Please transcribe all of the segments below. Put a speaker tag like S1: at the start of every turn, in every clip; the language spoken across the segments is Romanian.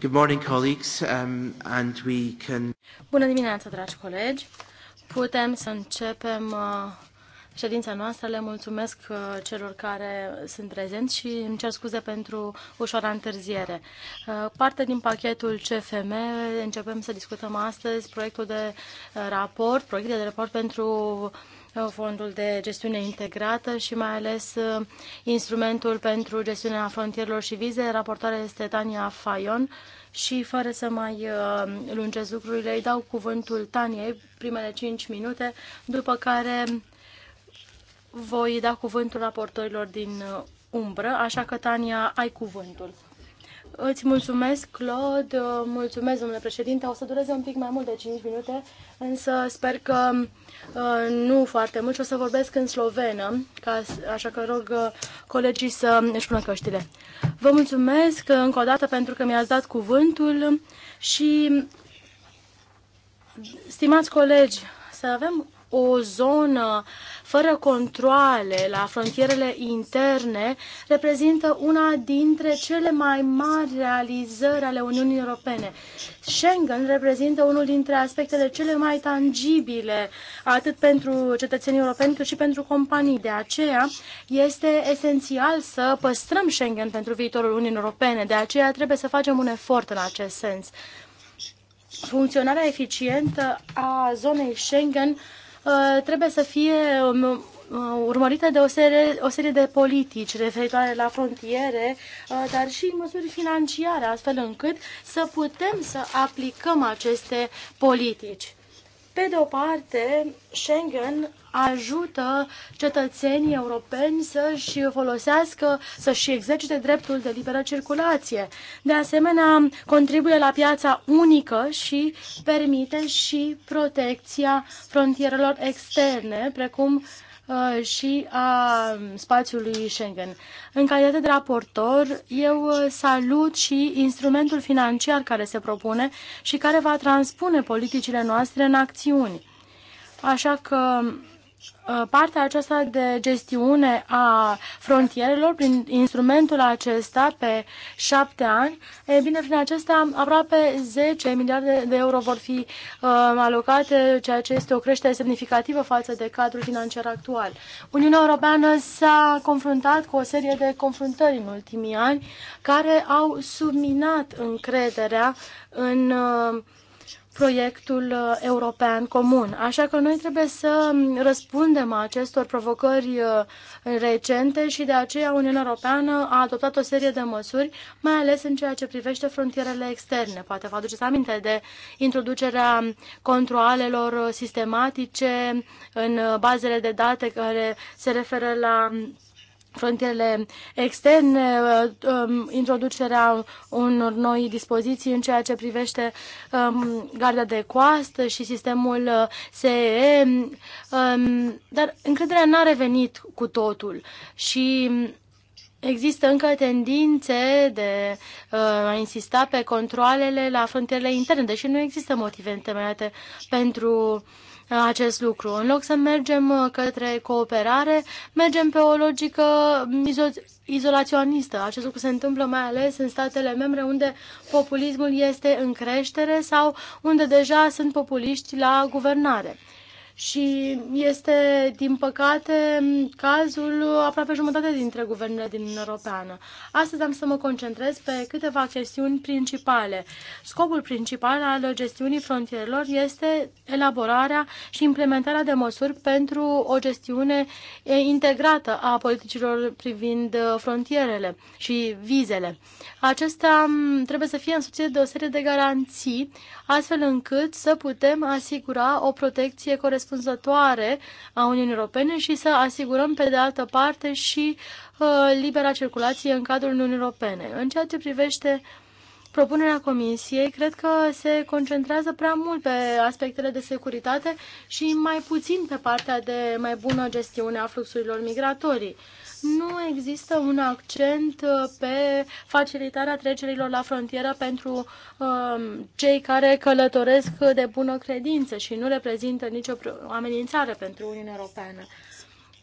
S1: Good morning, colleagues, um, and we can...
S2: Bună dimineața, dragi colegi! Putem să începem uh, ședința noastră. Le mulțumesc uh, celor care sunt prezenți și îmi cer scuze pentru ușoara întârziere. Uh, parte din pachetul CFM, începem să discutăm astăzi proiectul de raport, proiectul de raport pentru fondul de gestiune integrată și mai ales uh, instrumentul pentru gestiunea frontierelor și vize. Raportarea este Tania Fayon și fără să mai uh, lungesc lucrurile, îi dau cuvântul Taniei primele 5 minute, după care voi da cuvântul raportorilor din uh, umbră, așa că, Tania, ai cuvântul. Îți mulțumesc, Claude, mulțumesc, domnule președinte. O să dureze un pic mai mult de 5 minute, însă sper că uh, nu foarte mult o să vorbesc în slovenă, ca, așa că rog uh, colegii să își pună căștile. Vă mulțumesc uh, încă o dată pentru că mi-ați dat cuvântul și, stimați colegi, să avem o zonă uh, fără controle la frontierele interne reprezintă una dintre cele mai mari realizări ale Uniunii Europene. Schengen reprezintă unul dintre aspectele cele mai tangibile atât pentru cetățenii europeni cât și pentru companii. De aceea este esențial să păstrăm Schengen pentru viitorul Uniunii Europene. De aceea trebuie să facem un efort în acest sens. Funcționarea eficientă a zonei Schengen Uh, trebuie să fie um, uh, urmărită de o serie, o serie de politici referitoare la frontiere, uh, dar și măsuri financiare, astfel încât să putem să aplicăm aceste politici. Pe de o parte, Schengen ajută cetățenii europeni să-și folosească, să-și exercite dreptul de liberă circulație. De asemenea, contribuie la piața unică și permite și protecția frontierelor externe, precum uh, și a spațiului Schengen. În calitate de raportor, eu uh, salut și instrumentul financiar care se propune și care va transpune politicile noastre în acțiuni. Așa că Uh, partea aceasta de gestiune a frontierelor prin instrumentul acesta pe șapte ani, e bine, prin acesta aproape 10 miliarde de euro vor fi uh, alocate, ceea ce este o creștere semnificativă față de cadrul financiar actual. Uniunea Europeană s-a confruntat cu o serie de confruntări în ultimii ani care au subminat încrederea în uh, proiectul uh, european comun. Așa că noi trebuie să um, răspundem acestor provocări uh, recente și de aceea Uniunea Europeană a adoptat o serie de măsuri, mai ales în ceea ce privește frontierele externe. Poate vă aduceți aminte de introducerea um, controalelor uh, sistematice în bazele de date care se referă la um, frontierele externe, uh, um, introducerea unor noi dispoziții în ceea ce privește um, garda de coastă și sistemul uh, SEE, um, dar încrederea n-a revenit cu totul și Există încă tendințe de uh, a insista pe controlele la frontierele interne, deși nu există motive întemeiate pentru uh, acest lucru. În loc să mergem uh, către cooperare, mergem pe o logică mm, izo- izolaționistă. Acest lucru se întâmplă mai ales în statele membre unde populismul este în creștere sau unde deja sunt populiști la guvernare și este, din păcate, cazul aproape jumătate dintre guvernele din Uniunea Europeană. Astăzi am să mă concentrez pe câteva chestiuni principale. Scopul principal al gestiunii frontierelor este elaborarea și implementarea de măsuri pentru o gestiune integrată a politicilor privind frontierele și vizele. Acesta mm, trebuie să fie însoțit de o serie de garanții astfel încât să putem asigura o protecție corespunzătoare a Uniunii Europene și să asigurăm, pe de altă parte, și uh, libera circulație în cadrul Uniunii Europene. În ceea ce privește propunerea Comisiei, cred că se concentrează prea mult pe aspectele de securitate și mai puțin pe partea de mai bună gestiune a fluxurilor migratorii nu există un accent uh, pe facilitarea trecerilor la frontieră pentru um, cei care călătoresc de bună credință și nu reprezintă nicio amenințare pentru Uniunea Europeană.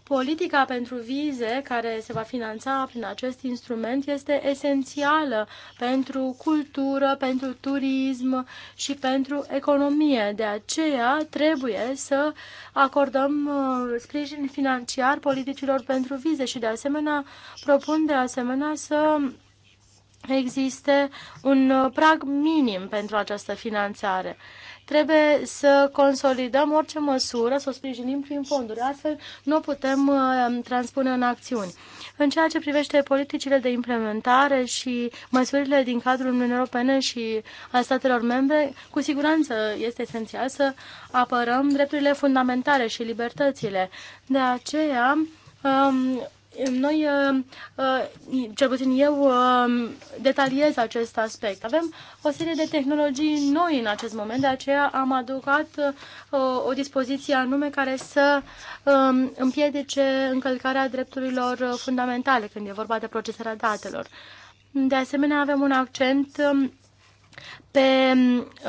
S2: Politica pentru vize, care se va finanța prin acest instrument, este esențială pentru cultură, pentru turism și pentru economie. De aceea trebuie să acordăm uh, sprijin financiar politicilor pentru vize și de asemenea propun de asemenea să existe un uh, prag minim pentru această finanțare trebuie să consolidăm orice măsură, să o sprijinim prin fonduri. Astfel nu putem uh, transpune în acțiuni. În ceea ce privește politicile de implementare și măsurile din cadrul Uniunii Europene și a statelor membre, cu siguranță este esențial să apărăm drepturile fundamentale și libertățile. De aceea, um, noi, uh, uh, cel puțin eu, uh, detaliez acest aspect. Avem o serie de tehnologii noi în acest moment, de aceea am aducat o dispoziție anume care să um, împiedice încălcarea drepturilor fundamentale când e vorba de procesarea datelor. De asemenea, avem un accent um, pe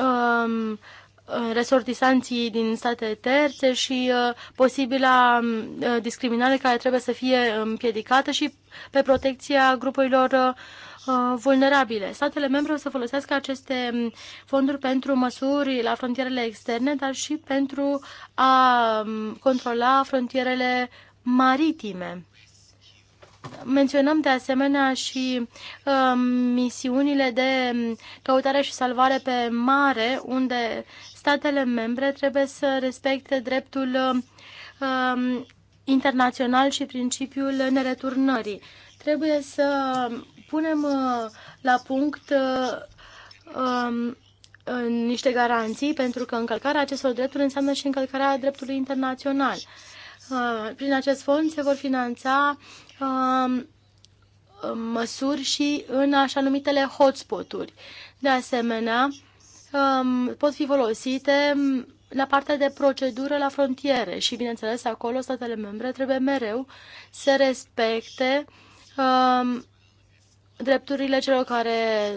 S2: um, Uh, resortisanții din state terțe și uh, posibila um, uh, discriminare care trebuie să fie împiedicată și pe protecția grupurilor vulnerabile. Statele membre o să folosească aceste um, fonduri pentru măsuri la frontierele externe, dar și pentru a um, controla frontierele maritime. Menționăm de asemenea și uh, misiunile de căutare și salvare pe mare, unde statele membre trebuie să respecte dreptul uh, internațional și principiul nereturnării. Trebuie să punem uh, la punct uh, um, uh, niște garanții, pentru că încălcarea acestor drepturi înseamnă și încălcarea dreptului internațional. Uh, prin acest fond se vor finanța Um, măsuri și în așa numitele hotspot-uri. De asemenea, um, pot fi folosite la partea de procedură la frontiere și, bineînțeles, acolo statele membre trebuie mereu să respecte um, drepturile celor care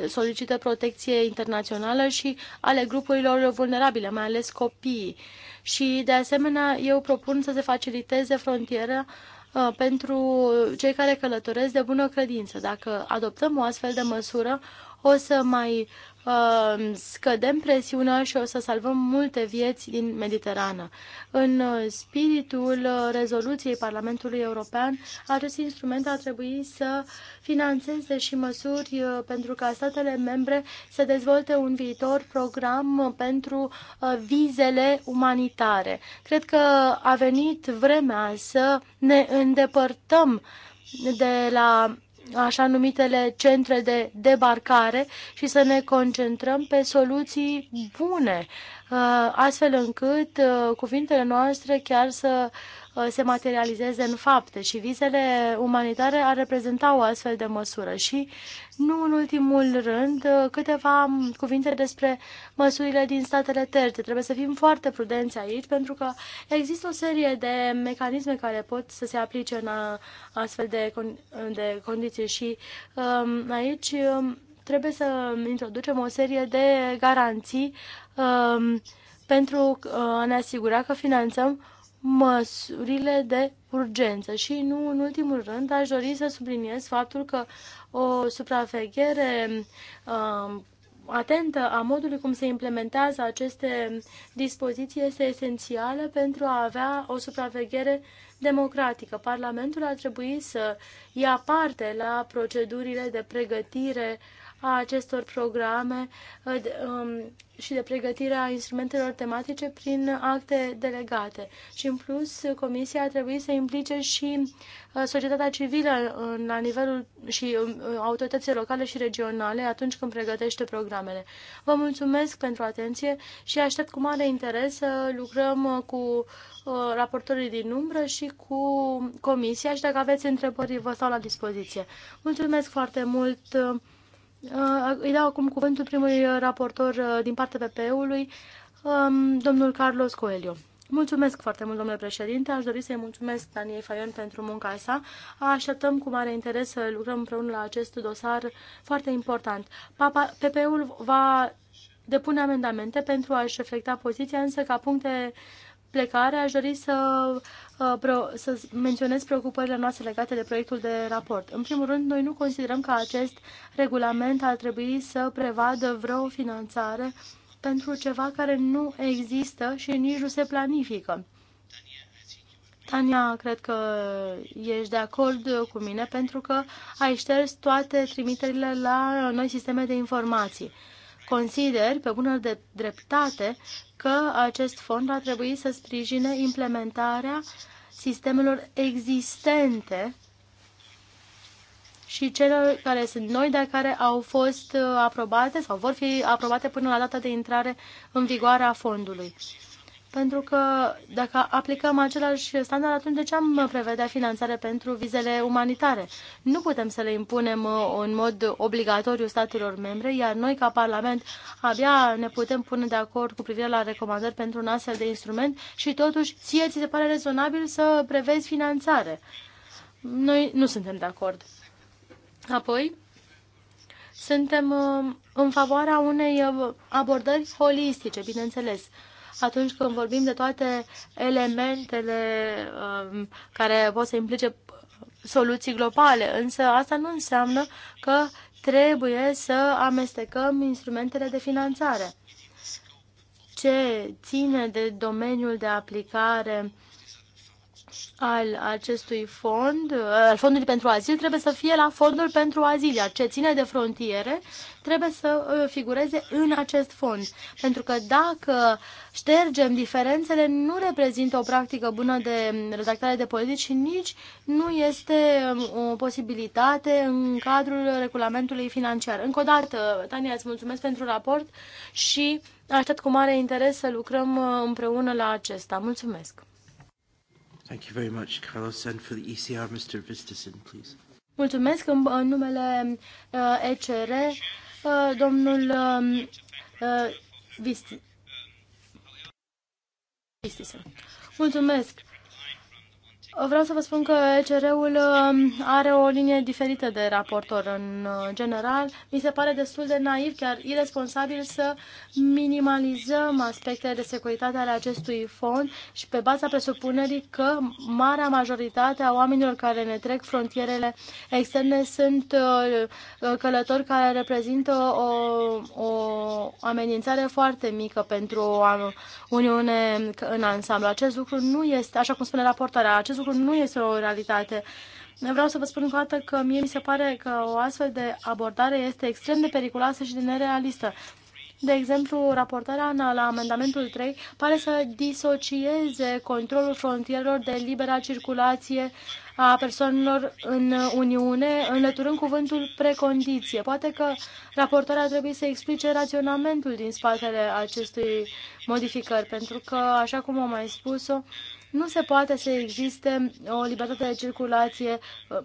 S2: solicită protecție internațională și ale grupurilor vulnerabile, mai ales copiii. Și, de asemenea, eu propun să se faciliteze frontiera uh, Uh, pentru cei care călătoresc de bună credință. Dacă adoptăm o astfel de măsură, o să mai Ehm, scădem presiunea și o să salvăm multe vieți din Mediterană. În uh, spiritul uh, rezoluției Parlamentului European, acest instrument ar trebui să financeze și măsuri uh, pentru ca statele membre să dezvolte un viitor program pentru vizele umanitare. Cred că a venit vremea să ne îndepărtăm de la așa numitele centre de debarcare și să ne concentrăm pe soluții bune Uh, astfel încât uh, cuvintele noastre chiar să uh, se materializeze în fapte și vizele umanitare ar reprezenta o astfel de măsură. Și nu în ultimul rând, câteva cuvinte despre măsurile din statele terțe. Trebuie să fim foarte prudenți aici pentru că există o serie de mecanisme care pot să se aplice în astfel de, con de condiții și um, aici um, trebuie să introducem o serie de garanții um, pentru uh, a ne asigura că finanțăm măsurile de urgență. Și nu în ultimul rând aș dori să subliniez faptul că o supraveghere um, atentă a modului cum se implementează aceste dispoziții este esențială pentru a avea o supraveghere democratică. Parlamentul ar trebui să ia parte la procedurile de pregătire a acestor programe uh, um, și de pregătirea instrumentelor tematice prin acte delegate. Și în plus, Comisia a trebuit să implice și uh, societatea civilă la nivelul și uh, autoritățile locale și regionale atunci când pregătește programele. Vă mulțumesc pentru atenție și aștept cu mare interes să lucrăm cu raportorii din umbră și cu Comisia și dacă aveți întrebări vă stau la dispoziție. Mulțumesc foarte mult! Uh, îi dau acum cuvântul primului raportor uh, din partea PPE-ului, um, domnul Carlos Coelho. Mulțumesc foarte mult, domnule președinte. Aș dori să-i mulțumesc Daniei Faion pentru munca sa. Așteptăm cu mare interes să lucrăm împreună la acest dosar foarte important. PP-ul va depune amendamente pentru a-și reflecta poziția, însă ca puncte uh, plecare, aș dori să, uh, să menționez preocupările noastre legate de proiectul de raport. În primul rând, noi nu considerăm că acest regulament ar trebui să prevadă vreo finanțare pentru ceva care nu există și nici nu se planifică. Tania, cred că ești de acord cu mine pentru că ai șters toate trimiterile la noi sisteme de informații. Consider, pe bună de dreptate, că acest fond ar trebui să sprijine implementarea sistemelor existente și celor care sunt noi, dar care au fost uh, aprobate sau vor fi aprobate până la data de intrare în vigoare a fondului. Pentru că dacă aplicăm același standard, atunci de ce am prevedea finanțare pentru vizele umanitare? Nu putem să le impunem uh, în mod obligatoriu statelor membre, iar noi ca Parlament abia ne putem pune de acord cu privire la recomandări pentru un astfel de instrument și totuși ție ți se pare rezonabil să prevezi finanțare. Noi nu suntem de acord. Apoi, suntem uh, în favoarea unei uh, abordări holistice, bineînțeles atunci când vorbim de toate elementele um, care pot să implice soluții globale, însă asta nu înseamnă că trebuie să amestecăm instrumentele de finanțare. Ce ține de domeniul de aplicare al acestui fond, al fondului pentru azil, trebuie să fie la fondul pentru azil, iar ce ține de frontiere trebuie să uh, figureze în acest fond. Pentru că dacă ștergem diferențele, nu reprezintă o practică bună de redactare de politici și nici nu este um, o posibilitate în cadrul regulamentului financiar. Încă o dată, Tania, îți mulțumesc pentru raport și aștept cu mare interes să lucrăm uh, împreună la acesta. Mulțumesc!
S1: Thank you very much, Carlos. And for the ECR, Mr. please.
S2: Mulțumesc în, în numele uh, ECR, uh, domnul um, uh, Vistisen. Mulțumesc. Vreau să vă spun că ECR-ul um, are o linie diferită de raportor în uh, general. Mi se pare destul de naiv, chiar irresponsabil să minimalizăm aspectele de securitate ale acestui fond și pe baza presupunerii că marea majoritate a oamenilor care ne trec frontierele externe sunt uh, uh, călători care reprezintă o, o amenințare foarte mică pentru o Uniune în ansamblu. Acest lucru nu este, așa cum spune raportarea, acest lucru nu este o realitate. Vreau să vă spun încă o dată că mie mi se pare că o astfel de abordare este extrem de periculoasă și de nerealistă. De exemplu, raportarea la amendamentul 3 pare să disocieze controlul frontierelor de libera circulație a persoanelor în Uniune, înlăturând cuvântul precondiție. Poate că raportarea trebuie să explice raționamentul din spatele acestui modificări, pentru că, așa cum am mai spus-o, nu se poate să existe o libertate de circulație uh,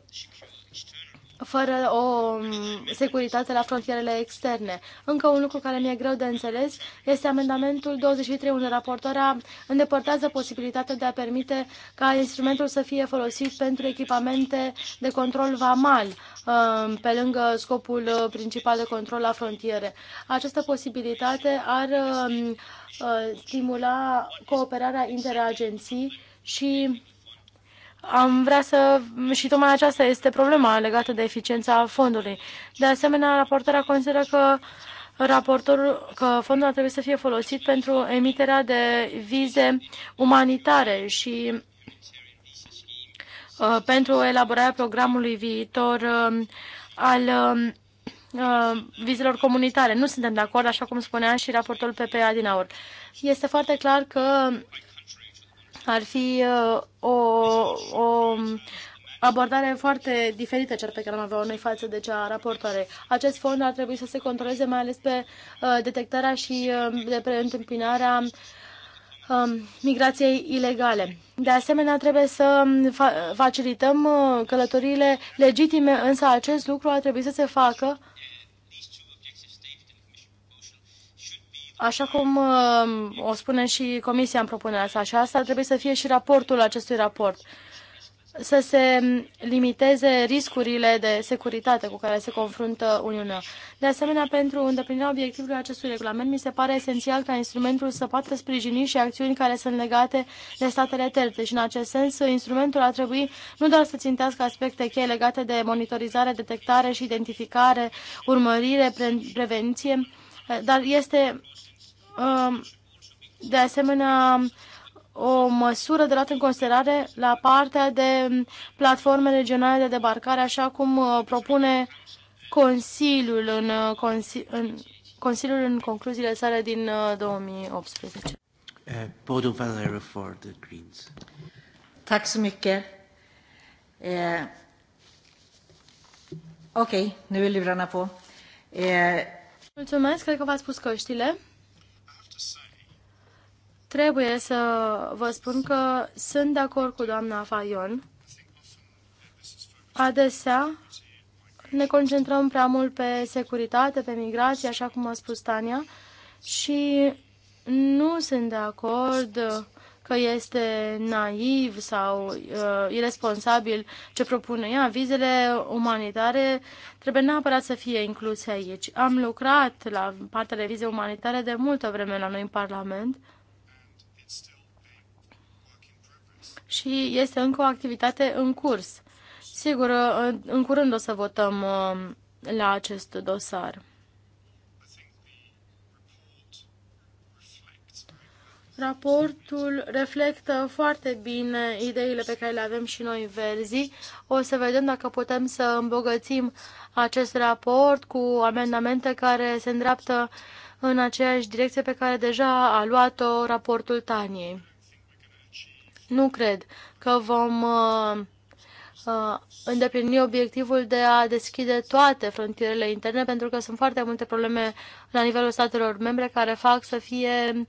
S2: fără o mm, securitate la frontierele externe. Încă un lucru care mi-e greu de înțeles este amendamentul 23, unde raportoarea îndepărtează posibilitatea de a permite ca instrumentul să fie folosit pentru echipamente de control vamal, mm, pe lângă scopul uh, principal de control la frontiere. Această posibilitate ar mm, uh, stimula cooperarea interagenții și am vrea să, și tocmai aceasta este problema legată de eficiența fondului. De asemenea, raportarea consideră că raportorul că fondul ar trebui să fie folosit pentru emiterea de vize umanitare și uh, pentru elaborarea programului viitor uh, al uh, vizelor comunitare. Nu suntem de acord, așa cum spunea și raportorul PPA din aur. Este foarte clar că ar fi uh, o, o abordare foarte diferită cea pe care am avea-o noi față de cea a raportoarei. Acest fond ar trebui să se controleze mai ales pe uh, detectarea și uh, de preîntâmpinarea um, migrației ilegale. De asemenea, trebuie să um, facilităm călătoriile legitime, însă acest lucru ar trebui să se facă Așa cum uh, o spune și Comisia în propunerea sa, și asta trebuie să fie și raportul acestui raport, să se limiteze riscurile de securitate cu care se confruntă Uniunea. De asemenea, pentru îndeplinirea obiectivului acestui regulament, mi se pare esențial ca instrumentul să poată sprijini și acțiuni care sunt legate de statele terțe și, în acest sens, instrumentul ar trebui nu doar să țintească aspecte cheie legate de monitorizare, detectare și identificare, urmărire, pre prevenție, dar este um, de asemenea o măsură de luat în considerare la partea de platforme regionale de debarcare, așa cum uh, propune Consiliul în, uh, consi în, Consiliul în concluziile sale din 2018.
S1: Uh, eh, Greens.
S2: Tack så mycket. Eh, Okej, okay, nu är lurarna på. Eh, Mulțumesc, cred că v-ați spus căștile. Trebuie să vă spun că sunt de acord cu doamna Fayon. Adesea ne concentrăm prea mult pe securitate, pe migrație, așa cum a spus Tania, și nu sunt de acord că este naiv sau uh, irresponsabil ce propune ea. Vizele umanitare trebuie neapărat să fie incluse aici. Am lucrat la partea de vize umanitare de multă vreme la noi în Parlament și este încă o activitate în curs. Sigur, uh, în curând o să votăm uh, la acest dosar. Raportul reflectă foarte bine ideile pe care le avem și noi verzi. O să vedem dacă putem să îmbogățim acest raport cu amendamente care se îndreaptă în aceeași direcție pe care deja a luat-o raportul Taniei. Nu cred că vom uh, uh, îndeplini obiectivul de a deschide toate frontierele interne, pentru că sunt foarte multe probleme la nivelul statelor membre care fac să fie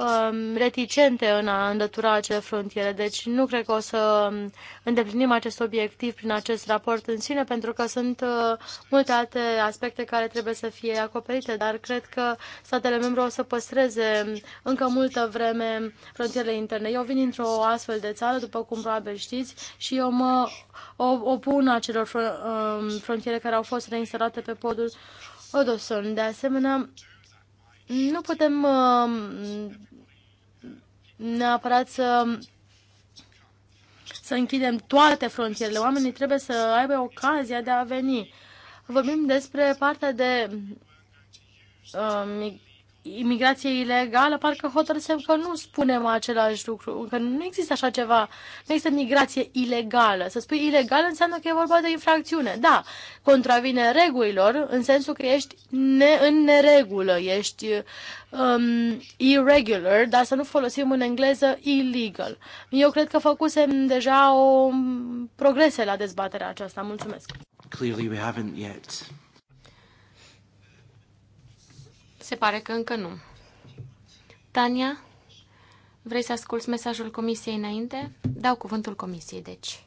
S2: Um, reticente în a îndătura acele frontiere. Deci nu cred că o să um, îndeplinim acest obiectiv prin acest raport în sine, pentru că sunt uh, multe alte aspecte care trebuie să fie acoperite, dar cred că statele membre o să păstreze um, încă multă vreme frontierele interne. Eu vin dintr-o astfel de țară, după cum probabil știți, și eu mă opun acelor frontiere care au fost reinstalate pe podul Odoson. De asemenea, nu putem neapărat să să închidem toate frontierele. Oamenii trebuie să aibă ocazia de a veni. Vorbim despre partea de uh, imigrație ilegală, parcă hotărâsem că nu spunem același lucru, că nu există așa ceva, nu există migrație ilegală. Să spui ilegal înseamnă că e vorba de infracțiune. Da, contravine regulilor, în sensul că ești ne- în neregulă, ești um, irregular, dar să nu folosim în engleză illegal. Eu cred că făcusem deja o progrese la dezbaterea aceasta. Mulțumesc.
S1: Clearly we haven't yet.
S3: Se pare că încă nu. Tania, vrei să asculți mesajul comisiei înainte? Dau cuvântul comisiei, deci.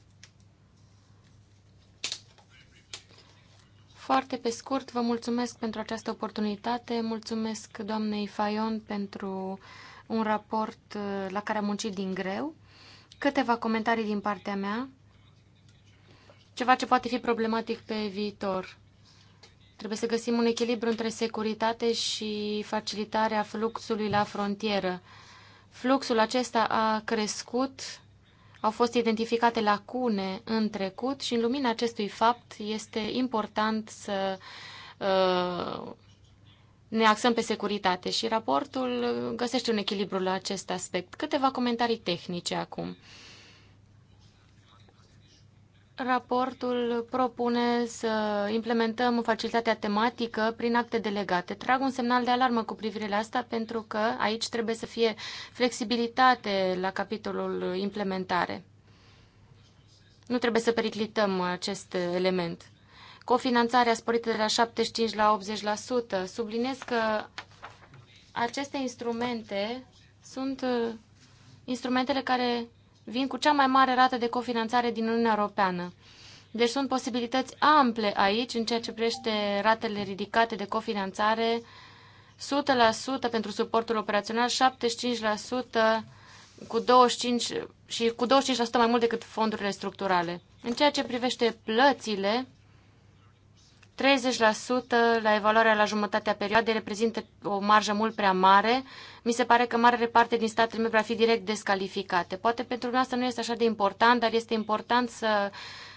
S3: Foarte pe scurt, vă mulțumesc pentru această oportunitate, mulțumesc doamnei Fayon pentru un raport uh, la care am muncit din greu. Câteva comentarii din partea mea, ceva ce poate fi problematic pe viitor. Trebuie să găsim un echilibru între securitate și facilitarea fluxului la frontieră. Fluxul acesta a crescut, au fost identificate lacune în trecut și în lumina acestui fapt este important să uh, ne axăm pe securitate și raportul găsește un echilibru la acest aspect. Câteva comentarii tehnice acum. Uh, Raportul propune să implementăm facilitatea tematică prin acte delegate. Trag un semnal de alarmă cu privire la asta pentru că aici trebuie să fie flexibilitate la capitolul implementare. Nu trebuie să periclităm acest element. Cofinanțarea sporită de la 75 la 80%. Subliniez că aceste instrumente sunt uh, instrumentele care vin cu cea mai mare rată de cofinanțare din Uniunea Europeană. Deci sunt posibilități ample aici în ceea ce privește ratele ridicate de cofinanțare, 100% pentru suportul operațional, 75% cu 25 și cu 25% mai mult decât fondurile structurale. În ceea ce privește plățile, 30% la evaluarea la jumătatea perioadei reprezintă o marjă mult prea mare mi se pare că mare parte din statele membre ar fi direct descalificate. Poate pentru noastră nu este așa de important, dar este important să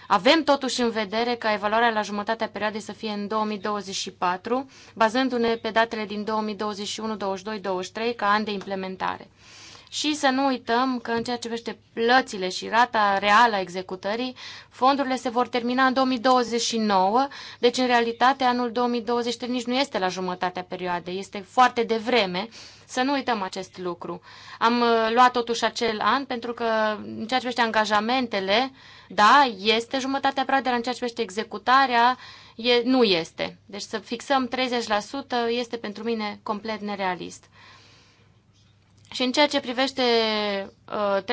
S3: avem totuși în vedere ca evaluarea la jumătatea perioadei să fie în 2024, bazându-ne pe datele din 2021, 22, 23 ca an de implementare. Și să nu uităm că în ceea ce vește plățile și rata reală a executării, fondurile se vor termina în 2029, deci în realitate anul 2023 nici nu este la jumătatea perioadei, este foarte devreme să nu uităm acest lucru. Am uh, luat totuși acel an pentru că în ceea ce privește angajamentele, da, este jumătatea praderă, în ceea ce privește executarea, e, nu este. Deci să fixăm 30% este pentru mine complet nerealist. Și în ceea ce privește uh,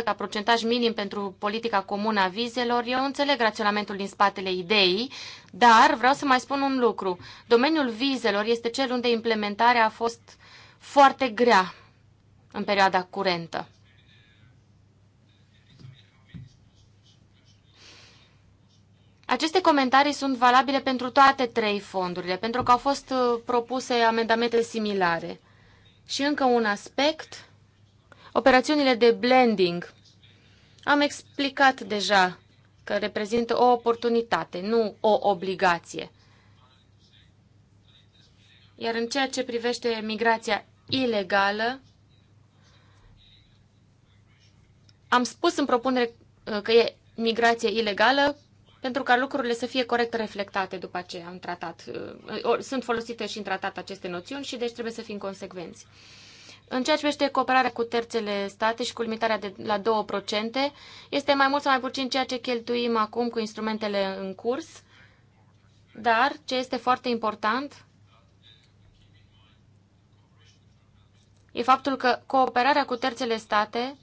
S3: 30% ca procentaj minim pentru politica comună a vizelor, eu înțeleg raționamentul din spatele ideii, dar vreau să mai spun un lucru. Domeniul vizelor este cel unde implementarea a fost foarte grea în perioada curentă. Aceste comentarii sunt valabile pentru toate trei fondurile, pentru că au fost uh, propuse amendamente similare. Și încă un aspect, operațiunile de blending. Am explicat deja că reprezintă o oportunitate, nu o obligație. Iar în ceea ce privește migrația ilegală. Am spus în propunere uh, că e migrație ilegală pentru ca lucrurile să fie corect reflectate după ce am tratat. Uh, sunt folosite și în tratat aceste noțiuni și deci trebuie să fim consecvenți. În ceea ce privește cooperarea cu terțele state și cu limitarea de la 2%, este mai mult sau mai puțin ceea ce cheltuim acum cu instrumentele în curs, dar ce este foarte important e faptul că cooperarea cu terțele state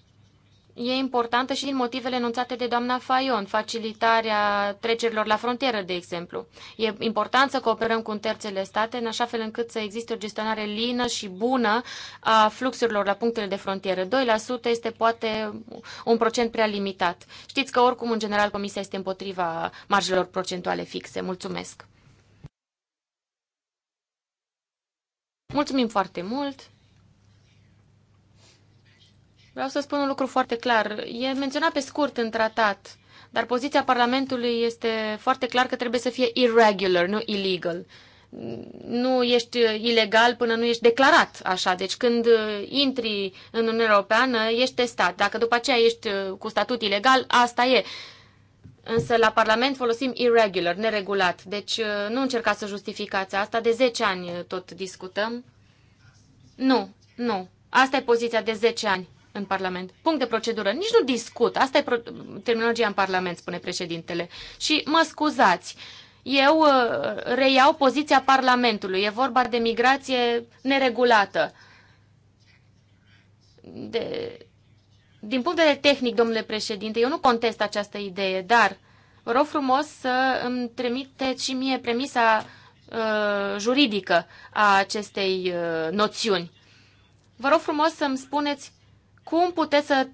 S3: e importantă și din motivele enunțate de doamna Fayon, facilitarea trecerilor la frontieră, de exemplu. E important să cooperăm cu terțele state în așa fel încât să existe o gestionare lină și bună a fluxurilor la punctele de frontieră. 2% este poate un procent prea limitat. Știți că oricum, în general, Comisia este împotriva marjelor procentuale fixe. Mulțumesc! Mulțumim foarte mult! Vreau să spun un lucru foarte clar. E menționat pe scurt în tratat, dar poziția Parlamentului este foarte clar că trebuie să fie irregular, nu illegal. Nu ești ilegal până nu ești declarat așa. Deci când intri în Uniunea Europeană, ești testat. Dacă după aceea ești cu statut ilegal, asta e. Însă la Parlament folosim irregular, neregulat. Deci uh, nu încercați să justificați asta. De 10 ani tot discutăm. Nu, nu. Asta e poziția de 10 ani în Parlament. Punct de procedură. Nici nu discut. Asta e terminologia în Parlament, spune președintele. Și mă scuzați. Eu uh, reiau poziția Parlamentului. E vorba de migrație neregulată. De... Din punct de vedere tehnic, domnule președinte, eu nu contest această idee, dar vă rog frumos să îmi trimiteți și mie premisa uh, juridică a acestei uh, noțiuni. Vă rog frumos să-mi spuneți cum puteți să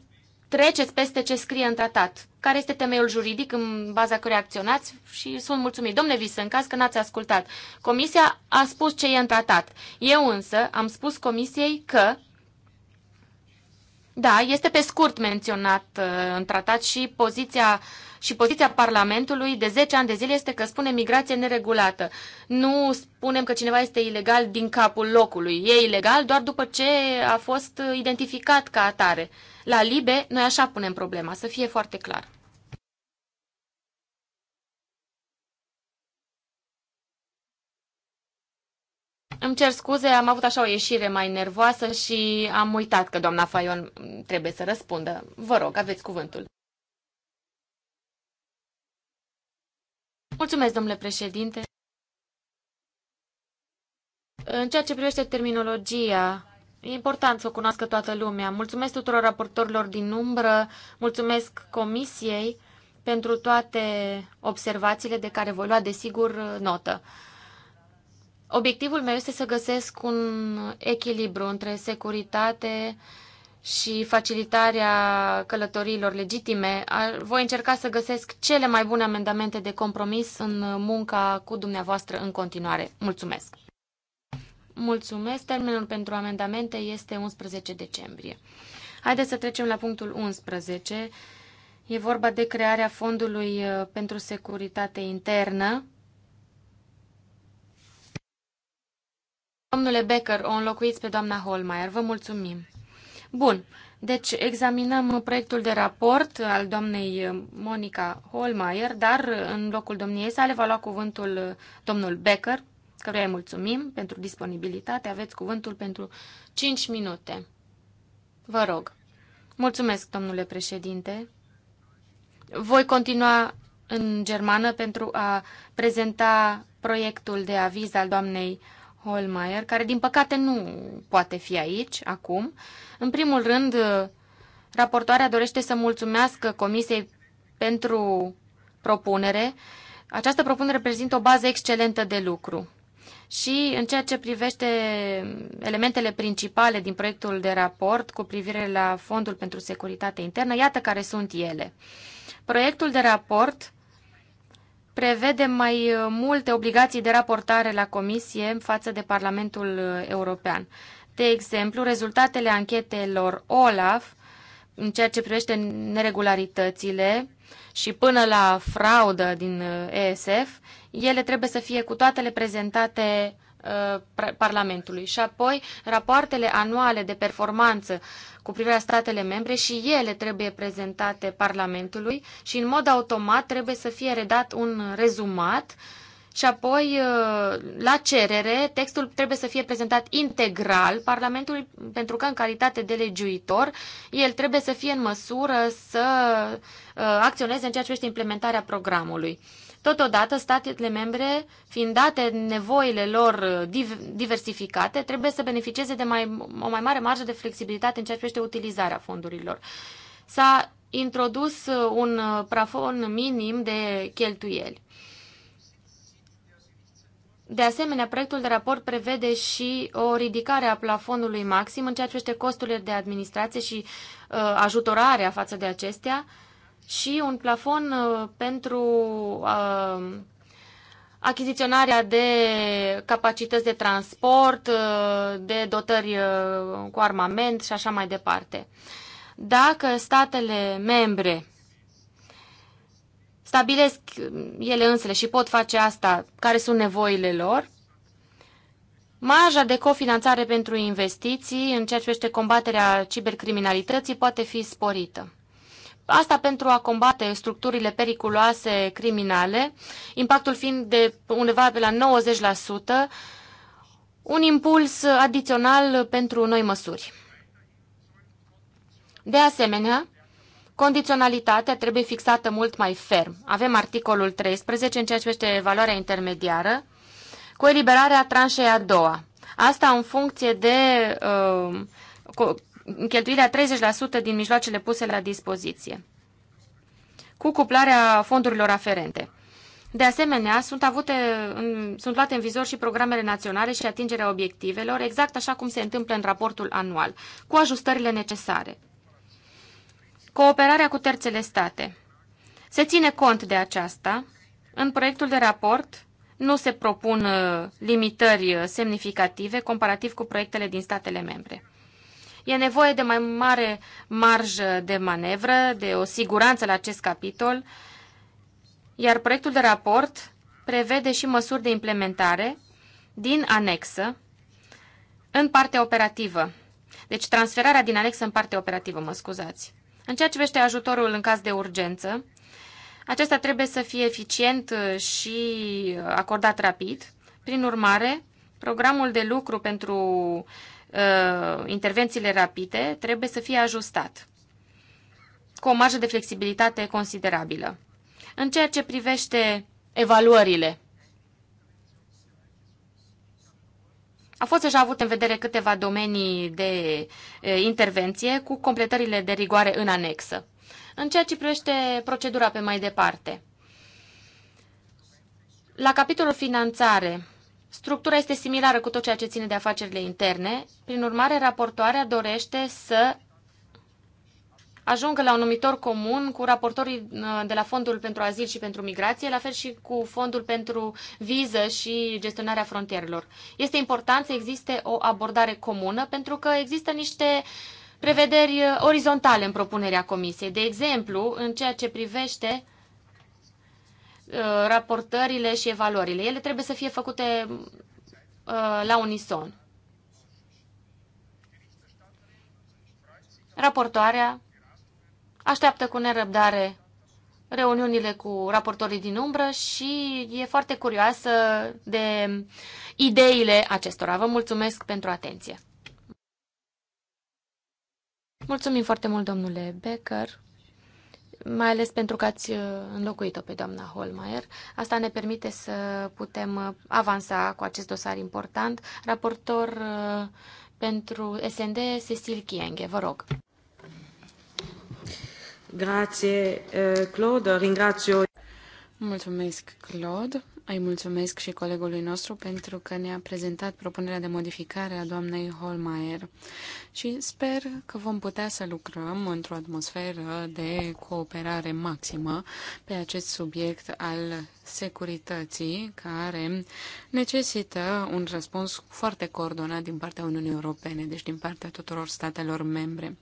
S3: treceți peste ce scrie în tratat? Care este temeiul juridic în baza căruia acționați? Și sunt mulțumit. Domnule Vis, în caz că n-ați ascultat, Comisia a spus ce e în tratat. Eu însă am spus Comisiei că da, este pe scurt menționat uh, în tratat și poziția uh, și poziția Parlamentului de 10 ani de zile este că spune migrație neregulată. Nu spunem că cineva este ilegal din capul locului. E ilegal doar după ce a fost identificat ca atare. La Libe, noi așa punem problema, să fie foarte clar. Îmi cer scuze, am avut așa o ieșire mai nervoasă și am uitat că doamna Faion trebuie să răspundă. Vă rog, aveți cuvântul. Mulțumesc, domnule președinte. În ceea ce privește terminologia, e important să o cunoască toată lumea. Mulțumesc tuturor raportorilor din umbră, mulțumesc comisiei pentru toate observațiile de care voi lua, desigur, notă. Obiectivul meu este să găsesc un echilibru între securitate, și facilitarea călătoriilor legitime, voi încerca să găsesc cele mai bune amendamente de compromis în munca cu dumneavoastră în continuare. Mulțumesc! Mulțumesc! Termenul pentru amendamente este 11 decembrie. Haideți să trecem la punctul 11. E vorba de crearea Fondului uh, pentru Securitate Internă. Domnule Becker, o înlocuiți pe doamna Holmeier. Vă mulțumim! Bun, deci examinăm proiectul de raport al doamnei Monica Holmeier, dar în locul domniei sale va lua cuvântul domnul Becker, căruia îi mulțumim pentru disponibilitate. Aveți cuvântul pentru 5 minute. Vă rog. Mulțumesc, domnule președinte. Voi continua în germană pentru a prezenta proiectul de aviz al doamnei Holmeier, care din păcate nu poate fi aici acum. În primul rând, raportoarea dorește să mulțumească Comisiei pentru propunere. Această propunere reprezintă o bază excelentă de lucru. Și în ceea ce privește elementele principale din proiectul de raport cu privire la Fondul pentru Securitate Internă, iată care sunt ele. Proiectul de raport prevede mai uh, multe obligații de raportare la Comisie față de Parlamentul uh, European. De exemplu, rezultatele anchetelor OLAF în ceea ce privește neregularitățile și până la fraudă din uh, ESF, ele trebuie să fie cu toatele prezentate Uh, Parlamentului și apoi rapoartele anuale de performanță cu privire la statele membre și ele trebuie prezentate Parlamentului și în mod automat trebuie să fie redat un rezumat și apoi, uh, la cerere, textul trebuie să fie prezentat integral Parlamentului, pentru că, în calitate de legiuitor, el trebuie să fie în măsură să uh, acționeze în ceea ce privește implementarea programului. Totodată, statele membre, fiind date nevoile lor uh, diversificate, trebuie să beneficieze de mai, o mai mare marjă de flexibilitate în ceea ce privește utilizarea fondurilor. S-a introdus uh, un uh, prafon minim de cheltuieli. De asemenea, proiectul de raport prevede și o ridicare a plafonului maxim în ceea ce privește costurile de administrație și uh, ajutorarea față de acestea, uh, și un plafon uh, pentru uh, achiziționarea de capacități de transport, uh, de dotări cu armament și așa mai departe. Dacă statele membre stabilesc ele însele și pot face asta, care sunt nevoile lor, Marja de cofinanțare pentru investiții în ceea ce privește combaterea cibercriminalității poate fi sporită. Asta pentru a combate structurile periculoase criminale, impactul fiind de undeva pe la 90%, un impuls adițional pentru noi măsuri. De asemenea, condiționalitatea trebuie fixată mult mai ferm. Avem articolul 13 în ceea ce privește valoarea intermediară cu eliberarea tranșei a doua. Asta în funcție de uh, cheltuirea 30% din mijloacele puse la dispoziție, cu cuplarea fondurilor aferente. De asemenea, sunt, avute, sunt luate în vizor și programele naționale și atingerea obiectivelor, exact așa cum se întâmplă în raportul anual, cu ajustările necesare. Cooperarea cu terțele state. Se ține cont de aceasta. În proiectul de raport nu se propun uh, limitări uh, semnificative comparativ cu proiectele din statele membre. E nevoie de mai mare marjă de manevră, de o siguranță la acest capitol, iar proiectul de raport prevede și măsuri de implementare din anexă în partea operativă. Deci transferarea din anexă în partea operativă, mă scuzați. În ceea ce vește ajutorul în caz de urgență, acesta trebuie să fie eficient uh, și uh, acordat rapid. Prin urmare, programul de lucru pentru uh, intervențiile rapide trebuie să fie ajustat cu o marjă de flexibilitate considerabilă. În ceea ce privește evaluările, a fost deja avut în vedere câteva domenii de uh, intervenție cu completările de rigoare în anexă. În ceea ce privește procedura pe mai departe, la capitolul finanțare, Structura este similară cu tot ceea ce ține de afacerile interne. Prin urmare, raportoarea dorește să ajungă la un numitor comun cu raportorii uh, de la Fondul pentru Azil și pentru Migrație, la fel și cu Fondul pentru Viză și Gestionarea Frontierelor. Este important să existe o abordare comună pentru că există niște prevederi uh, orizontale în propunerea Comisiei. De exemplu, în ceea ce privește Uh, raportările și evaluările. Ele trebuie să fie făcute uh, la unison. Raportoarea așteaptă cu nerăbdare reuniunile cu raportorii din umbră și e foarte curioasă de ideile acestora. Vă mulțumesc pentru atenție. Mulțumim foarte mult, domnule Becker mai ales pentru că ați uh, înlocuit-o pe doamna Holmeier. Asta ne permite să putem uh, avansa cu acest dosar important. Raportor uh, pentru SND, Cecil Chienghe, vă rog.
S4: Grazie, Claude. Ringrazio. Mulțumesc, Claude. Îi mulțumesc și colegului nostru pentru că ne-a prezentat propunerea de modificare a doamnei Holmeier și sper că vom putea să lucrăm într-o atmosferă de cooperare maximă pe acest subiect al securității, care necesită un răspuns foarte coordonat din partea Uniunii Europene, deci din partea tuturor statelor membre.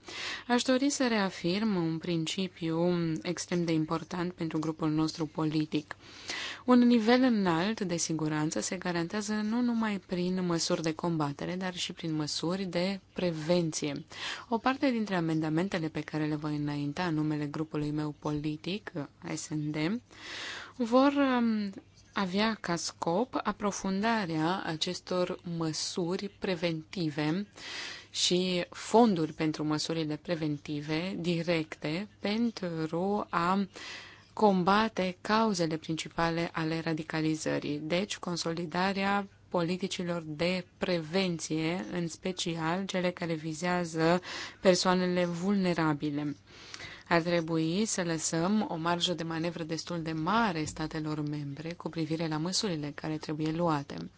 S4: Aș dori să reafirm un principiu extrem de important pentru grupul nostru politic. Un nivel înalt de siguranță se garantează nu numai prin măsuri de combatere, dar și prin măsuri de prevenție atenție. O parte dintre amendamentele pe care le voi înainta în numele grupului meu politic, SND, vor um, avea ca scop aprofundarea acestor măsuri preventive și fonduri pentru măsurile preventive directe pentru a combate cauzele principale ale radicalizării, deci consolidarea politicilor de prevenție, în special cele care vizează persoanele vulnerabile. Ar trebui să lăsăm o marjă de manevră destul de mare statelor membre cu privire la măsurile care trebuie luate.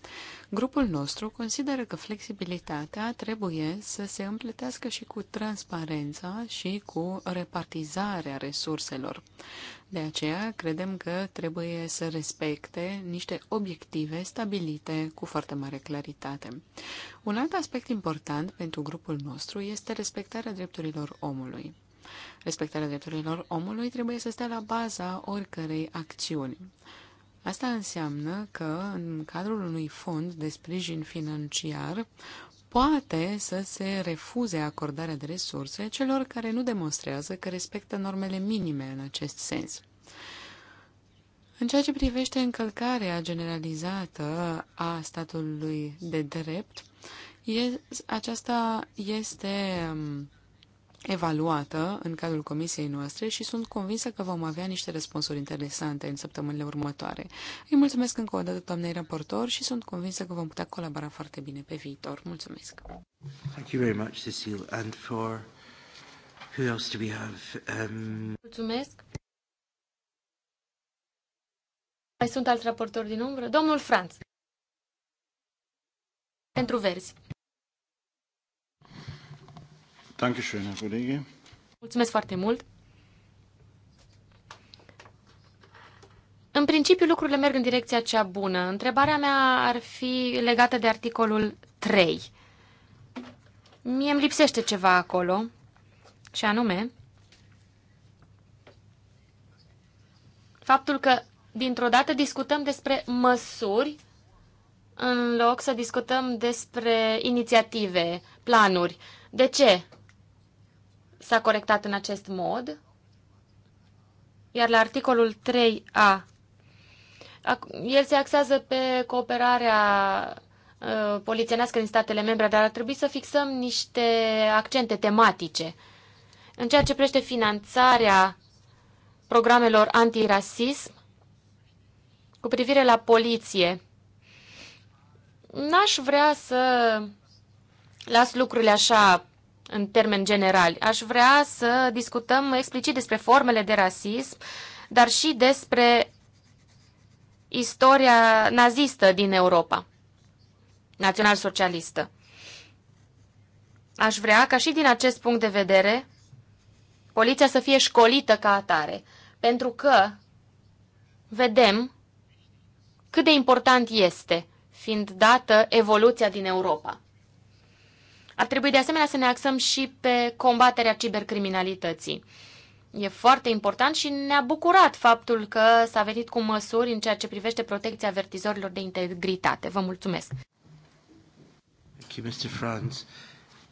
S4: Grupul nostru consideră că flexibilitatea trebuie să se împletească și cu transparența și cu repartizarea resurselor. De aceea, credem că trebuie să respecte niște obiective stabilite cu foarte mare claritate. Un alt aspect important pentru grupul nostru este respectarea drepturilor omului. Respectarea drepturilor omului trebuie să stea la baza oricărei acțiuni. Asta înseamnă că, în cadrul unui fond de sprijin financiar, poate să se refuze acordarea de resurse celor care nu demonstrează că respectă normele minime în acest sens. În ceea ce privește încălcarea generalizată a statului de drept, e, aceasta este um, evaluată în cadrul comisiei noastre și sunt convinsă că vom avea niște răspunsuri interesante în săptămânile următoare. Îi mulțumesc încă o dată doamnei raportor și sunt convinsă că vom putea colabora foarte bine pe viitor. Mulțumesc!
S1: Thank you very much, And for who else do we have? Um...
S3: Mulțumesc! Mai sunt alți raportori din umbră? Domnul Franț. Pentru verzi. Mulțumesc foarte mult. În principiu, lucrurile merg în direcția cea bună. Întrebarea mea ar fi legată de articolul 3. Mie îmi lipsește ceva acolo, și anume faptul că dintr-o dată discutăm despre măsuri în loc să discutăm despre inițiative, planuri. De ce? s-a corectat în acest mod, iar la articolul 3a, el se axează pe cooperarea uh, polițienească din statele membre, dar ar trebui să fixăm niște accente tematice. În ceea ce privește finanțarea programelor antirasism, cu privire la poliție, n-aș vrea să las lucrurile așa în termeni generali. Aș vrea să discutăm explicit despre formele de rasism, dar și despre istoria nazistă din Europa, național-socialistă. Aș vrea ca și din acest punct de vedere poliția să fie școlită ca atare, pentru că vedem cât de important este, fiind dată evoluția din Europa. Ar trebui de asemenea să ne axăm și pe combaterea cibercriminalității. E foarte important și ne-a bucurat faptul că s-a venit cu măsuri în ceea ce privește protecția avertizorilor de integritate. Vă mulțumesc!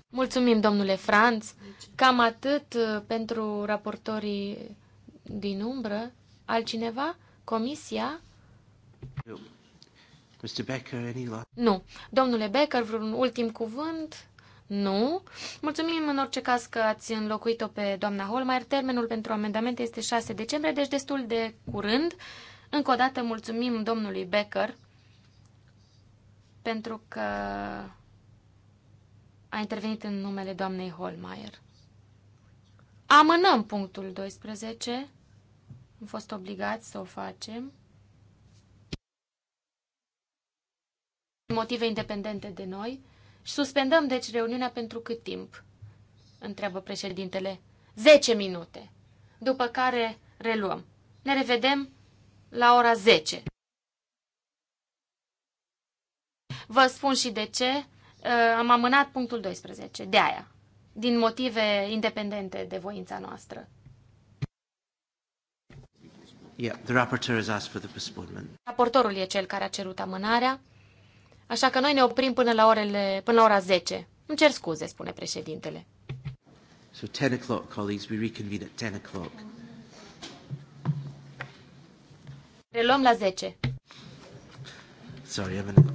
S3: Mulțumim, domnule Franz. Cam atât uh, pentru raportorii din umbră. Altcineva? Comisia?
S1: Mr. Becker, any...
S3: Nu. Domnule Becker, vreun ultim cuvânt? Nu. Mulțumim în orice caz că ați înlocuit-o pe doamna Holmeier. Termenul pentru amendamente este 6 decembrie, deci destul de curând. Încă o dată mulțumim domnului Becker pentru că a intervenit în numele doamnei Holmeier. Amânăm punctul 12. Am fost obligați să o facem. Motive independente de noi. Suspendăm, deci, reuniunea pentru cât timp? Întreabă președintele. Zece minute. După care reluăm. Ne revedem la ora zece. Vă spun și de ce. Uh, am amânat punctul 12, de aia, din motive independente de voința noastră.
S1: Yeah, the rapporteur has asked for the postponement.
S3: Raportorul e cel care a cerut amânarea. Așa că noi ne oprim până la, orele, până la ora 10. Îmi cer scuze, spune președintele.
S1: So 10 o'clock, colleagues, we reconvene at 10 o'clock.
S3: Reluăm la 10.
S1: Sorry, I'm in a...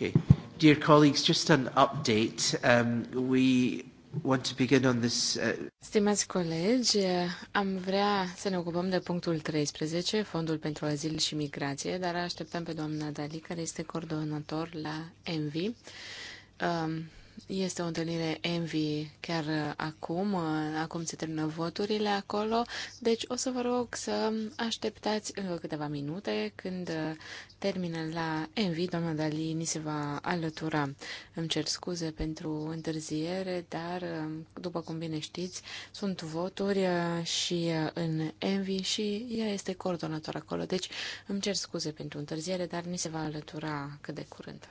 S1: Okay. Dear colleagues, just an update. Um, we want to begin on this. Uh...
S4: Stimați colegi, am vrea să ne ocupăm de punctul 13, Fondul pentru Azil și Migrație, dar așteptăm pe doamna Dali, care este coordonator la ENVI. Um, este o întâlnire Envy chiar uh, acum, uh, acum se termină voturile acolo, deci o să vă rog să așteptați încă câteva minute când uh, termină la Envy, doamna Dali ni se va alătura. Îmi cer scuze pentru întârziere, dar după cum bine știți, sunt voturi și în Envy și ea este coordonator acolo, deci îmi cer scuze pentru întârziere, dar ni se va alătura cât de curând.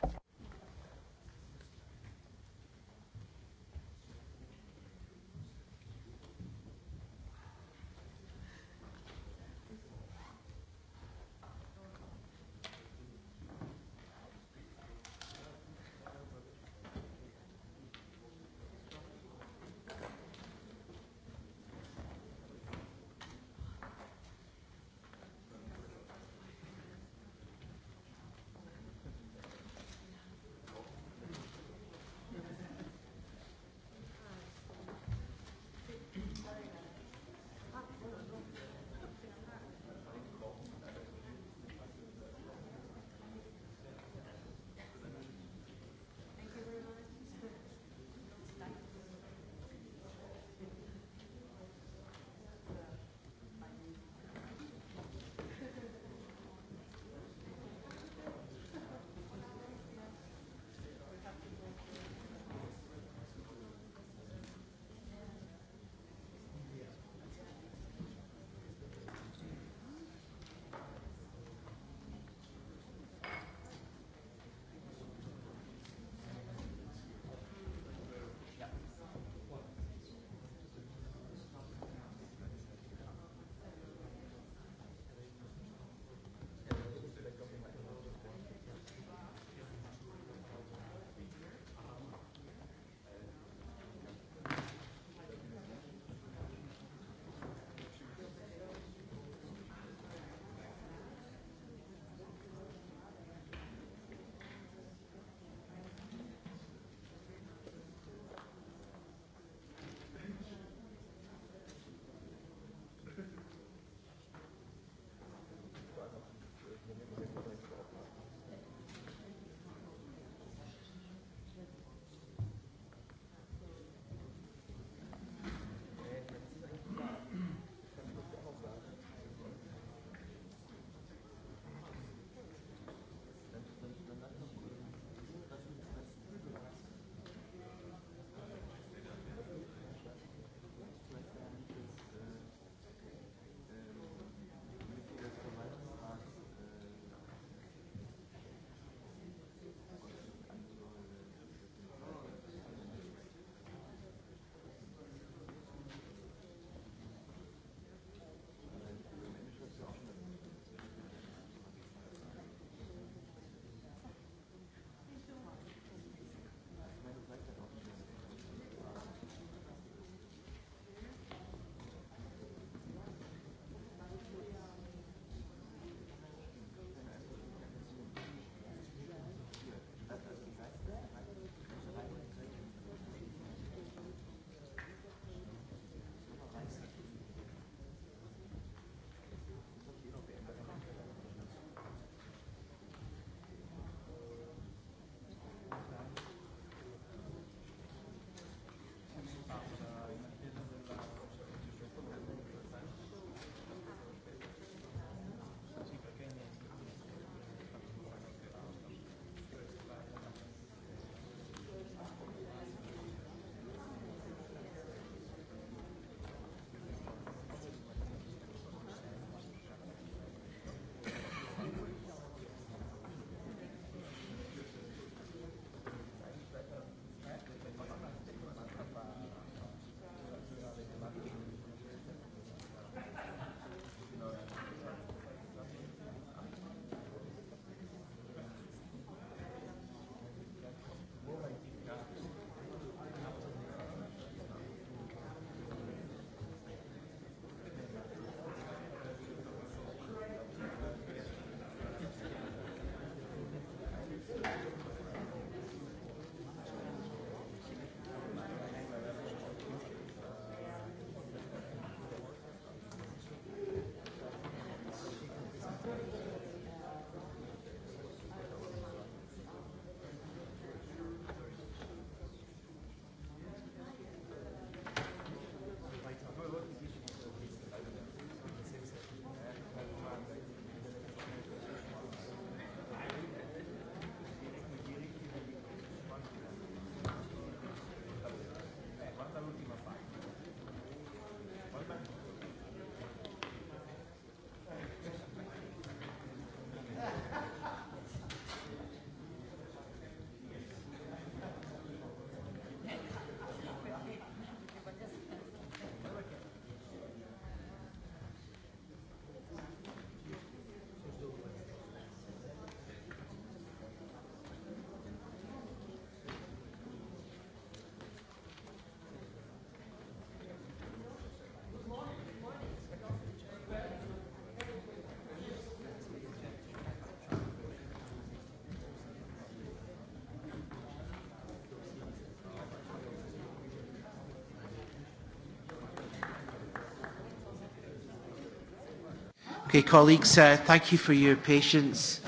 S1: Okay, colleagues, uh, thank you for your patience.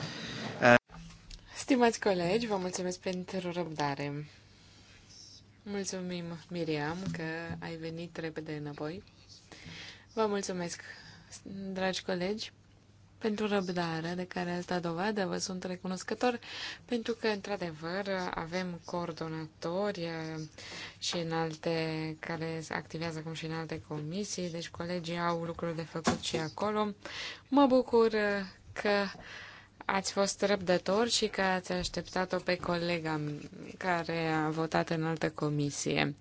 S4: Stimați colegi, vă mulțumesc pentru răbdare. Mulțumim, Miriam, că ai venit repede înapoi. Vă mulțumesc, dragi colegi, pentru răbdare de care ați dat dovadă. Vă sunt recunoscător pentru că, într-adevăr, avem coordonatori și în alte, care activează acum și în alte comisii, deci colegii au lucruri de făcut și acolo. Mă bucur că ați fost răbdător și că ați așteptat-o pe colega care a votat în altă comisie.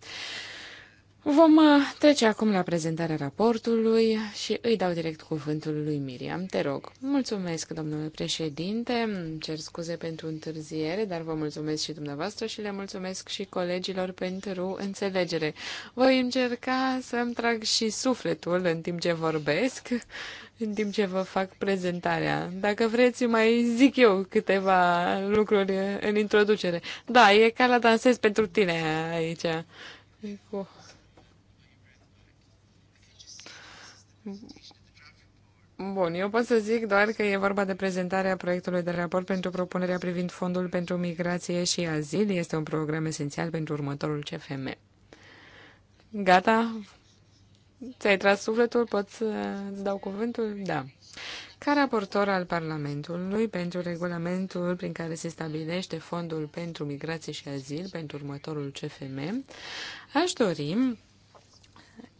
S4: Vom uh, trece acum la prezentarea raportului și îi dau direct cuvântul lui Miriam. Te rog. Mulțumesc, domnule președinte. Cer scuze pentru întârziere, dar vă mulțumesc și dumneavoastră și le mulțumesc și colegilor pentru înțelegere. Voi încerca să-mi trag și sufletul în timp ce vorbesc, în timp ce vă fac prezentarea. Dacă vreți, mai zic eu câteva lucruri în introducere. Da, e ca la dansez pentru tine aici. Cu Bun, eu pot să zic doar că e vorba de prezentarea proiectului de raport pentru propunerea privind Fondul pentru Migrație și Azil. Este un program esențial pentru următorul CFM. Gata? Ți-ai tras sufletul? Pot să-ți dau cuvântul? Da. Ca raportor al Parlamentului pentru regulamentul prin care se stabilește Fondul pentru Migrație și Azil pentru următorul CFM, aș dori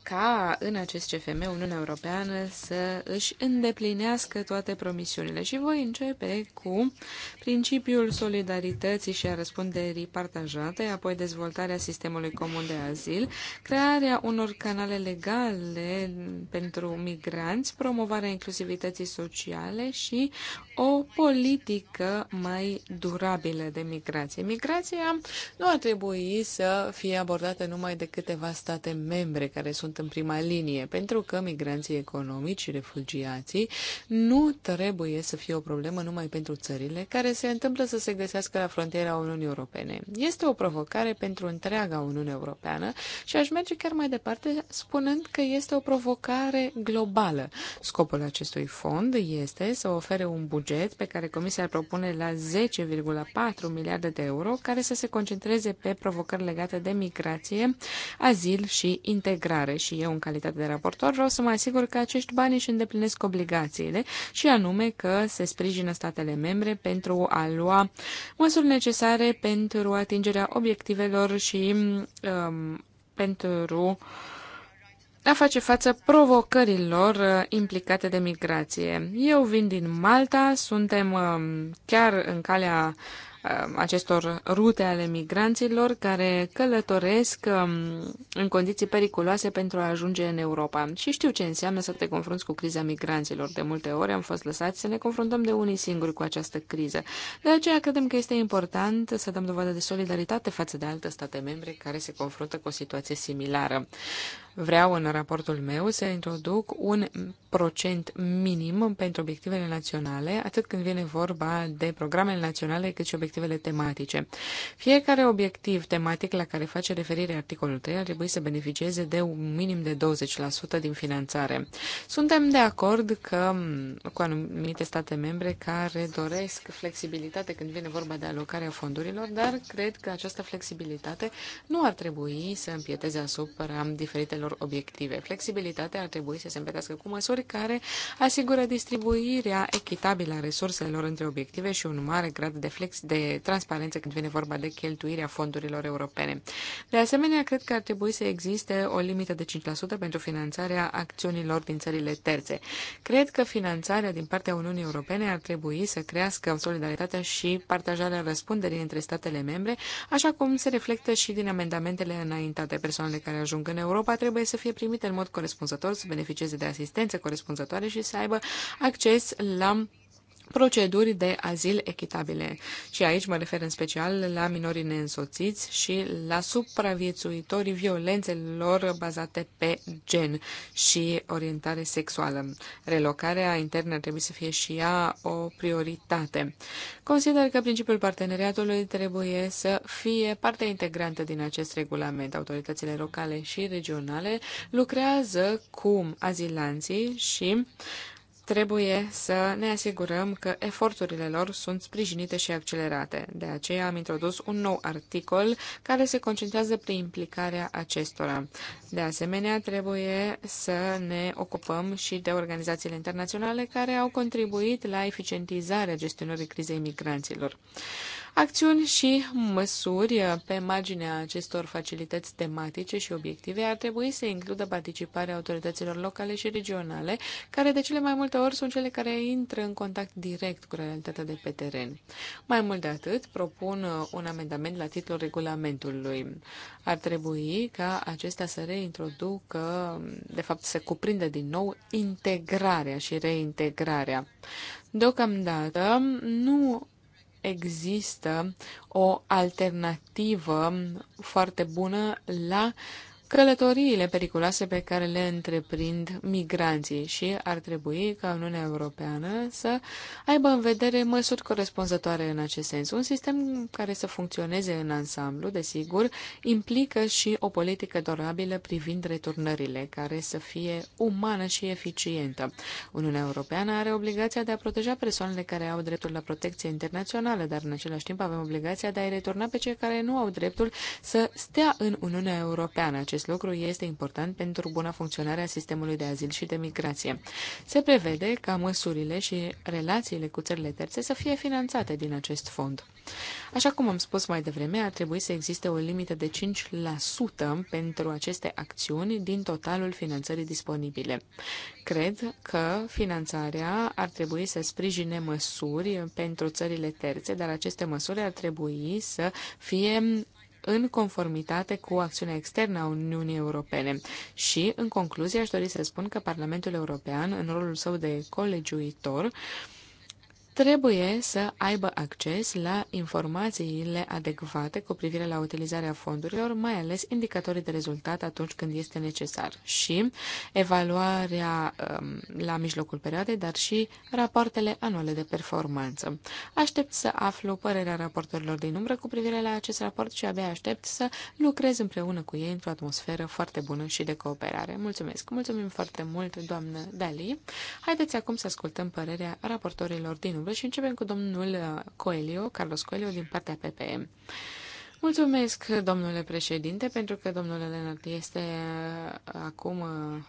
S4: ca în acest CFM Uniunea Europeană să își îndeplinească toate promisiunile. Și voi începe cu principiul solidarității și a răspunderii partajate, apoi dezvoltarea sistemului comun de azil, crearea unor canale legale pentru migranți, promovarea inclusivității sociale și o politică mai durabilă de migrație. Migrația nu ar trebui să fie abordată numai de câteva state membre care sunt în prima linie, pentru că migranții economici și refugiații nu trebuie să fie o problemă numai pentru țările care se întâmplă să se găsească la frontiera Uniunii Europene. Este o provocare pentru întreaga Uniune Europeană și aș merge chiar mai departe spunând că este o provocare globală. Scopul acestui fond este să ofere un buget pe care Comisia îl propune la 10,4 miliarde de euro, care să se concentreze pe provocări legate de migrație, azil și integrare și eu în calitate de raportor, vreau să mă asigur că acești bani își îndeplinesc obligațiile și anume că se sprijină statele membre pentru a lua măsuri necesare pentru atingerea obiectivelor și um, pentru a face față provocărilor uh, implicate de migrație. Eu vin din Malta, suntem um, chiar în calea Um, acestor rute ale migranților care călătoresc um, în condiții periculoase pentru a ajunge în Europa. Și știu ce înseamnă să te confrunți cu criza migranților. De multe ori am fost lăsați să ne confruntăm de unii singuri cu această criză. De aceea credem că este important să dăm dovadă de solidaritate față de alte state membre care se confruntă cu o situație similară. Vreau în raportul meu să introduc un procent minim pentru obiectivele naționale, atât când vine vorba de programele naționale, cât și obiectivele obiectivele tematice. Fiecare obiectiv tematic la care face referire articolul 3 ar trebui să beneficieze de un minim de 20% din finanțare. Suntem de acord că cu anumite state membre care doresc flexibilitate când vine vorba de alocarea fondurilor, dar cred că această flexibilitate nu ar trebui să împieteze asupra diferitelor obiective. Flexibilitatea ar trebui să se împetească cu măsuri care asigură distribuirea echitabilă a resurselor între obiective și un mare grad de, flex, de de transparență când vine vorba de cheltuirea fondurilor europene. De asemenea, cred că ar trebui să existe o limită de 5% pentru finanțarea acțiunilor din țările terțe. Cred că finanțarea din partea Uniunii Europene ar trebui să crească solidaritatea și partajarea răspunderii între statele membre, așa cum se reflectă și din amendamentele înaintate. Persoanele care ajung în Europa trebuie să fie primite în mod corespunzător, să beneficieze de asistență corespunzătoare și să aibă acces la proceduri de azil echitabile. Și aici mă refer în special la minorii neînsoțiți și la supraviețuitorii violențelor bazate pe gen și orientare sexuală. Relocarea internă trebuie să fie și ea o prioritate. Consider că principiul parteneriatului trebuie să fie parte integrantă din acest regulament. Autoritățile locale și regionale lucrează cu azilanții și trebuie să ne asigurăm că eforturile lor sunt sprijinite și accelerate. De aceea am introdus un nou articol care se concentrează pe implicarea acestora. De asemenea, trebuie să ne ocupăm și de organizațiile internaționale care au contribuit la eficientizarea gestionării crizei migranților. Acțiuni și măsuri pe marginea acestor facilități tematice și obiective ar trebui să includă participarea autorităților locale și regionale, care de cele mai multe ori sunt cele care intră în contact direct cu realitatea de pe teren. Mai mult de atât, propun un amendament la titlul regulamentului. Ar trebui ca acesta să reintroducă, de fapt să cuprindă din nou integrarea și reintegrarea. Deocamdată nu există o alternativă foarte bună la călătoriile periculoase pe care le întreprind migranții și ar trebui ca Uniunea Europeană să aibă în vedere măsuri corespunzătoare în acest sens. Un sistem care să funcționeze în ansamblu, desigur, implică și o politică dorabilă privind returnările, care să fie umană și eficientă. Uniunea Europeană are obligația de a proteja persoanele care au dreptul la protecție internațională, dar în același timp avem obligația de a-i returna pe cei care nu au dreptul să stea în Uniunea Europeană. Acest acest lucru este important pentru buna funcționare a sistemului de azil și de migrație. Se prevede ca măsurile și relațiile cu țările terțe să fie finanțate din acest fond. Așa cum am spus mai devreme, ar trebui să existe o limită de 5% pentru aceste acțiuni din totalul finanțării disponibile. Cred că finanțarea ar trebui să sprijine măsuri pentru țările terțe, dar aceste măsuri ar trebui să fie în conformitate cu acțiunea externă a Uniunii Europene. Și, în concluzie, aș dori să spun că Parlamentul European, în rolul său de colegiuitor, trebuie să aibă acces la informațiile adecvate cu privire la utilizarea fondurilor, mai ales indicatorii de rezultat atunci când este necesar și evaluarea um, la mijlocul perioadei, dar și rapoartele anuale de performanță. Aștept să aflu părerea raportorilor din umbră cu privire la acest raport și abia aștept să lucrez împreună cu ei într-o atmosferă foarte bună și de cooperare. Mulțumesc! Mulțumim foarte mult, doamnă Dali! Haideți acum să ascultăm părerea raportorilor din umbră întâmplă și începem cu domnul Coelio, Carlos Coelio, din partea PPM. Mulțumesc, domnule președinte, pentru că domnul Lenart este uh, acum uh,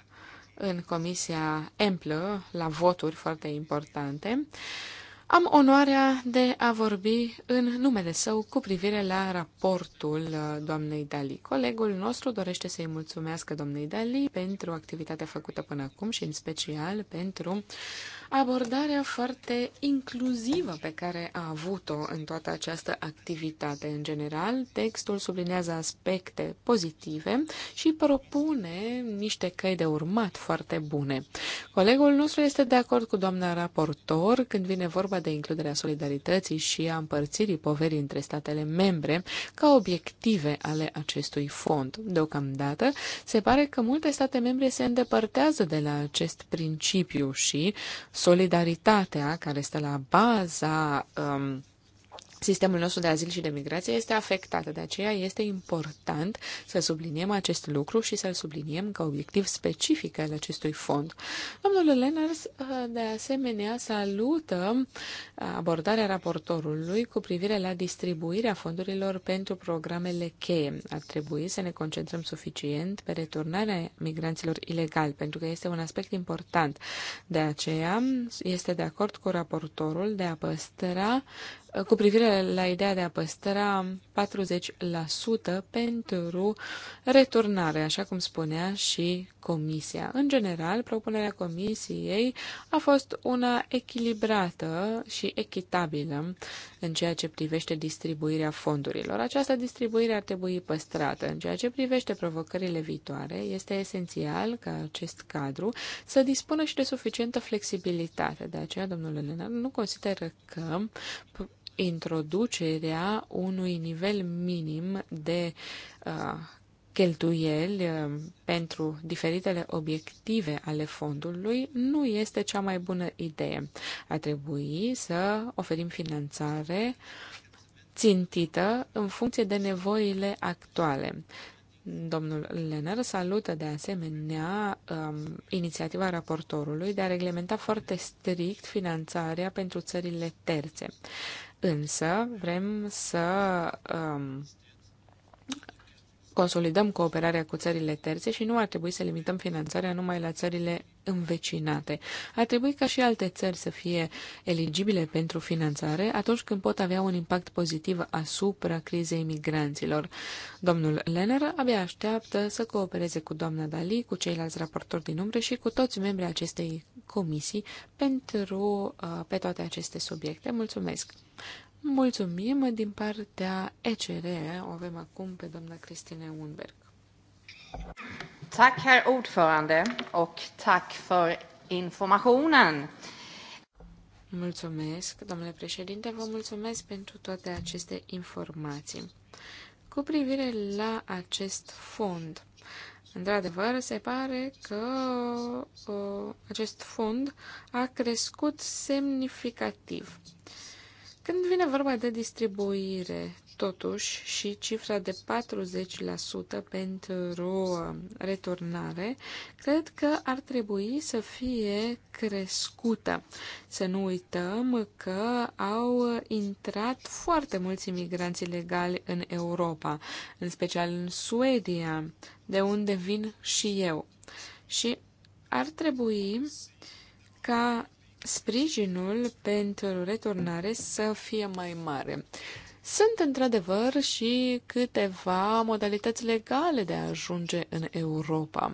S4: în comisia amplă la voturi foarte importante. Am onoarea de a vorbi în numele său cu privire la raportul uh, doamnei Dali. Colegul nostru dorește să-i mulțumească doamnei Dali pentru activitatea făcută până acum și în special pentru uh, abordarea foarte inclusivă pe care a avut-o în toată această activitate. În general, textul sublinează aspecte pozitive și propune niște căi de urmat foarte bune. Colegul nostru este de acord cu doamna raportor când vine vorba de includerea solidarității și a împărțirii poverii între statele membre ca obiective ale acestui fond. Deocamdată, se pare că multe state membre se îndepărtează de la acest principiu și Solidaritatea care este la baza um, sistemul nostru de azil și de migrație este afectat De aceea este important să subliniem acest lucru și să-l subliniem ca obiectiv specific al acestui fond. Domnul Lenars, uh, de asemenea, salută uh, abordarea raportorului cu privire la distribuirea fondurilor pentru programele cheie. Ar trebui să ne concentrăm suficient pe returnarea migranților ilegali, pentru că este un aspect important. De aceea este de acord cu raportorul de a păstra cu privire la ideea de a păstra 40% pentru returnare, așa cum spunea și Comisia. În general, propunerea Comisiei a fost una echilibrată și echitabilă în ceea ce privește distribuirea fondurilor. Această distribuire ar trebui păstrată. În ceea ce privește provocările viitoare, este esențial ca acest cadru să dispună și de suficientă flexibilitate. De aceea, domnule Lenar, nu consideră că introducerea unui nivel minim de uh, cheltuieli uh, pentru diferitele obiective ale fondului nu este cea mai bună idee. A trebui să oferim finanțare țintită în funcție de nevoile actuale. Domnul Lenner salută de asemenea um, inițiativa raportorului de a reglementa foarte strict finanțarea pentru țările terțe. Însă vrem să um, consolidăm cooperarea cu țările terțe și nu ar trebui să limităm finanțarea numai la țările învecinate. Ar trebui ca și alte țări să fie eligibile pentru finanțare atunci când pot avea un impact pozitiv asupra crizei migranților. Domnul Lenner abia așteaptă să coopereze cu doamna Dali, cu ceilalți raportori din umbră și cu toți membrii acestei comisii pentru, uh, pe toate aceste subiecte. Mulțumesc! Mulțumim din partea ECR. O avem acum pe doamna Cristine Unberg. Tack herr ordförande och tack för informationen. Mulțumesc, domnule președinte, vă mulțumesc pentru toate aceste informații. Cu privire la acest fond, într-adevăr, se pare că uh, acest fond a crescut semnificativ. Când vine vorba de distribuire, totuși, și cifra de 40% pentru uh, returnare, cred că ar trebui să fie crescută. Să nu uităm că au intrat foarte mulți imigranți ilegali în Europa, în special în Suedia, de unde vin și eu. Și ar trebui ca sprijinul pentru returnare să fie mai mare. Sunt într-adevăr și câteva modalități legale de a ajunge în Europa.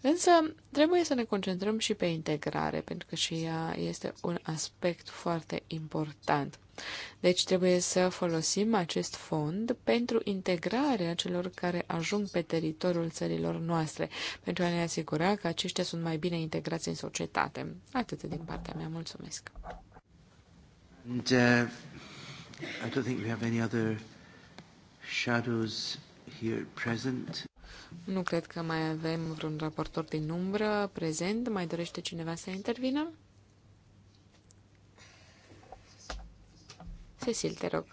S4: Însă trebuie să ne concentrăm și pe integrare, pentru că și ea este un aspect foarte important. Deci trebuie să folosim acest fond pentru integrarea celor care ajung pe teritoriul țărilor noastre, pentru a ne asigura că aceștia sunt mai bine integrați în societate. Atât din partea mea. Mulțumesc.
S1: And, uh, I don't think we have any other shadows here present.
S4: Nu cred că mai avem vreun raportor din umbră prezent. Mai dorește cineva să intervină? Cecil, te rog.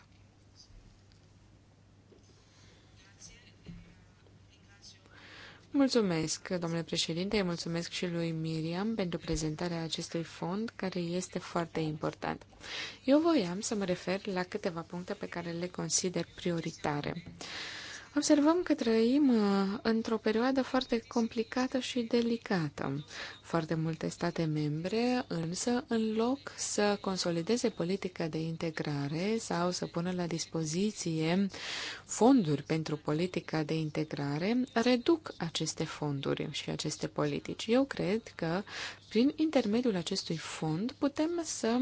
S4: Mulțumesc, domnule președinte, mulțumesc și lui Miriam pentru prezentarea acestui fond, care este foarte important. Eu voiam să mă refer la câteva puncte pe care le consider prioritare. Uh, Observăm că trăim uh, într-o perioadă foarte complicată și delicată. Foarte multe state membre, însă, în loc să consolideze politica de integrare sau să pună la dispoziție fonduri pentru politica de integrare, reduc aceste fonduri și aceste politici. Eu cred că, prin intermediul acestui fond, putem să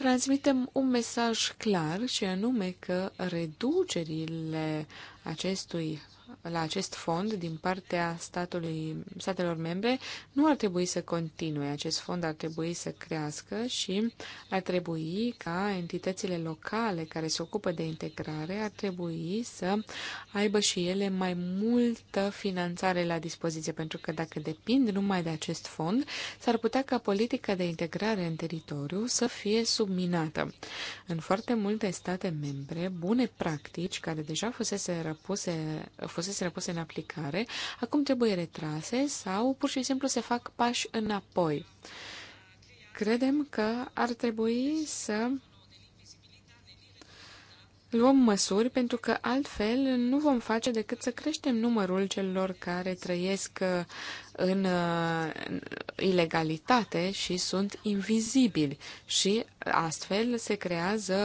S4: transmitem un mesaj clar și anume că reducerile acestui la acest fond din partea statului, statelor membre nu ar trebui să continue. Acest fond ar trebui să crească și ar trebui ca entitățile locale care se ocupă de integrare ar trebui să aibă și ele mai multă finanțare la dispoziție, pentru că dacă depind numai de acest fond, s-ar putea ca politica de integrare în teritoriu să fie subminată. În foarte multe state membre, bune practici care deja fusese răpuse, fuseseră puse în aplicare, acum trebuie retrase sau pur și simplu se fac pași înapoi. Credem că ar trebui să luăm măsuri pentru că altfel nu vom face decât să creștem numărul celor care trăiesc uh, uh, în ilegalitate și sunt invizibili și astfel se creează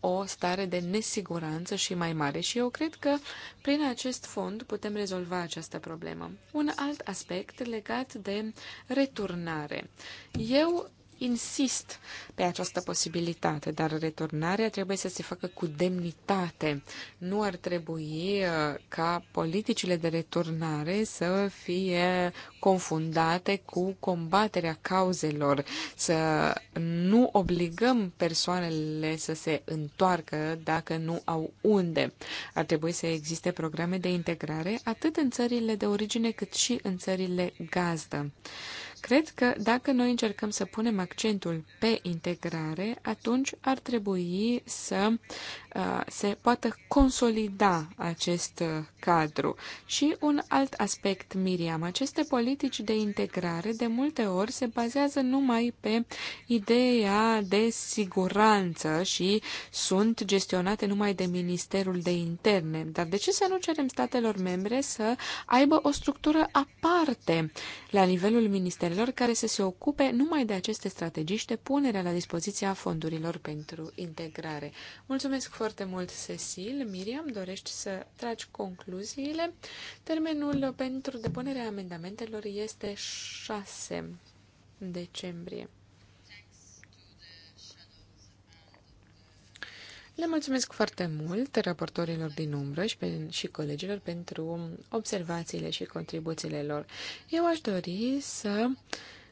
S4: o stare de nesiguranță și mai mare și eu cred că prin acest fond putem rezolva această problemă. Un alt aspect legat de returnare. Eu Insist pe această posibilitate, dar returnarea trebuie să se facă cu demnitate. Nu ar trebui uh, ca politicile de returnare să fie confundate cu combaterea cauzelor, să nu obligăm persoanele să se întoarcă dacă nu au unde. Ar trebui să existe programe de integrare atât în țările de origine cât și în țările gazdă. Cred că dacă noi încercăm să punem accentul pe integrare, atunci ar trebui să Uh, se poată consolida acest uh, cadru. Și un alt aspect, Miriam, aceste politici de integrare de multe ori se bazează numai pe ideea de siguranță și sunt gestionate numai de Ministerul de Interne. Dar de ce să nu cerem statelor membre să aibă o structură aparte la nivelul ministerelor care să se ocupe numai de aceste strategii și de punerea la dispoziția fondurilor pentru integrare? Mulțumesc foarte foarte mult, Cecil. Miriam, dorești să tragi concluziile? Termenul pentru depunerea amendamentelor este 6 decembrie. Le mulțumesc foarte mult raportorilor din umbră și, pe, și colegilor pentru observațiile și contribuțiile lor. Eu aș dori să uh,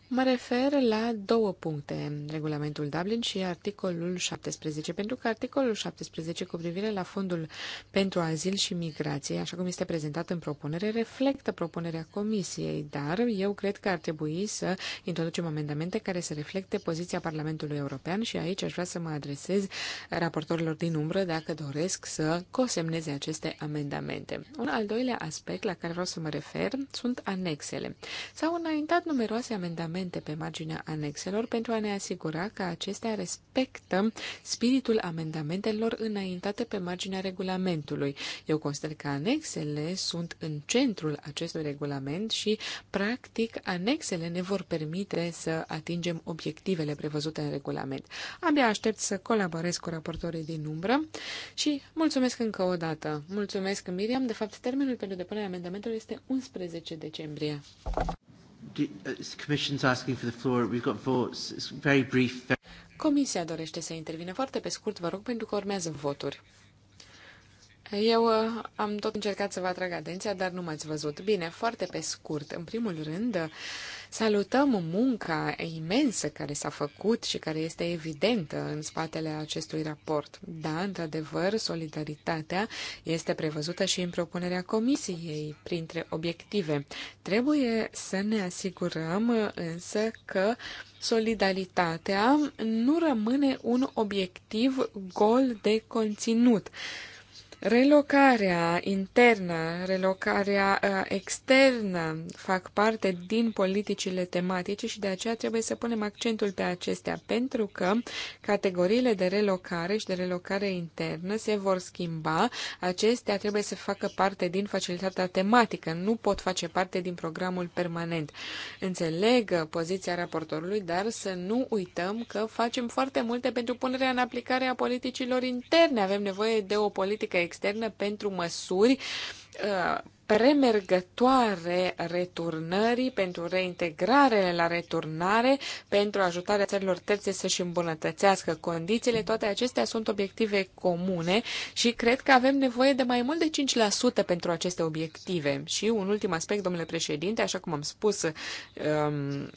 S4: Mă refer la două puncte, regulamentul Dublin și articolul 17, pentru că articolul 17 cu privire la fondul pentru azil și migrație, așa cum este prezentat în propunere, reflectă propunerea Comisiei, dar eu cred că ar trebui să introducem amendamente care să reflecte poziția Parlamentului European și aici aș vrea să mă adresez raportorilor din umbră dacă doresc să cosemneze aceste amendamente. Un al doilea aspect la care vreau să mă refer sunt anexele. S-au înaintat numeroase amendamente documente pe marginea anexelor pentru a ne asigura că acestea respectă spiritul amendamentelor înaintate pe marginea regulamentului. Eu consider că anexele sunt în centrul acestui regulament și, practic, anexele ne vor permite să atingem obiectivele prevăzute în regulament. Abia aștept să colaborez cu raportorii din umbră și mulțumesc încă o dată. Mulțumesc, Miriam. De fapt, termenul pentru depunerea amendamentului este 11 decembrie. Comisia dorește să intervină foarte pe scurt, vă rog, pentru că urmează voturi. Eu uh, am tot încercat să vă atrag atenția, dar nu m-ați văzut. Bine, foarte pe scurt. În primul rând, uh, salutăm munca imensă care s-a făcut și care este evidentă în spatele acestui raport. Da, într-adevăr, solidaritatea este prevăzută și în propunerea comisiei printre obiective. Trebuie să ne asigurăm uh, însă că solidaritatea nu rămâne un obiectiv gol de conținut Relocarea internă, relocarea ă, externă fac parte din politicile tematice și de aceea trebuie să punem accentul pe acestea, pentru că categoriile de relocare și de relocare internă se vor schimba. Acestea trebuie să facă parte din facilitatea tematică, nu pot face parte din programul permanent. Înțeleg poziția raportorului, dar să nu uităm că facem foarte multe pentru punerea în aplicare a politicilor interne. Avem nevoie de o politică externă externă pentru măsuri uh, premergătoare returnării, pentru reintegrare la returnare, pentru ajutarea țărilor terțe să-și îmbunătățească condițiile, toate acestea sunt obiective comune și cred că avem nevoie de mai mult de 5% pentru aceste obiective. Și un ultim aspect, domnule președinte, așa cum am spus, um,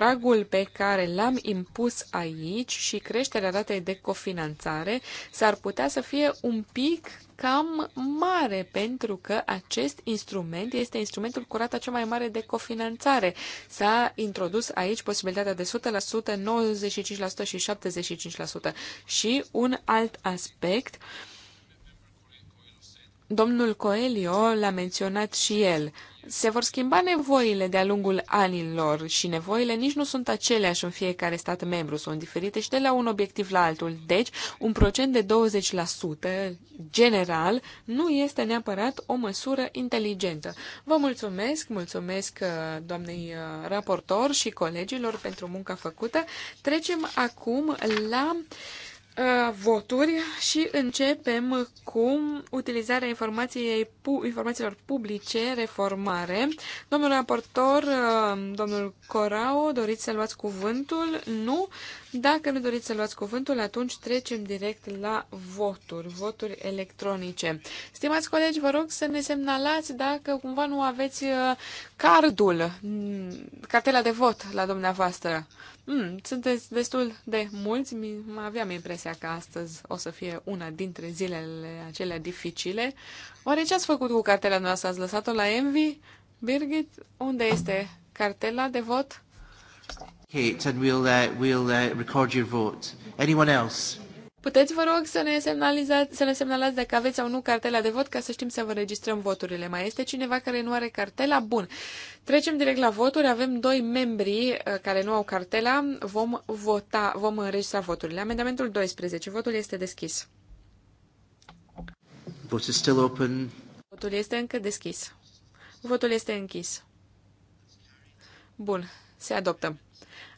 S4: pragul pe care l-am impus aici și creșterea ratei de cofinanțare s-ar putea să fie un pic cam mare, pentru că acest instrument este instrumentul cu rata cea mai mare de cofinanțare. S-a introdus aici posibilitatea de 100%, 95% și 75%. Și un alt aspect, domnul Coelio l-a menționat și el, se vor schimba nevoile de-a lungul anilor și nevoile nici nu sunt aceleași în fiecare stat membru, sunt diferite și de la un obiectiv la altul. Deci, un procent de 20% general nu este neapărat o măsură inteligentă. Vă mulțumesc, mulțumesc uh, doamnei uh, raportor și colegilor pentru munca făcută. Trecem acum la uh, Uh, voturi și începem cu utilizarea informației, informațiilor publice, reformare. Domnul raportor, uh, domnul Corao, doriți să luați cuvântul? Nu. Dacă nu doriți să luați cuvântul, atunci trecem direct la voturi, voturi electronice. Stimați colegi, vă rog să ne semnalați dacă cumva nu aveți uh, cardul, mm, cartela de vot la dumneavoastră. Mm, sunteți destul de mulți. Aveam impresia că astăzi o să fie una dintre zilele acelea dificile. Oare ce ați făcut cu cartela noastră? Ați lăsat-o la Envy? Birgit, unde este cartela de vot?
S1: Kate, and we'll, uh, we'll uh, record your vote. Anyone else?
S4: Puteți, vă rog, să ne, semnalizați, să ne semnalați dacă aveți sau nu cartela de vot ca să știm să vă registrăm voturile. Mai este cineva care nu are cartela? Bun. Trecem direct la voturi. Avem doi membri uh, care nu au cartela. Vom vota, vom înregistra voturile. Amendamentul 12. Votul este deschis.
S1: Vote still open.
S4: Votul este încă deschis. Votul este închis. Bun. Se adoptă.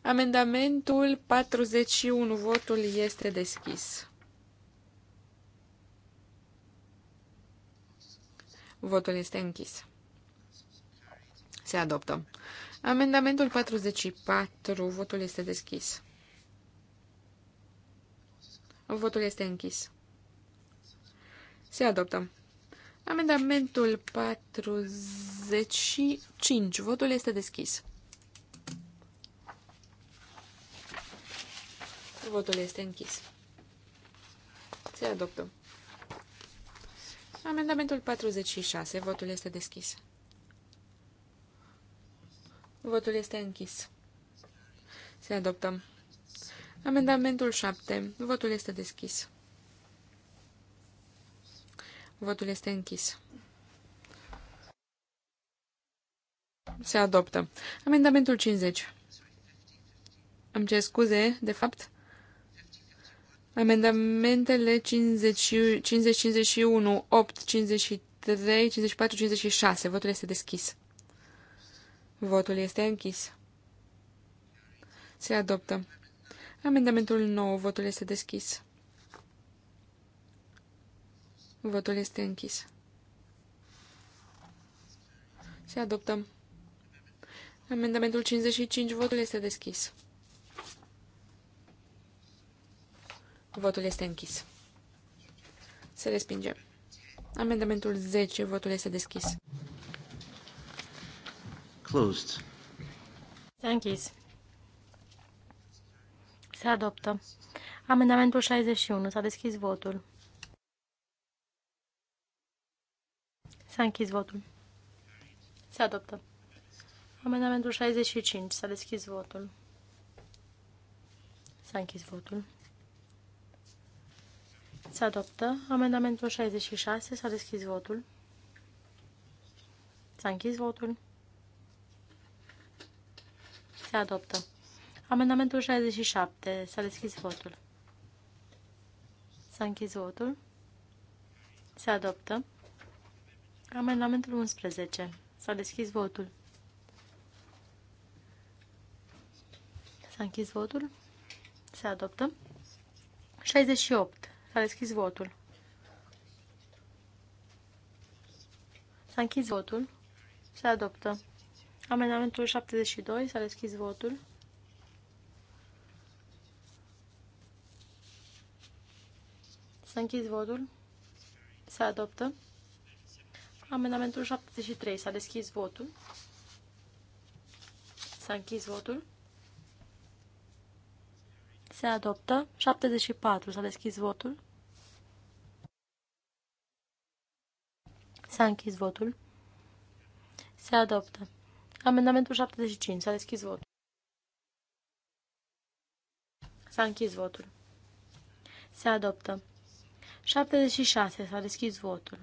S4: Amendamentul 41, votul este deschis. Votul este închis. Se adoptă. Amendamentul 44, votul este deschis. Votul este închis. Se adoptă. Amendamentul 45, votul este deschis. Votul este închis. Se adoptă. Amendamentul 46. Votul este deschis. Votul este închis. Se adoptă. Amendamentul 7. Votul este deschis. Votul este închis. Se adoptă. Amendamentul 50. Îmi cer scuze, de fapt, Amendamentele 551, 8, 53, 54, 56. Votul este deschis. Votul este închis. Se adoptă. Amendamentul 9. Votul este deschis. Votul este închis. Se adoptă. Amendamentul 55. Votul este deschis. Votul este închis. Se respinge. Amendamentul 10. Votul
S2: este deschis. Closed. S-a închis. Se adoptă. Amendamentul 61. S-a deschis votul. S-a închis votul. Se adoptă. Amendamentul 65. S-a deschis votul. S-a închis votul. Se adoptă. Amendamentul 66. S-a deschis votul. S-a închis votul. Se adoptă. Amendamentul 67. S-a deschis votul. S-a închis votul. Se adoptă. Amendamentul 11. S-a deschis votul. S-a închis votul. Se adoptă. 68. S-a deschis votul. S-a închis votul. Se adoptă. Amendamentul 72. S-a deschis votul. S-a închis votul. Se adoptă. Amendamentul 73. S-a deschis votul. S-a închis votul. Se adoptă. 74. S-a deschis votul. S-a închis votul. Se adoptă. Amendamentul 75. S-a deschis votul. S-a închis votul. Se adoptă. 76. S-a deschis votul.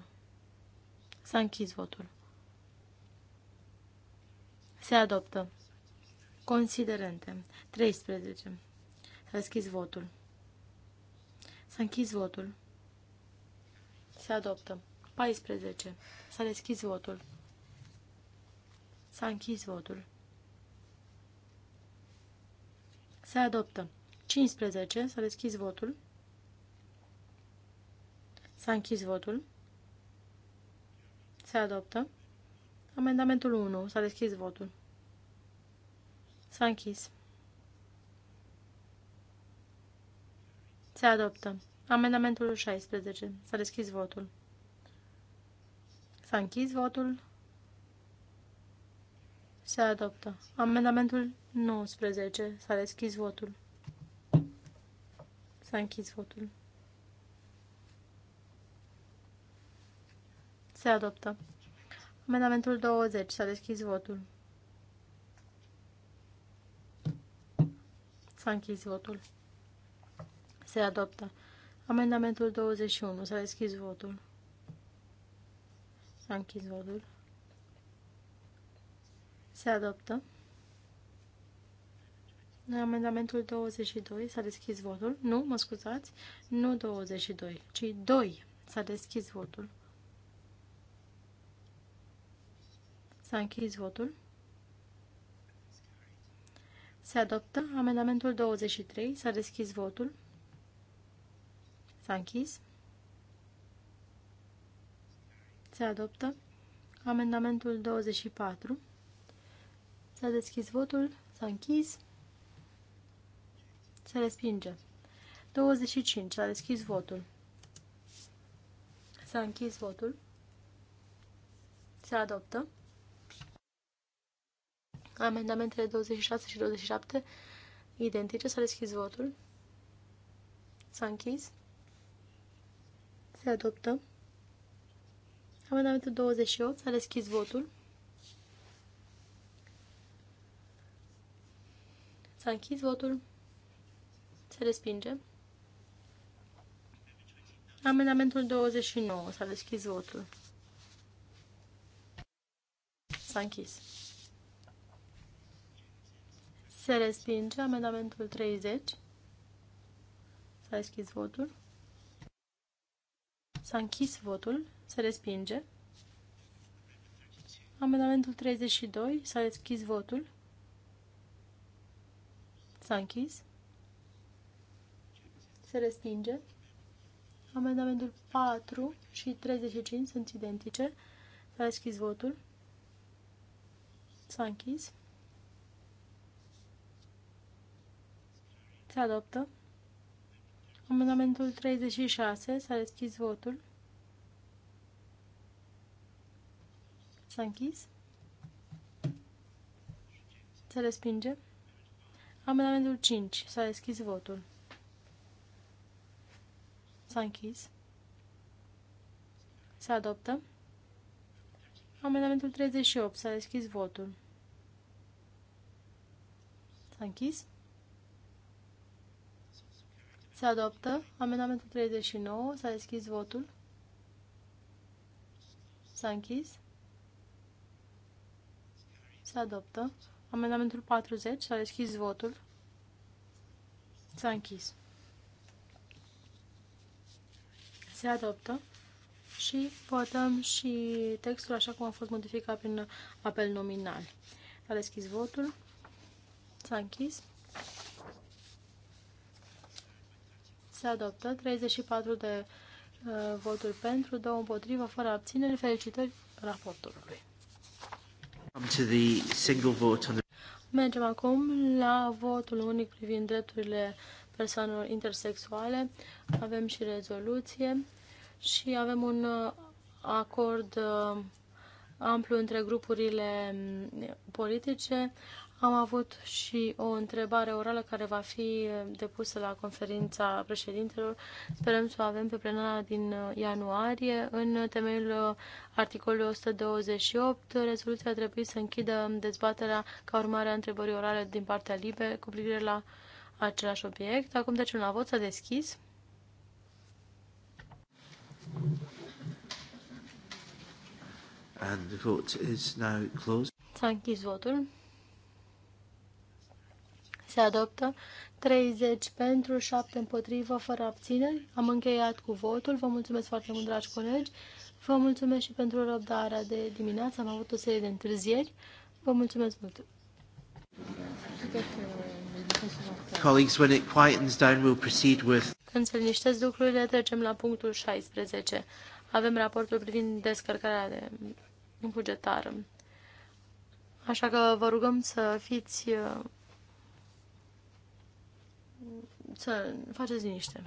S2: S-a închis votul. Se adoptă. Considerente. 13. S-a deschis votul. S-a închis votul. Se adoptă. 14. S-a deschis votul. S-a închis votul. Se adoptă. 15. S-a deschis votul. S-a închis votul. Se adoptă. Amendamentul 1. S-a deschis votul. S-a închis. Se adoptă. Amendamentul 16. S-a deschis votul. S-a închis votul. Se adoptă. Amendamentul 19. S-a deschis votul. S-a închis votul. Se adoptă. Amendamentul 20. S-a deschis votul. S-a închis votul. Se adoptă. Amendamentul 21. S-a deschis votul. S-a închis votul. Se adoptă. Amendamentul 22. S-a deschis votul. Nu, mă scuzați. Nu 22, ci 2. S-a deschis votul. S-a închis votul. Se adoptă. Amendamentul 23. S-a deschis votul. S-a închis. Se adoptă amendamentul 24. S-a deschis votul, s-a închis, se respinge. 25. S-a deschis votul. S-a închis votul. Se adoptă. Amendamentele 26 și 27 identice. S-a deschis votul. S-a închis. Se adoptă. Amendamentul 28. S-a deschis votul. S-a închis votul. Se respinge. Amendamentul 29. S-a deschis votul. S-a închis. Se respinge amendamentul 30. S-a deschis votul. S-a închis votul. Se respinge. Amendamentul 32. S-a deschis votul. S-a închis. Se respinge. Amendamentul 4 și 35 sunt identice. S-a deschis votul. S-a închis. Se adoptă. Amendamentul 36. S-a deschis votul. S-a închis. Se respinge. Amendamentul 5. S-a deschis votul. S-a închis. Se adoptă. Amendamentul 38. S-a deschis votul. S-a închis. Se adoptă. Amendamentul 39. S-a deschis votul. S-a închis. Se adoptă. Amendamentul 40. S-a deschis votul. S-a închis. Se adoptă. Și votăm și textul așa cum a fost modificat prin apel nominal. S-a deschis votul. S-a închis. se adoptă, 34 de uh, voturi pentru, 2 împotrivă, fără abțineri. Felicitări raportorului. Mergem acum la votul unic privind drepturile persoanelor intersexuale. Avem și rezoluție și avem un uh, acord uh, amplu între grupurile mm, politice. Am avut și o întrebare orală care va fi depusă la conferința președintelor. Sperăm să o avem pe plenara din uh, ianuarie. În temeiul uh, articolului 128, rezoluția trebuie să închidă dezbaterea ca urmare a întrebării orale din partea LIBE cu privire la același obiect. Acum deci, la vot. S-a deschis.
S1: And the vote is now closed.
S2: S-a închis votul. Se adoptă 30 pentru, 7 împotrivă, fără abțineri. Am încheiat cu votul. Vă mulțumesc foarte mult, dragi colegi. Vă mulțumesc și pentru răbdarea de dimineață. Am avut o serie de întârzieri. Vă mulțumesc mult.
S1: Colleagues, when it quietens down, we'll proceed with...
S2: Când se liniștesc lucrurile, trecem la punctul 16. Avem raportul privind descărcarea de bugetară. Așa că vă rugăm să fiți uh, să faceți liniște.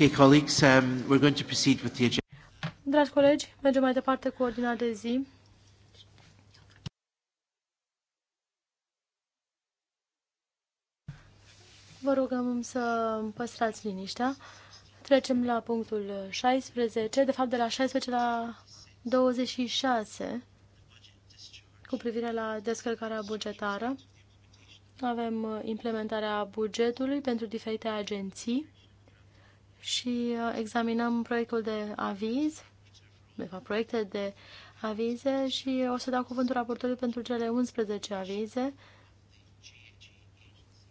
S1: Okay, colleagues, um, we're going to proceed with the agenda.
S2: Dragi colegi, mergem mai departe cu ordinea de zi. Vă rugăm să păstrați liniștea. Trecem la punctul 16, de fapt de la 16 la 26, cu privire la descărcarea bugetară. Avem uh, implementarea bugetului pentru diferite agenții și uh, examinăm proiectul de aviz, de fapt, proiecte de avize și o să dau cuvântul raportorului pentru cele 11 avize.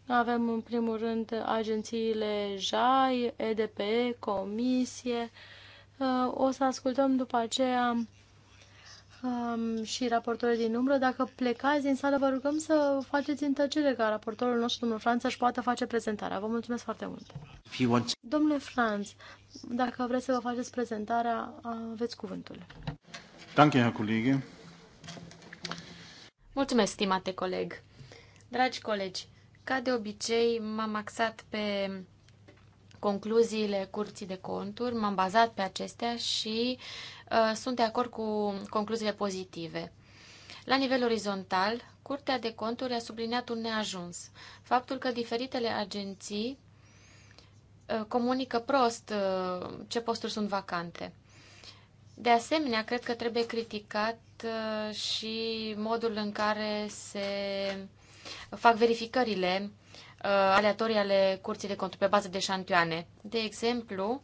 S2: Avem în primul rând agențiile JAI, EDP, Comisie. Uh, o să ascultăm după aceea um, și raportorii din umbră, dacă plecați din sală, vă rugăm să faceți întăcere ca raportorul nostru, domnul Franț, să-și poată face prezentarea. Vă mulțumesc foarte mult. Want... Domnule Franț, dacă vreți să vă faceți prezentarea, aveți cuvântul.
S5: Danke, Herr Kollege.
S3: Mulțumesc, stimate coleg. Dragi colegi, ca de obicei, m-am axat pe concluziile curții de conturi, m-am bazat pe acestea și Uh, sunt de acord cu concluziile pozitive. La nivel orizontal, Curtea de Conturi a subliniat un neajuns. Faptul că diferitele agenții uh, comunică prost uh, ce posturi sunt vacante. De asemenea, cred că trebuie criticat și modul în care se fac verificările aleatorii ale curții de conturi pe bază de șantioane. De exemplu,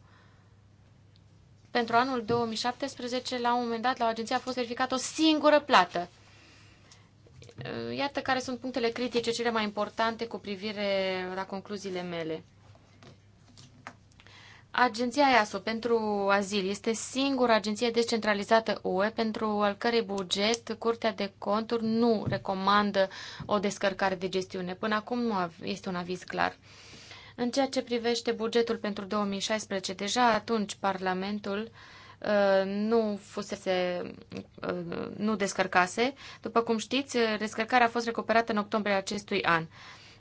S3: pentru anul 2017, la un moment dat, la o agenție a fost verificată o singură plată. Iată care sunt punctele critice cele mai importante cu privire la concluziile mele. Agenția EASO pentru azil este singura agenție descentralizată UE pentru al cărei buget Curtea de Conturi nu recomandă o descărcare de gestiune. Până acum nu este un aviz clar. În ceea ce privește bugetul pentru 2016, deja atunci Parlamentul uh, nu fusese, uh, nu descărcase. După cum știți, descărcarea a fost recuperată în octombrie acestui an.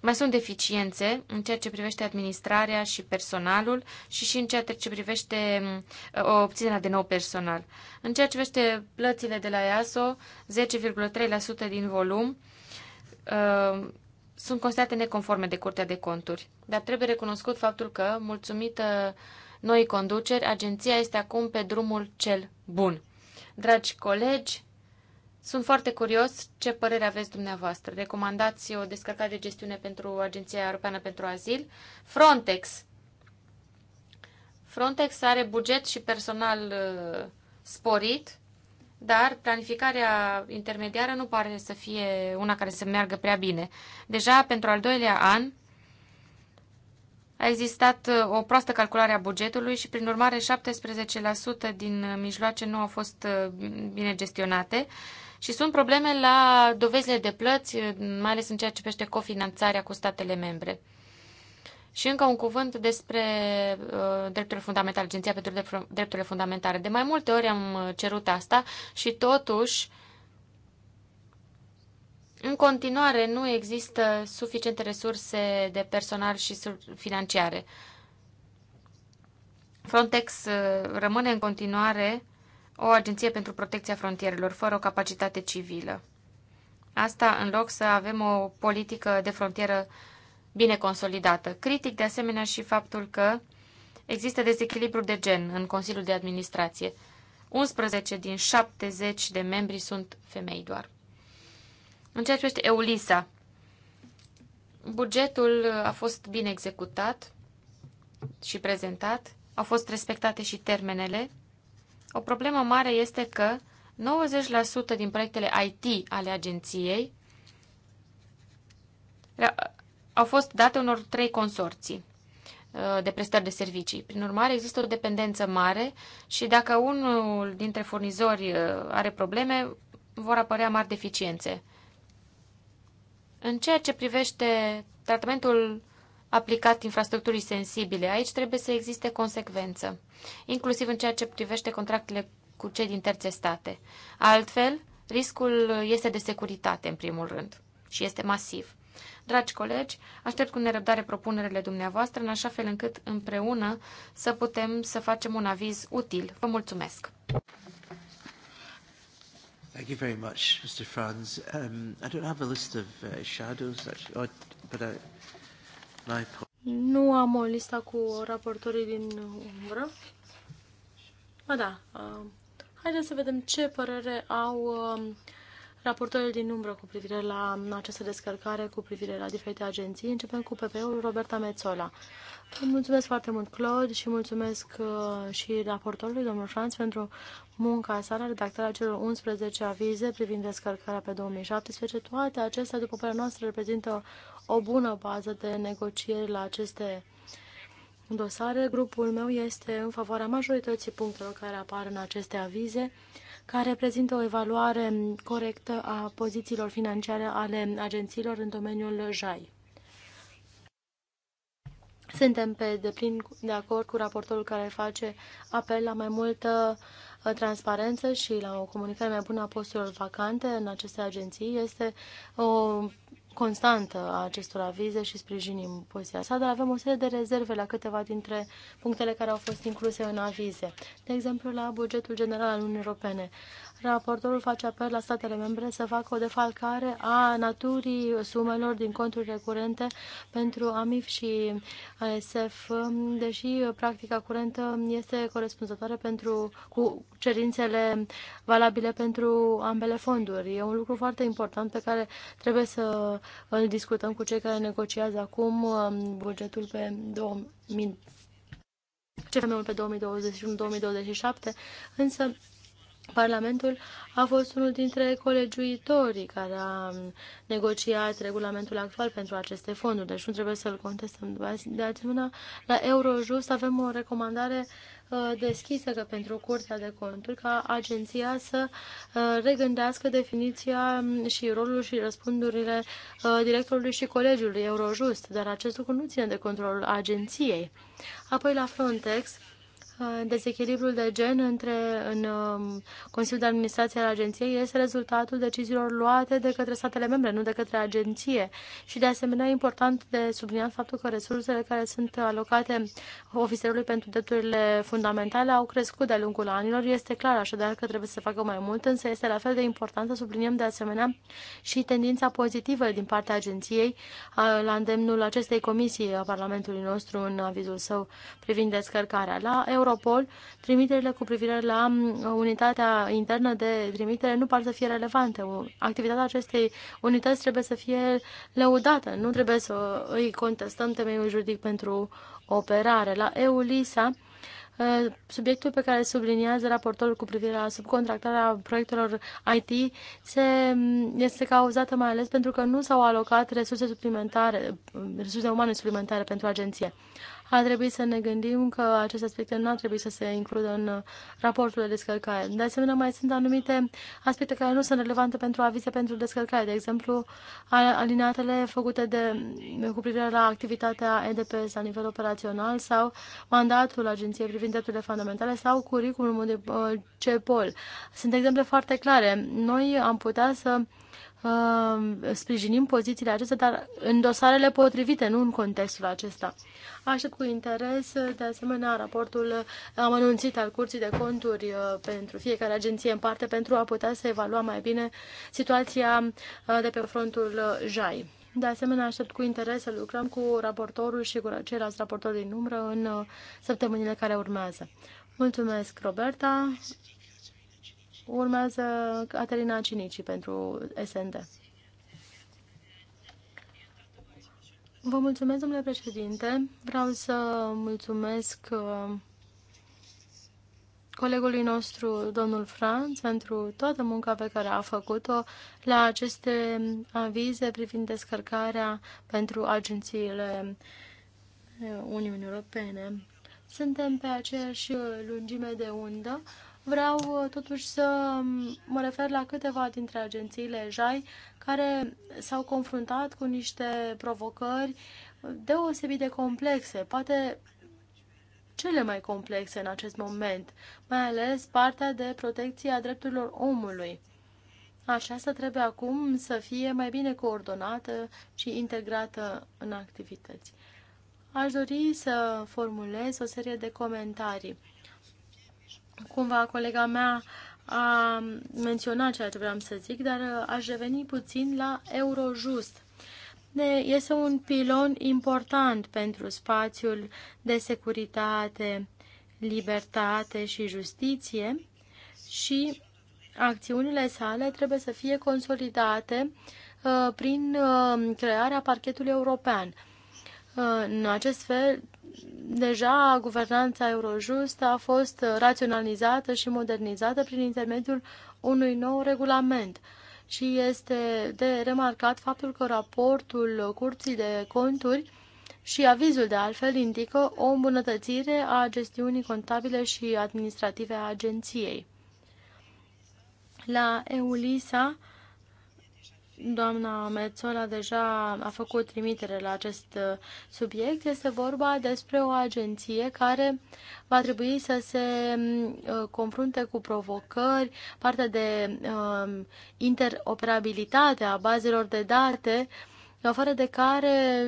S3: Mai sunt deficiențe în ceea ce privește administrarea și personalul și și în ceea ce privește uh, obținerea de nou personal. În ceea ce privește plățile de la EASO, 10,3% din volum, sunt constate neconforme de Curtea de Conturi, dar trebuie recunoscut faptul că, mulțumită noi conduceri, agenția este acum pe drumul cel bun. Dragi colegi, sunt foarte curios ce părere aveți dumneavoastră. Recomandați o descărcare de gestiune pentru Agenția Europeană pentru Azil. Frontex. Frontex are buget și personal uh, sporit dar planificarea intermediară nu pare să fie una care să meargă prea bine. Deja pentru al doilea an a existat uh, o proastă calculare a bugetului și prin urmare 17% din mijloace nu au fost uh, bine gestionate și sunt probleme la dovezile de plăți, uh, mai ales în ceea ce privește cofinanțarea cu statele membre. Și încă un cuvânt despre uh, drepturile fundamentale, Agenția pentru Drepturile Fundamentale. De mai multe ori am uh, cerut asta și totuși în continuare nu există suficiente resurse de personal și financiare. Frontex uh, rămâne în continuare o agenție pentru protecția frontierelor, fără o capacitate civilă. Asta în loc să avem o politică de frontieră uh, bine consolidată. Critic de asemenea și faptul că există dezechilibru de gen în Consiliul de Administrație. 11 din 70 de membri sunt femei doar. În ceea ce privește EULISA, bugetul a fost bine executat și prezentat, au fost respectate și termenele. O problemă mare este că 90% din proiectele IT ale agenției au fost date unor trei consorții uh, de prestări de servicii. Prin urmare, există o dependență mare și dacă unul dintre furnizori uh, are probleme, vor apărea mari deficiențe. În ceea ce privește tratamentul aplicat infrastructurii sensibile, aici trebuie să existe consecvență, inclusiv în ceea ce privește contractele cu cei din terțe state. Altfel, riscul este de securitate, în primul rând, și este masiv. Dragi colegi, aștept cu nerăbdare propunerile dumneavoastră, în așa fel încât împreună să putem să facem un aviz util. Vă mulțumesc!
S1: Thank you very much, Mr. Franz. Um, I don't have a list of uh, shadows, actually, oh, but I, my...
S2: Nu am o listă cu raportorii din umbră. Ba da, uh, haideți să vedem ce părere au uh, raportorul din umbră cu privire la această descărcare, cu privire la diferite agenții. Începem cu PP-ul Roberta Mețola. Mulțumesc foarte mult, Claude, și mulțumesc uh, și raportorului, domnul Franț, pentru munca sa la redactarea celor 11 avize privind descărcarea pe 2017. Toate acestea, după părerea noastră, reprezintă o bună bază de negocieri la aceste dosare. Grupul meu este în favoarea majorității punctelor care apar în aceste avize care prezintă o evaluare corectă a pozițiilor financiare ale agențiilor în domeniul JAI. Suntem pe deplin de acord cu raportorul care face apel la mai multă uh, transparență și la o comunicare mai bună a posturilor vacante în aceste agenții. Este o constantă a acestor avize și sprijinim poziția sa, dar avem o serie de rezerve la câteva dintre punctele care au fost incluse în avize. De exemplu, la bugetul general al Uniunii Europene. Raportorul face apel la statele membre să facă o defalcare a naturii sumelor din conturi recurente pentru AMIF și ASF, deși practica curentă este corespunzătoare pentru, cu cerințele valabile pentru ambele fonduri. E un lucru foarte important pe care trebuie să îl discutăm cu cei care negociază acum um, bugetul pe 2000 CFM-ul pe 2021-2027, însă Parlamentul a fost unul dintre colegiuitorii care a negociat regulamentul actual pentru aceste fonduri, deci nu trebuie să-l contestăm. De asemenea, la Eurojust avem o recomandare uh, deschisă că pentru Curtea de Conturi ca agenția să uh, regândească definiția um, și rolul și răspundurile uh, directorului și colegiului Eurojust, dar acest lucru nu ține de controlul agenției. Apoi la Frontex, Uh, dezechilibrul de gen între în um, Consiliul de Administrație al Agenției este rezultatul deciziilor luate de către statele membre, nu de către agenție. Și de asemenea e important de subliniat faptul că resursele care sunt alocate ofițerului pentru drepturile fundamentale au crescut de-a lungul anilor. Este clar așadar că trebuie să se facă mai mult, însă este la fel de important să subliniem de asemenea și tendința pozitivă din partea agenției uh, la îndemnul acestei comisii a Parlamentului nostru în avizul său privind descărcarea. La EU Europol, trimiterile cu privire la mm, unitatea internă de trimitere nu par să fie relevante. Activitatea acestei unități trebuie să fie lăudată, nu trebuie să îi contestăm temeiul juridic pentru operare. La EULISA, ă, Subiectul pe care subliniază raportorul cu privire la subcontractarea proiectelor IT se, mm, este cauzată mai ales pentru că nu s-au alocat resurse suplimentare, resurse umane suplimentare pentru agenție ar trebui să ne gândim că aceste aspecte nu ar trebui să se includă în uh, raportul de descărcare. De asemenea, mai sunt anumite aspecte care nu sunt relevante pentru avize pentru descărcare, de exemplu, alineatele făcute de, cu privire la activitatea EDPS la nivel operațional sau mandatul Agenției privind drepturile fundamentale sau curriculumul de uh, CEPOL. Sunt exemple foarte clare. Noi am putea să Um, sprijinim pozițiile acestea, dar în dosarele potrivite, nu în contextul acesta. Aștept cu interes, de asemenea, raportul anunțit al Curții de Conturi uh, pentru fiecare agenție în parte pentru a putea să evalua mai bine situația uh, de pe frontul uh, JAI. De asemenea, aștept cu interes să lucrăm cu raportorul și cu ceilalți raportori din umbră în săptămânile care urmează. Mulțumesc, Roberta. Urmează Caterina Cinici pentru SND. Vă mulțumesc, domnule președinte. Vreau să mulțumesc uh, colegului nostru, domnul Franț, pentru toată munca pe care a făcut-o la aceste avize privind descărcarea pentru agențiile uh, Uniunii Europene. Suntem pe aceeași lungime de undă Vreau uh, totuși să um, mă refer la câteva dintre agențiile JAI care s-au confruntat cu niște provocări uh, deosebit de complexe, poate cele mai complexe în acest moment, mai ales partea de protecție a drepturilor omului. Aceasta trebuie acum să fie mai bine coordonată și integrată în activități. Aș dori să formulez o serie de comentarii. Cumva colega mea a menționat ceea ce vreau să zic, dar uh, aș reveni puțin la Eurojust. Este un pilon important pentru spațiul de securitate, libertate și justiție și acțiunile sale trebuie să fie consolidate uh, prin uh, crearea parchetului european. În acest fel, deja guvernanța Eurojust a fost raționalizată și modernizată prin intermediul unui nou regulament. Și este de remarcat faptul că raportul Curții de Conturi și avizul de altfel indică o îmbunătățire a gestiunii contabile și administrative a agenției. La EULISA doamna Metzola deja a făcut trimitere la acest uh, subiect. Este vorba despre o agenție care va trebui să se mm, uh, confrunte cu provocări, partea de um, interoperabilitate a bazelor de date, fără de care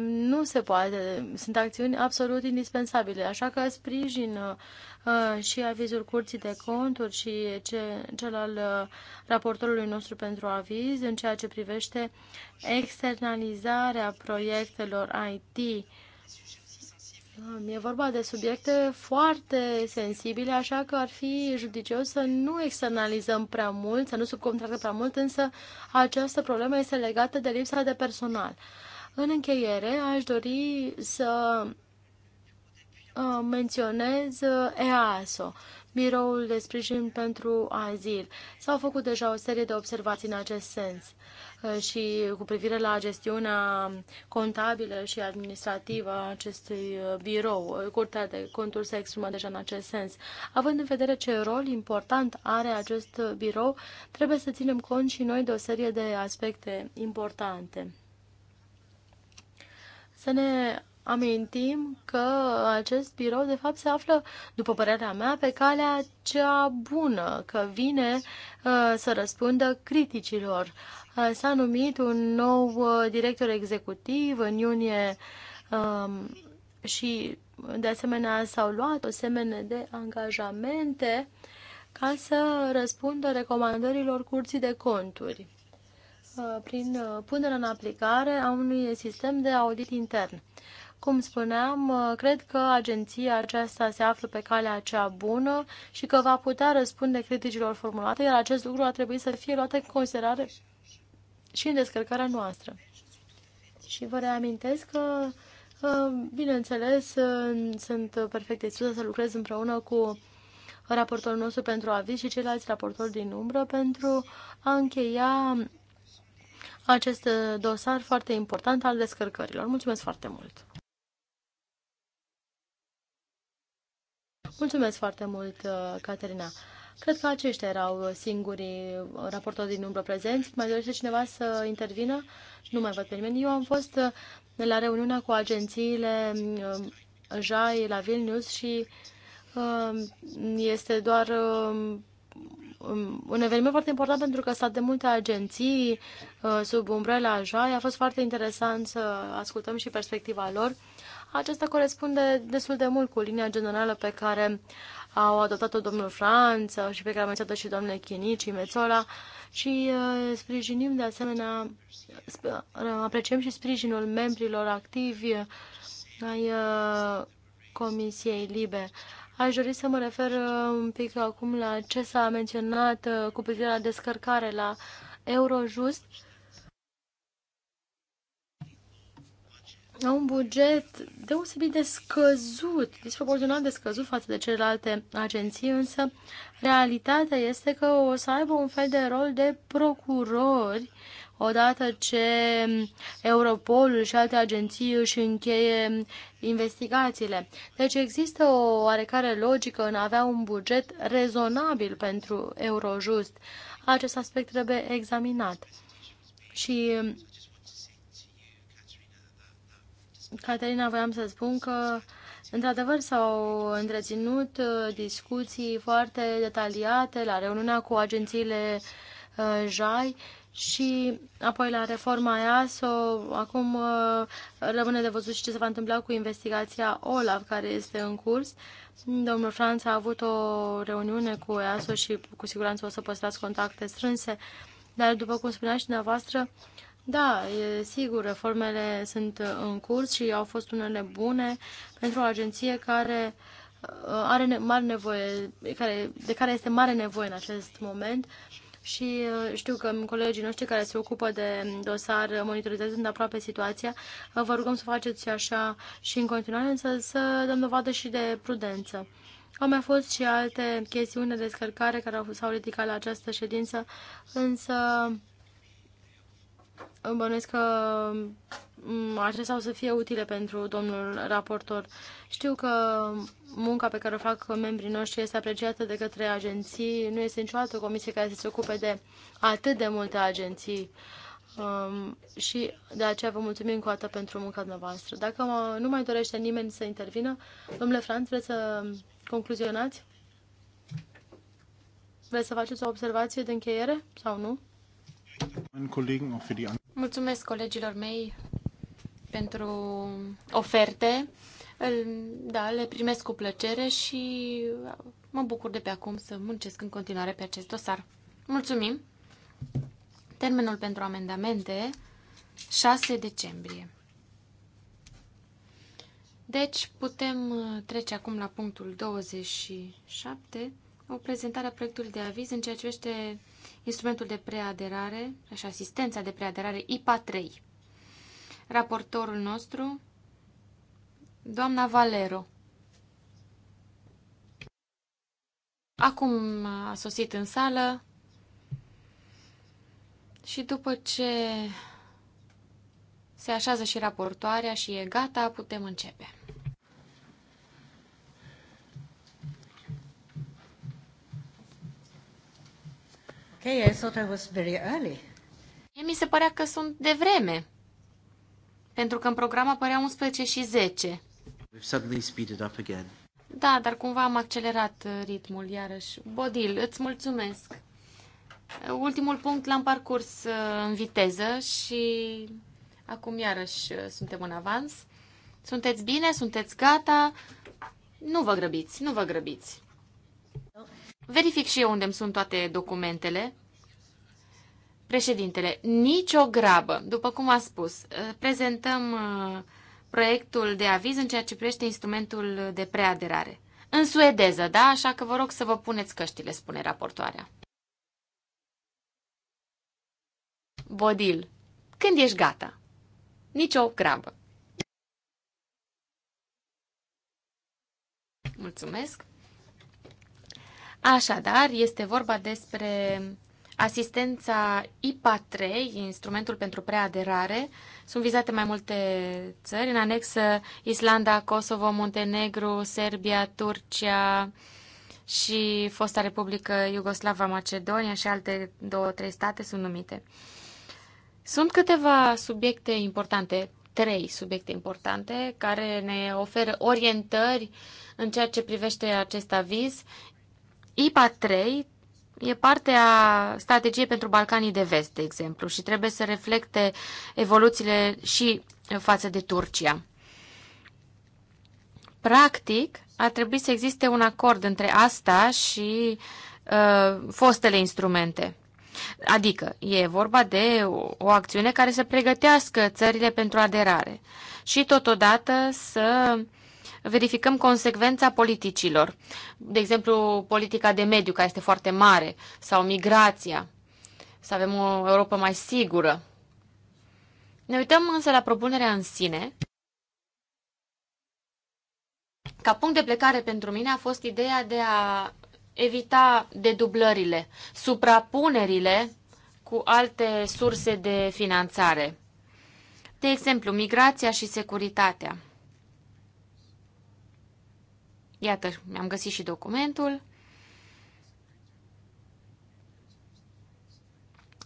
S2: nu se poate. Sunt acțiuni absolut indispensabile, așa că sprijin uh, și avizul Curții de Conturi și ce, cel al uh, raportorului nostru pentru aviz în ceea ce privește externalizarea proiectelor IT. Um, e vorba de subiecte foarte sensibile, așa că ar fi judicios să nu externalizăm prea mult, să nu subcontractăm prea mult, însă această problemă este legată de lipsa de personal. În încheiere, aș dori să uh, menționez uh, EASO, Biroul de Sprijin pentru Azil. S-au făcut deja o serie de observații în acest sens uh, și cu privire la gestiunea contabilă și administrativă a acestui birou. Curtea de conturi se exprimă deja în acest sens. Având în vedere ce rol important are acest birou, trebuie să ținem cont și noi de o serie de aspecte importante să ne amintim că acest birou, de fapt, se află, după părerea mea, pe calea cea bună, că vine uh, să răspundă criticilor. Uh, s-a numit un nou uh, director executiv în iunie um, și, de asemenea, s-au luat o semene de angajamente ca să răspundă recomandărilor curții de conturi. Uh, prin uh, punerea în aplicare a unui sistem de audit intern. Cum spuneam, uh, cred că agenția aceasta se află pe calea cea bună și că va putea răspunde criticilor formulate, iar acest lucru ar trebui să fie luat în considerare și în descărcarea noastră. Și vă reamintesc că, bineînțeles, sunt perfect dispusă să lucrez împreună cu raportorul nostru pentru aviz și ceilalți raportori din umbră pentru a încheia acest uh, dosar foarte important al descărcărilor. Mulțumesc foarte mult! Mulțumesc foarte mult, uh, Caterina! Cred că aceștia erau singurii raportori din umbră prezenți. Mai dorește cineva să intervină? Nu mai văd pe nimeni. Eu am fost uh, la reuniunea cu agențiile JAI la Vilnius și este doar Um, un eveniment foarte important pentru că stat de multe agenții uh, sub umbrela așa. A fost foarte interesant să ascultăm și perspectiva lor. acesta corespunde destul de mult cu linia generală pe care au adoptat-o domnul Franț și pe care a menționat și domnule Chinici, Mețola și uh, sprijinim de asemenea, uh, apreciem și sprijinul membrilor activi ai Comisiei Libe. Aș dori să mă refer uh, un pic acum la ce s-a menționat uh, cu privire la descărcare la Eurojust. Au un buget deosebit de scăzut, disproporțional de scăzut față de celelalte agenții, însă realitatea este că o să aibă un fel de rol de procurori odată ce Europolul și alte agenții își încheie investigațiile. Deci există o oarecare logică în a avea un buget rezonabil pentru Eurojust. Acest aspect trebuie examinat. Și Caterina, voiam să spun că Într-adevăr, s-au întreținut uh, discuții foarte detaliate la reuniunea cu agențiile uh, JAI și apoi la reforma so, acum uh, rămâne de văzut și ce se va întâmpla cu investigația OLAF care este în curs. Domnul Franța a avut o reuniune cu EASO și cu siguranță o să păstrați contacte strânse, dar după cum spunea și dumneavoastră, da, e sigur, reformele sunt uh, în curs și au fost unele bune pentru o agenție care uh, are mare nevoie, care, de care este mare nevoie în acest moment și uh, știu că colegii noștri care se ocupă de dosar monitorizează aproape situația. Uh, vă rugăm să faceți așa și în continuare, însă să dăm dovadă și de prudență. Au mai fost și alte chestiuni de descărcare care s-au ridicat la această ședință, însă bănuiesc că acestea o să fie utile pentru domnul raportor. Știu că munca pe care o fac membrii noștri este apreciată de către agenții. Nu este niciodată o comisie care să se ocupe de atât de multe agenții. Um, și de aceea vă mulțumim cu atât pentru munca dumneavoastră. Dacă mă, nu mai dorește nimeni să intervină, domnule Franț, vreți să concluzionați? Vreți să faceți o observație de încheiere sau nu?
S3: Mulțumesc colegilor mei pentru oferte. Da, le primesc cu plăcere și mă bucur de pe acum să muncesc în continuare pe acest dosar. Mulțumim! Termenul pentru amendamente 6 decembrie. Deci putem uh, trece acum la punctul 27, o prezentare a proiectului de aviz în ceea ce privește instrumentul de preaderare și asistența de preaderare IPA 3 raportorul nostru, doamna Valero. Acum a sosit în sală și după ce se așează și raportoarea și e gata, putem începe. Okay, I thought I was very early. mi se părea că sunt de vreme. Pentru că în program apărea 11 și 10. Da, dar cumva am accelerat uh, ritmul iarăși. Bodil, îți mulțumesc. Uh, ultimul punct l-am parcurs uh, în viteză și acum iarăși suntem în avans. Sunteți bine? Sunteți gata? Nu vă grăbiți, nu vă grăbiți. Verific și eu unde sunt toate documentele. Președintele, nicio grabă. După cum a spus, uh, prezentăm uh, proiectul de aviz în ceea ce privește instrumentul de preaderare. În suedeză, da? Așa că vă rog să vă puneți căștile, spune raportoarea. Bodil, când ești gata? Nicio grabă. Mulțumesc. Așadar, este vorba despre asistența IPA 3, instrumentul pentru preaderare. Sunt vizate mai multe țări, în anexă Islanda, Kosovo, Muntenegru, Serbia, Turcia și fosta Republică Iugoslava Macedonia și alte două, trei state sunt numite. Sunt câteva subiecte importante, trei subiecte importante, care ne oferă orientări în ceea ce privește acest aviz. IPA 3 e parte a strategiei pentru Balcanii de Vest, de exemplu, și trebuie să reflecte evoluțiile și față de Turcia. Practic, ar trebui să existe un acord între asta și uh, fostele instrumente. Adică, e vorba de o, o acțiune care să pregătească țările pentru aderare și totodată să uh, verificăm consecvența politicilor. De exemplu, politica de mediu, care este foarte mare, sau migrația, să avem o Europa mai sigură. Ne uităm însă la propunerea în sine. Ca punct de plecare pentru mine a fost ideea de a evita dedublările, suprapunerile cu alte surse de finanțare. De exemplu, migrația și securitatea. Iată, mi-am găsit și documentul.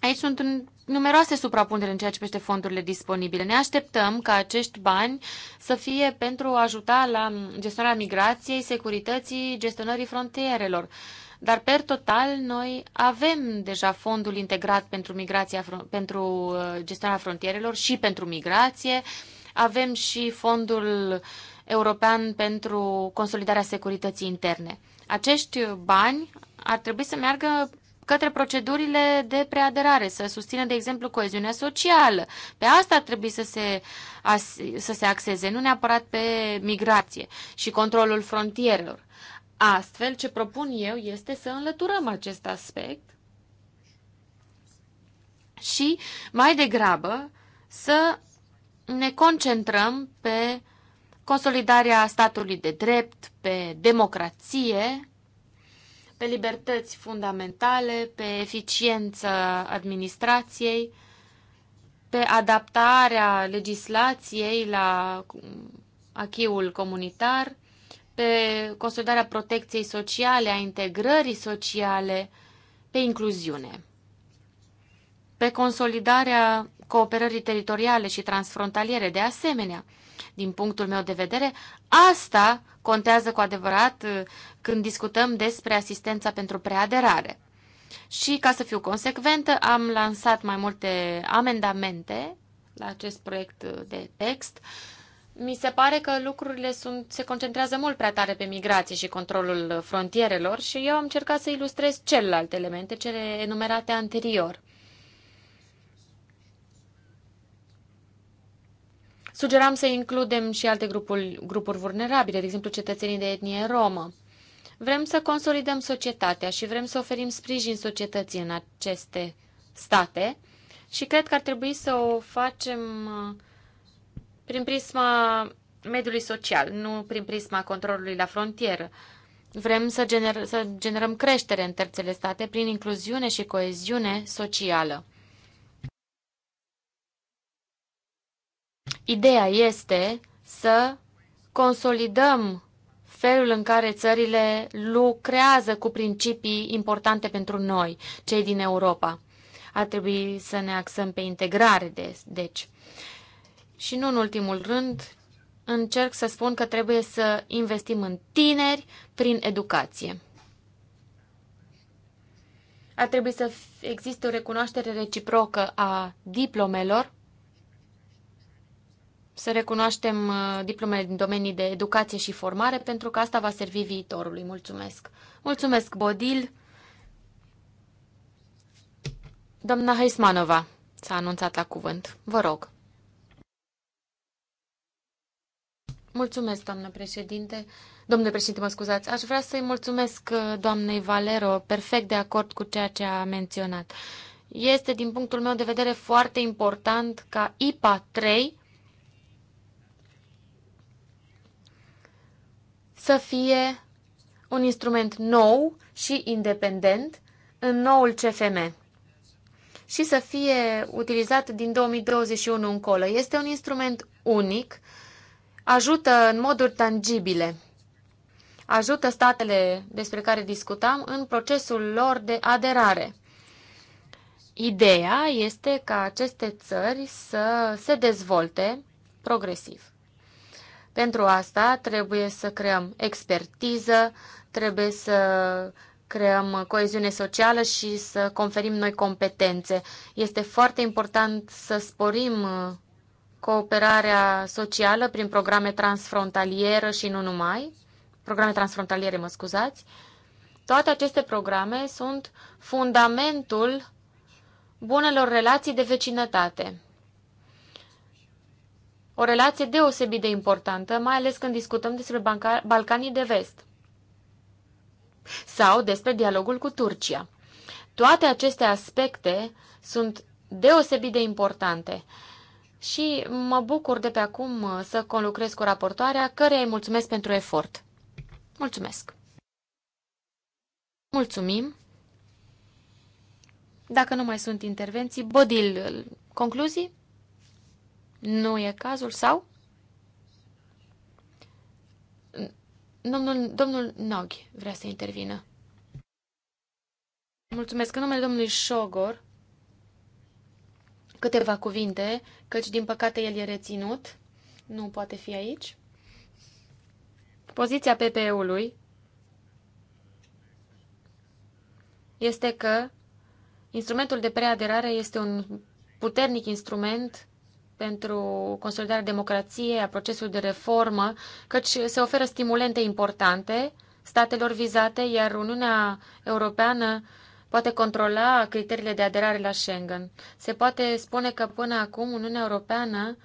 S3: Aici sunt numeroase suprapuneri în ceea ce privește fondurile disponibile. Ne așteptăm ca acești bani să fie pentru a ajuta la gestionarea migrației, securității, gestionării frontierelor. Dar, per total, noi avem deja fondul integrat pentru, migrația, pentru uh, gestionarea frontierelor și pentru migrație. Avem și fondul uh, European pentru Consolidarea Securității Interne. Acești bani ar trebui să meargă către procedurile de preaderare, să susțină, de exemplu, coeziunea socială. Pe asta ar trebui să se, să se axeze, nu neapărat pe migrație și controlul frontierelor. Astfel, ce propun eu este să înlăturăm acest aspect și mai degrabă să ne concentrăm pe consolidarea statului de drept, pe democrație, pe libertăți fundamentale, pe eficiența administrației, pe adaptarea legislației la achiul comunitar, pe consolidarea protecției sociale, a integrării sociale, pe incluziune, pe consolidarea cooperării teritoriale și transfrontaliere de asemenea, din punctul meu de vedere. Asta contează cu adevărat uh, când discutăm despre asistența pentru preaderare. Și ca să fiu consecventă, am lansat mai multe amendamente la acest proiect uh, de text. Mi se pare că lucrurile sunt, se concentrează mult prea tare pe migrație și controlul uh, frontierelor și eu am încercat să ilustrez celelalte elemente, cele enumerate anterior. Sugeram să includem și alte grupuri, grupuri vulnerabile, de exemplu cetățenii de etnie romă. Vrem să consolidăm societatea și vrem să oferim sprijin societății în aceste state și cred că ar trebui să o facem uh, prin prisma mediului social, nu prin prisma controlului la frontieră. Vrem să, gener- să generăm creștere în terțele state prin incluziune și coeziune socială. Ideea este să consolidăm felul în care țările lucrează cu principii importante pentru noi, cei din Europa. Ar trebui să ne axăm pe integrare, de, deci. Și nu în ultimul rând, încerc să spun că trebuie să investim în tineri prin educație. Ar trebui să existe o recunoaștere reciprocă a diplomelor să recunoaștem uh, diplomele din domenii de educație și formare, pentru că asta va servi viitorului. Mulțumesc! Mulțumesc, Bodil! Doamna Heismanova s-a anunțat la cuvânt. Vă rog! Mulțumesc, doamnă președinte. Domnule președinte, mă scuzați. Aș vrea să-i mulțumesc uh, doamnei Valero, perfect de acord cu ceea ce a menționat. Este, din punctul meu de vedere, foarte important ca IPA 3 să fie un instrument nou și independent în noul CFM și să fie utilizat din 2021 încolo. Este un instrument unic, ajută în moduri tangibile, ajută statele despre care discutam în procesul lor de aderare. Ideea este ca aceste țări să se dezvolte progresiv. Pentru asta trebuie să creăm expertiză, trebuie să creăm coeziune socială și să conferim noi competențe. Este foarte important să sporim uh, cooperarea socială prin programe transfrontaliere și nu numai, programe transfrontaliere, mă scuzați. Toate aceste programe sunt fundamentul bunelor relații de vecinătate. O relație deosebit de importantă, mai ales când discutăm despre Banca Balcanii de Vest sau despre dialogul cu Turcia. Toate aceste aspecte sunt deosebit de importante și mă bucur de pe acum uh, să conlucrez cu raportoarea, căreia îi mulțumesc pentru efort. Mulțumesc! Mulțumim! Dacă nu mai sunt intervenții, Bodil, concluzii? Nu e cazul sau? Domnul, domnul Noghi vrea să intervină. Mulțumesc. În numele domnului Șogor, câteva cuvinte, căci din păcate el e reținut, nu poate fi aici. Poziția PPE-ului este că instrumentul de preaderare este un puternic instrument pentru consolidarea democrației, a procesului de reformă, căci se oferă stimulente importante statelor vizate, iar Uniunea Europeană poate controla criteriile de aderare la Schengen. Se poate spune că până acum Uniunea Europeană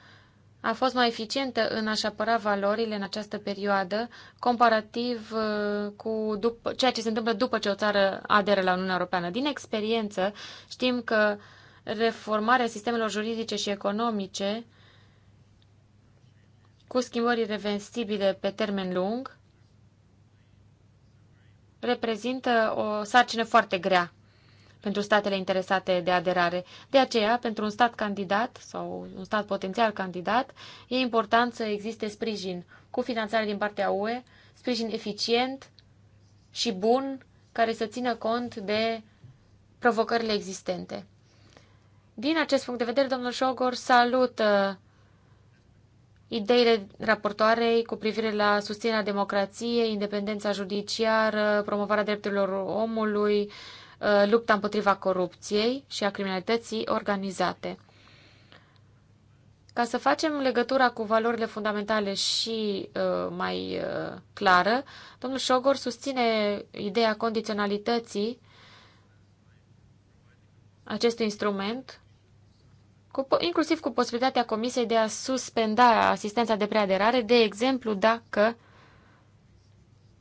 S3: a fost mai eficientă în a-și apăra valorile în această perioadă, comparativ uh, cu după, ceea ce se întâmplă după ce o țară aderă la Uniunea Europeană. Din experiență știm că reformarea sistemelor juridice și economice cu schimbări reversibile pe termen lung reprezintă o sarcină foarte grea pentru statele interesate de aderare. De aceea, pentru un stat candidat sau un stat potențial candidat, e important să existe sprijin cu finanțare din partea UE, sprijin eficient și bun care să țină cont de provocările existente. Din acest punct de vedere, domnul Șogor salută ideile raportoarei cu privire la susținerea democrației, independența judiciară, promovarea drepturilor omului, uh, lupta împotriva corupției și a criminalității organizate. Ca să facem legătura cu valorile fundamentale și uh, mai uh, clară, domnul Șogor susține ideea condiționalității acestui instrument cu, inclusiv cu posibilitatea Comisiei de a suspenda asistența de preaderare, de exemplu dacă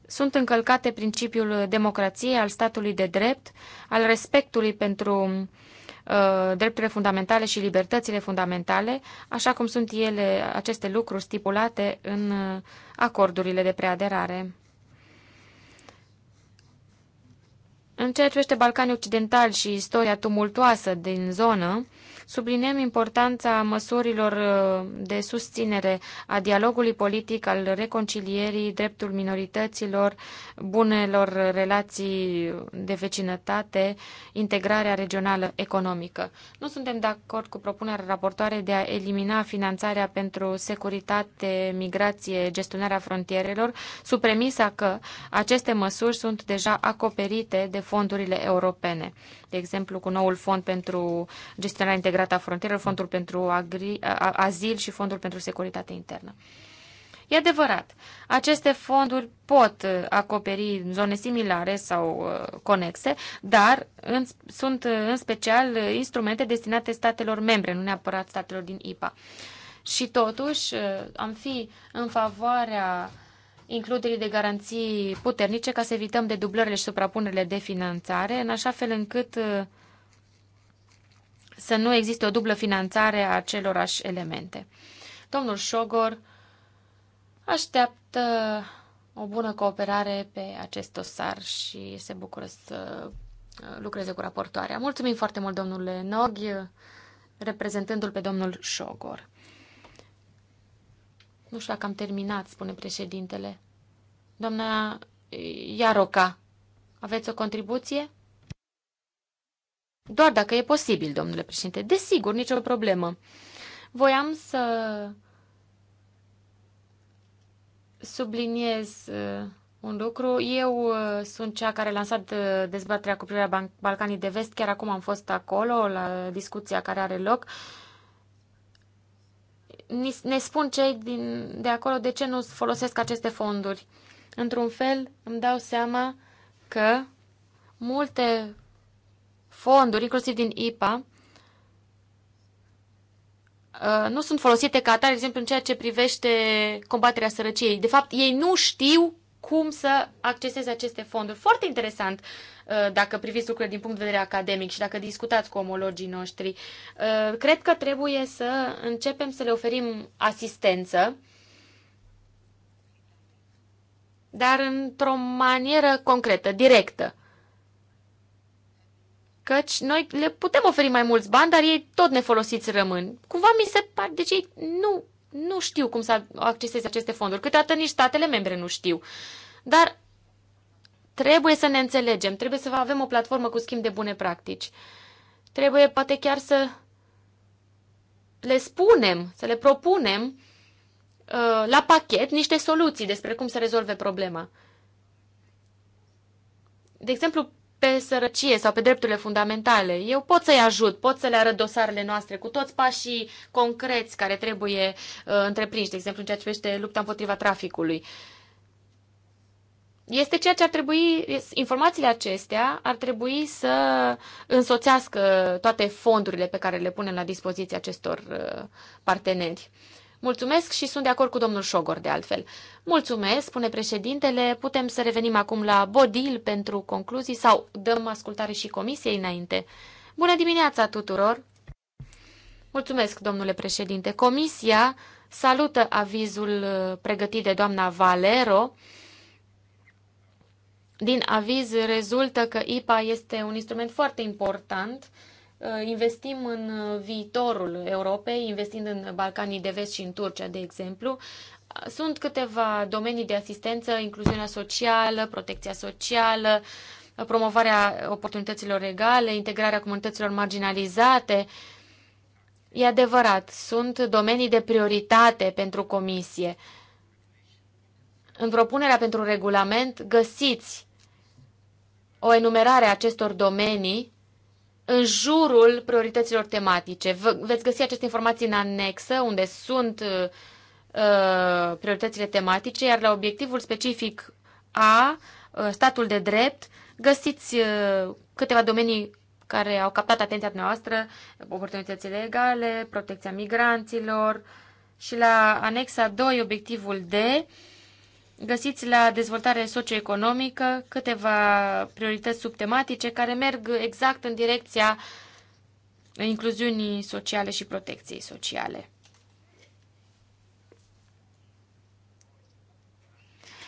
S3: sunt încălcate principiul democrației, al statului de drept, al respectului pentru uh, drepturile fundamentale și libertățile fundamentale, așa cum sunt ele, aceste lucruri stipulate în uh, acordurile de preaderare. În ceea ce privește Balcanii Occidentali și istoria tumultoasă din zonă, Subliniem importanța măsurilor uh, de susținere a dialogului politic, al reconcilierii, dreptul minorităților, bunelor relații de vecinătate, integrarea regională economică. Nu suntem de acord cu propunerea raportoare de a elimina finanțarea pentru securitate, migrație, gestionarea frontierelor, sub premisa că aceste măsuri sunt deja acoperite de fondurile europene de exemplu, cu noul fond pentru gestionarea integrată a frontierelor, fondul pentru agri, a, azil și fondul pentru securitate internă. E adevărat, aceste fonduri pot uh, acoperi zone similare sau uh, conexe, dar în, sunt uh, în special instrumente destinate statelor membre, nu neapărat statelor din IPA. Și totuși am fi în favoarea uh, includerii de garanții puternice ca să evităm de dublările și suprapunerile de finanțare, în așa fel încât uh, să nu existe o dublă finanțare a acelorași elemente. Domnul Șogor așteaptă o bună cooperare pe acest dosar și se bucură să uh, lucreze cu raportoarea. Mulțumim foarte mult, domnule Nog, reprezentându-l pe domnul Șogor. Nu știu dacă am terminat, spune președintele. Doamna Iaroca, aveți o contribuție? Doar dacă e posibil, domnule președinte. Desigur, nicio problemă. Voiam să subliniez uh, un lucru. Eu uh, sunt cea care a lansat uh, dezbaterea cu privirea Balcanii de Vest. Chiar acum am fost acolo, la discuția care are loc. Uh, ne spun cei din, de acolo de ce nu folosesc aceste fonduri. Într-un fel, îmi dau seama că multe fonduri, inclusiv din IPA, uh, nu sunt folosite ca atare, de exemplu, în ceea ce privește combaterea sărăciei. De fapt, ei nu știu cum să acceseze aceste fonduri. Foarte interesant uh, dacă priviți lucrurile din punct de vedere academic și dacă discutați cu omologii noștri. Uh, cred că trebuie să începem să le oferim asistență, dar într-o manieră concretă, directă. Căci noi le putem oferi mai mulți bani, dar ei tot nefolosiți rămân. Cumva mi se pare, deci ei nu nu știu cum să acceseze aceste fonduri. Câteodată nici statele membre nu știu. Dar trebuie să ne înțelegem, trebuie să avem o platformă cu schimb de bune practici. Trebuie poate chiar să le spunem, să le propunem uh, la pachet niște soluții despre cum să rezolve problema. De exemplu, pe sărăcie sau pe drepturile fundamentale. Eu pot să-i ajut, pot să le arăt dosarele noastre cu toți pașii concreți care trebuie uh, întreprinși, de exemplu în ceea ce privește lupta împotriva traficului. Este ceea ce ar trebui, informațiile acestea ar trebui să însoțească toate fondurile pe care le punem la dispoziție acestor uh, parteneri. Mulțumesc și sunt de acord cu domnul Șogor, de altfel. Mulțumesc, spune președintele. Putem să revenim acum la Bodil pentru concluzii sau dăm ascultare și comisiei înainte. Bună dimineața tuturor! Mulțumesc, domnule președinte. Comisia salută avizul uh, pregătit de doamna Valero. Din aviz rezultă că IPA este un instrument foarte important Uh, investim în uh, viitorul Europei, investind în Balcanii de Vest și în Turcia, de exemplu. Uh, sunt câteva domenii de asistență, incluziunea socială, protecția socială, promovarea oportunităților egale, integrarea comunităților marginalizate. E adevărat, sunt domenii de prioritate pentru Comisie. În propunerea pentru regulament găsiți o enumerare a acestor domenii în jurul priorităților tematice. Veți găsi aceste informații în anexă, unde sunt uh, uh prioritățile tematice, iar la obiectivul specific A, uh, statul de drept, găsiți uh, câteva domenii care au captat atenția noastră, oportunitățile legale, protecția migranților și la anexa 2, obiectivul D, Găsiți la dezvoltare socioeconomică câteva priorități subtematice care merg exact în direcția incluziunii sociale și protecției sociale.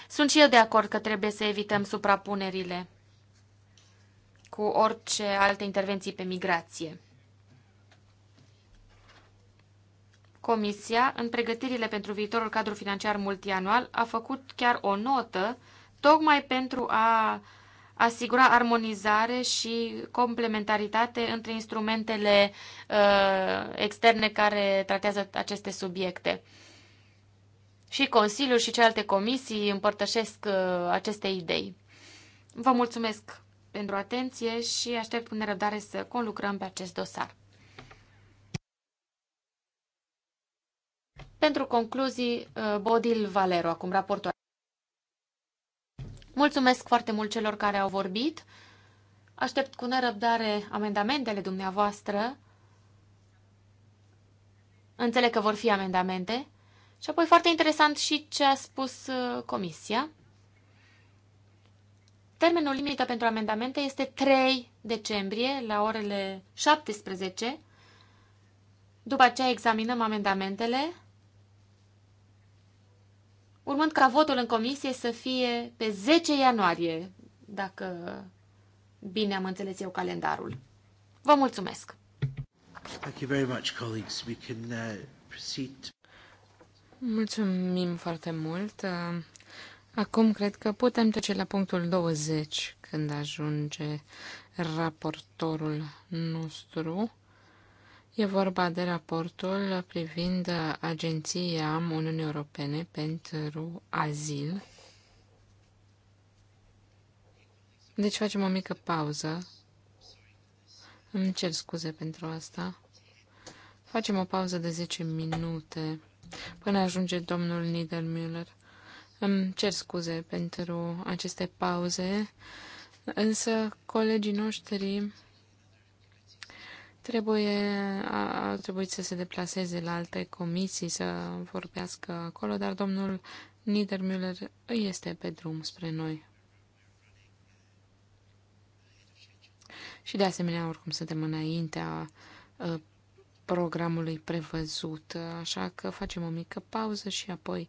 S3: Sunt și eu de acord că trebuie să evităm suprapunerile cu orice alte intervenții pe migrație. Comisia, în pregătirile pentru viitorul cadru financiar multianual, a făcut chiar o notă tocmai pentru a asigura armonizare și complementaritate între instrumentele uh, externe care tratează aceste subiecte. Și Consiliul și celelalte comisii împărtășesc uh, aceste idei. Vă mulțumesc pentru atenție și aștept cu nerăbdare să conlucrăm pe acest dosar. Pentru concluzii, uh, Bodil Valero, acum raportul. Mulțumesc foarte mult celor care au vorbit. Aștept cu nerăbdare amendamentele dumneavoastră. Înțeleg că vor fi amendamente. Și apoi foarte interesant și ce a spus uh, comisia. Termenul limită pentru amendamente este 3 decembrie la orele 17. După aceea examinăm amendamentele urmând ca votul în comisie să fie pe 10 ianuarie, dacă bine am înțeles eu calendarul. Vă mulțumesc!
S1: Thank you very much, colleagues. We can uh, proceed.
S3: Mulțumim
S4: foarte mult. Uh, acum cred că putem trece la punctul 20, când ajunge raportorul nostru. E vorba de raportul privind Agenția Uniunii Europene pentru Azil. Deci facem o mică pauză. Îmi cer scuze pentru asta. Facem o pauză de 10 minute până ajunge domnul Niedermüller. Îmi cer scuze pentru aceste pauze, însă colegii noștri trebuie, a, a trebuit să se deplaseze la alte comisii, să vorbească acolo, dar domnul Niedermüller este pe drum spre noi. Și de asemenea, oricum, suntem înaintea ă, programului prevăzut, așa că facem o mică pauză și apoi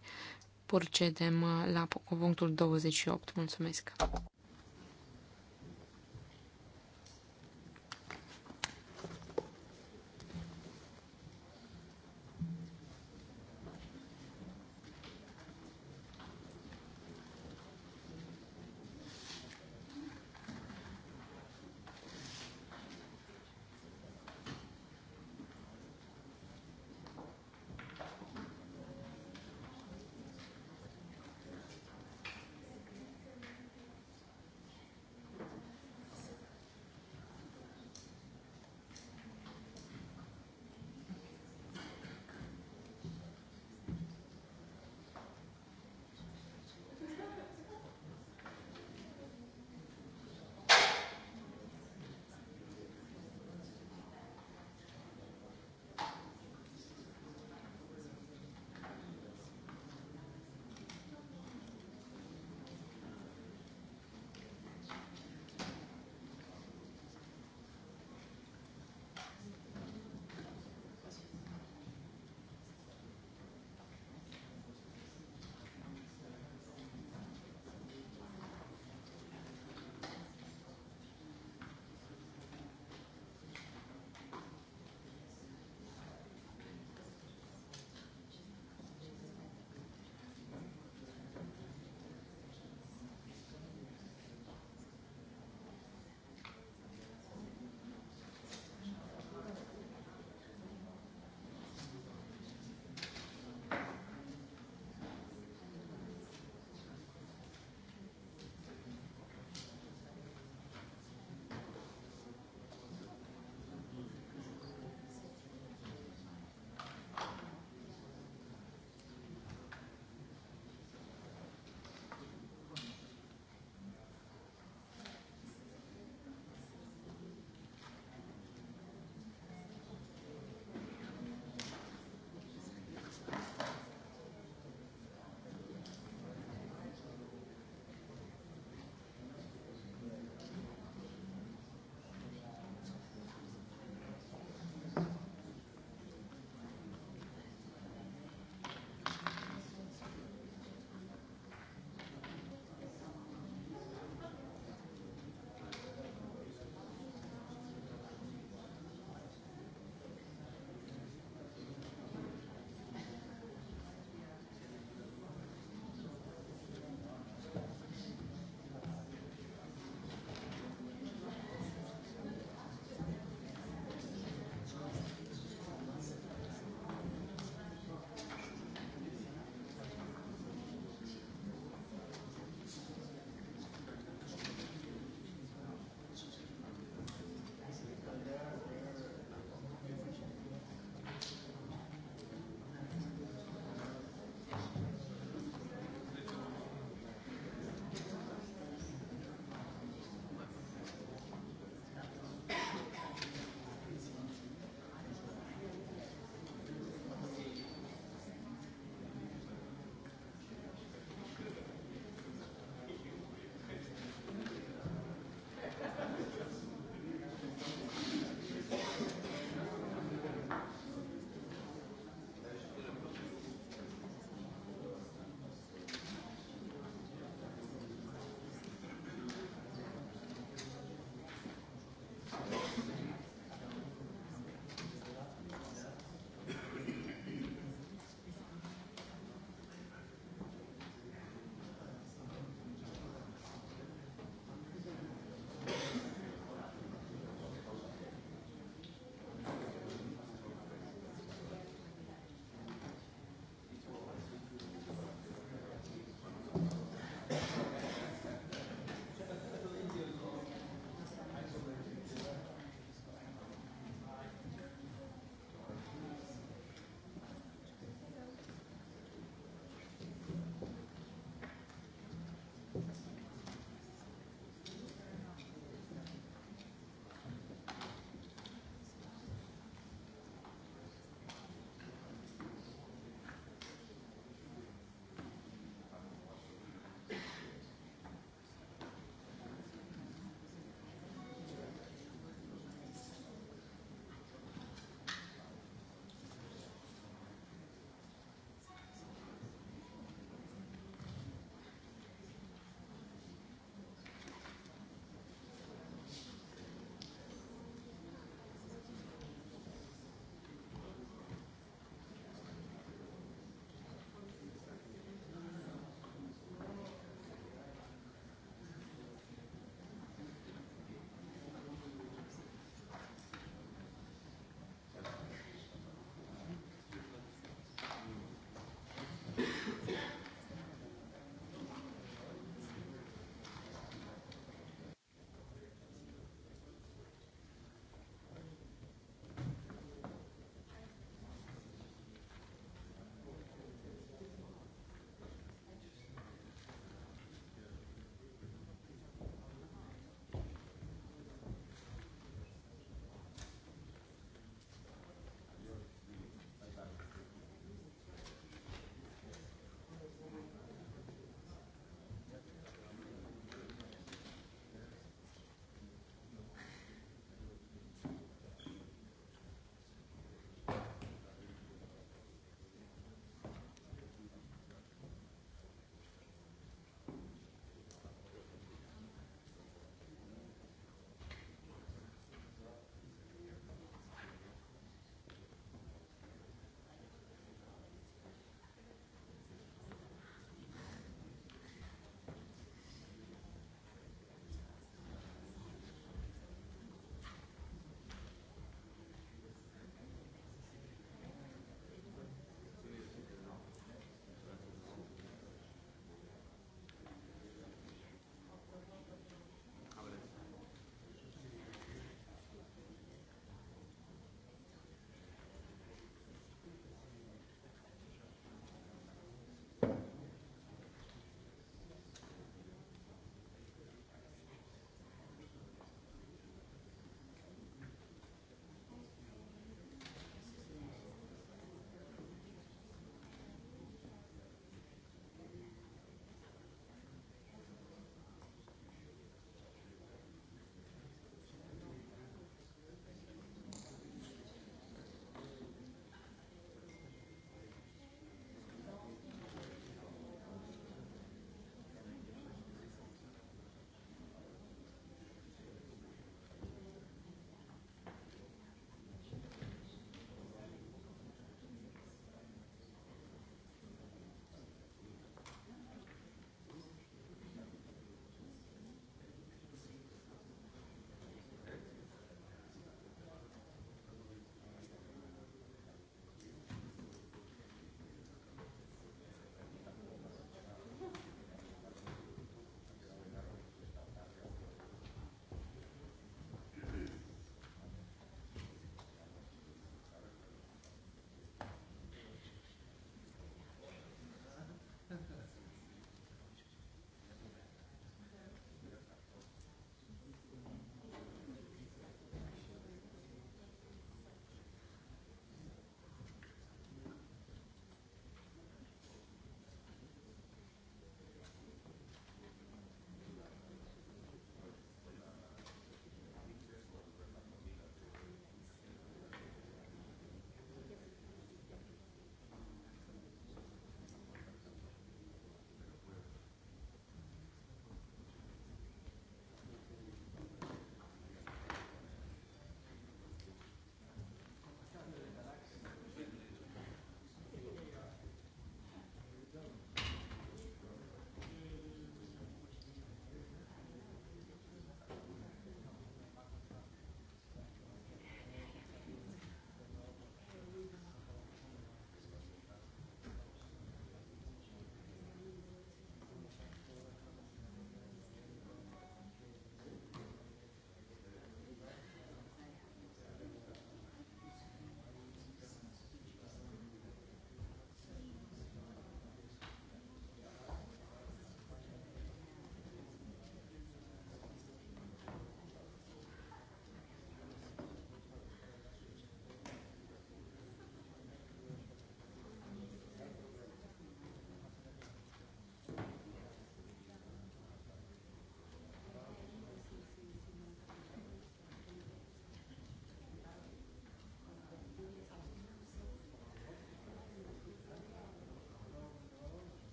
S4: procedem la punctul 28. Mulțumesc!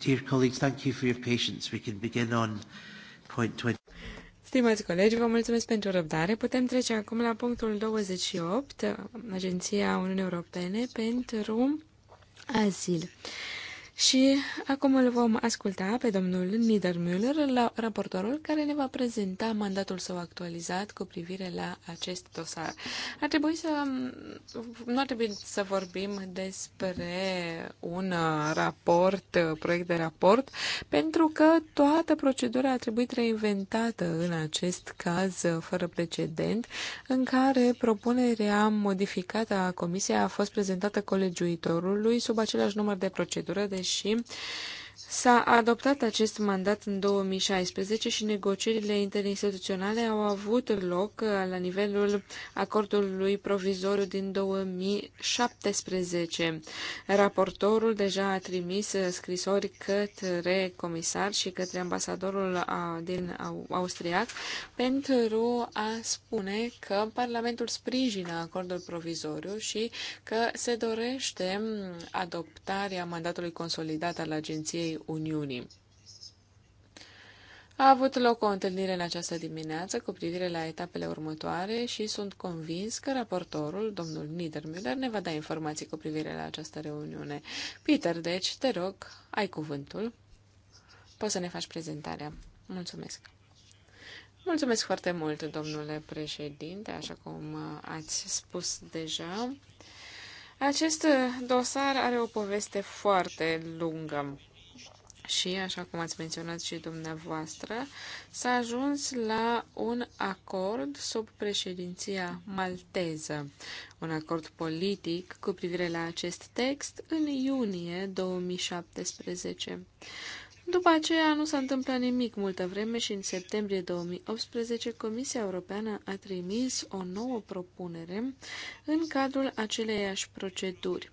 S1: Dear colleagues, thank you for your patience. We can begin on point 20.
S4: Stimați colegi, vă mulțumesc pentru răbdare. Putem trece acum la punctul 28, Agenția Uniunii Europene pentru
S1: Azil.
S4: Și acum îl vom asculta pe domnul Niedermüller, la raportorul care ne va prezenta mandatul său actualizat cu privire la acest dosar. Ar trebui să... Nu ar trebui să vorbim despre un raport, proiect de raport, pentru că toată procedura a trebuit reinventată în acest caz fără precedent, în care propunerea modificată a Comisiei a fost prezentată colegiuitorului sub același număr de procedură, deci și S-a adoptat acest mandat în 2016 și negocierile interinstituționale au avut loc uh, la nivelul acordului provizoriu din 2017. Raportorul deja a trimis uh, scrisori către comisar și către ambasadorul uh, din austriac pentru a spune că Parlamentul sprijină acordul provizoriu și că se dorește mm, adoptarea mandatului consolidat al agenției pieței Uniunii. A avut loc o întâlnire în această dimineață cu privire la etapele următoare și sunt convins că raportorul, domnul Niedermüller, ne va da informații cu privire la această reuniune. Peter, deci, te rog, ai cuvântul. Poți să ne faci prezentarea. Mulțumesc. Mulțumesc foarte mult, domnule președinte, așa cum ați spus deja. Acest dosar are o poveste foarte lungă și, așa cum ați menționat și dumneavoastră, s-a ajuns la un acord sub președinția malteză, un acord politic cu privire la acest text în iunie 2017. După aceea nu s-a întâmplat nimic multă vreme și în septembrie 2018 Comisia Europeană a trimis o nouă propunere în cadrul aceleiași proceduri.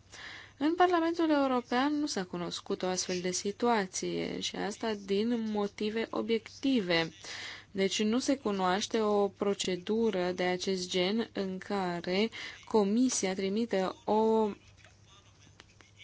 S4: În Parlamentul European nu s-a cunoscut o astfel de situație și asta din motive obiective. Deci nu se cunoaște o procedură de acest gen în care Comisia trimite o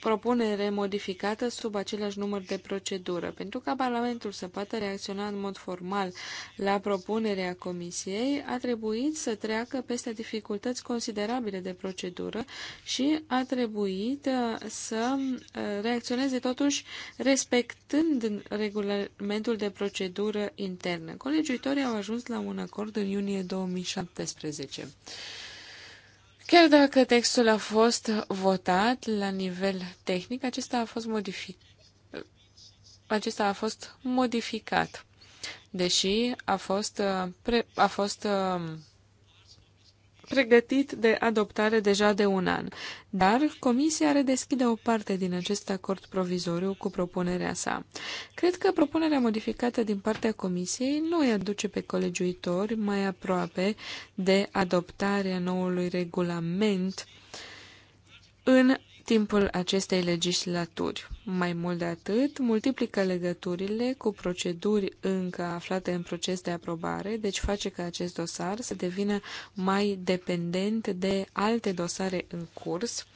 S4: propunere modificată sub același număr de procedură. Pentru ca Parlamentul să poată reacționa în mod formal la propunerea Comisiei, a trebuit să treacă peste dificultăți considerabile de procedură și a trebuit uh, să uh, reacționeze totuși respectând regulamentul de procedură internă. Colegiuitorii au ajuns la un acord în iunie 2017. Chiar dacă textul a fost votat la nivel tehnic, acesta a fost modificat. Acesta a fost modificat, deși a fost, uh, pre, a fost uh, pregătit de adoptare deja de un an, dar Comisia redeschide o parte din acest acord provizoriu cu propunerea sa. Cred că propunerea modificată din partea Comisiei nu îi aduce pe colegiuitori mai aproape de adoptarea noului regulament în timpul acestei legislaturi. Mai mult de atât, multiplică legăturile cu proceduri încă aflate în proces de aprobare, deci face ca acest dosar să devină mai dependent de alte dosare în curs,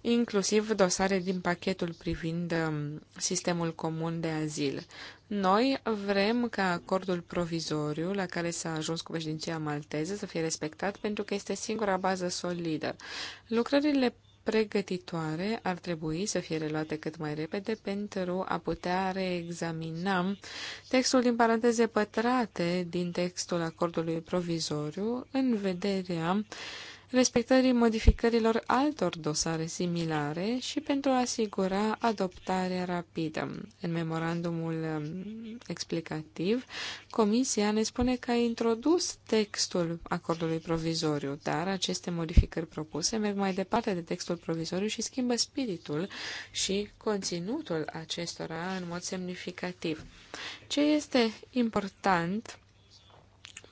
S4: inclusiv dosare din pachetul privind um, sistemul comun de azil. Noi vrem ca acordul provizoriu la care s-a ajuns cu președinția malteză să fie respectat pentru că este singura bază solidă. Lucrările pregătitoare ar trebui să fie reluate cât mai repede pentru a putea reexamina textul din paranteze pătrate din textul acordului provizoriu în vederea respectării modificărilor altor dosare similare și pentru a asigura adoptarea rapidă. În memorandumul um, explicativ, Comisia ne spune că a introdus textul acordului provizoriu, dar aceste modificări propuse merg mai departe de textul provizoriu și schimbă spiritul și conținutul acestora în mod semnificativ. Ce este important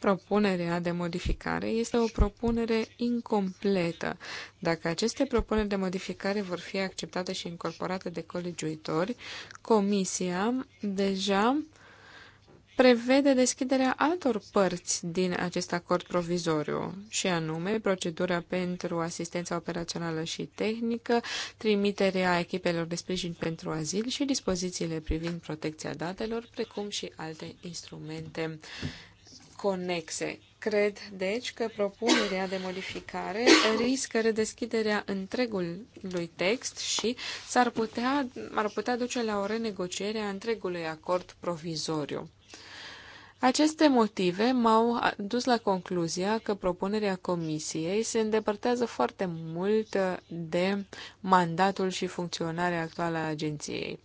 S4: propunerea de modificare este o propunere incompletă. Dacă aceste propuneri de modificare vor fi acceptate și incorporate de colegiuitori, Comisia deja prevede deschiderea altor părți din acest acord provizoriu, și anume procedura pentru asistența operațională și tehnică, trimiterea echipelor de sprijin pentru azil și dispozițiile privind protecția datelor, precum și alte instrumente conexe. Cred, deci, că propunerea de modificare riscă redeschiderea întregului text și s-ar putea, ar putea duce la o renegociere a întregului acord provizoriu. Aceste motive m-au dus la concluzia că propunerea Comisiei se îndepărtează foarte mult de mandatul și funcționarea actuală a agenției.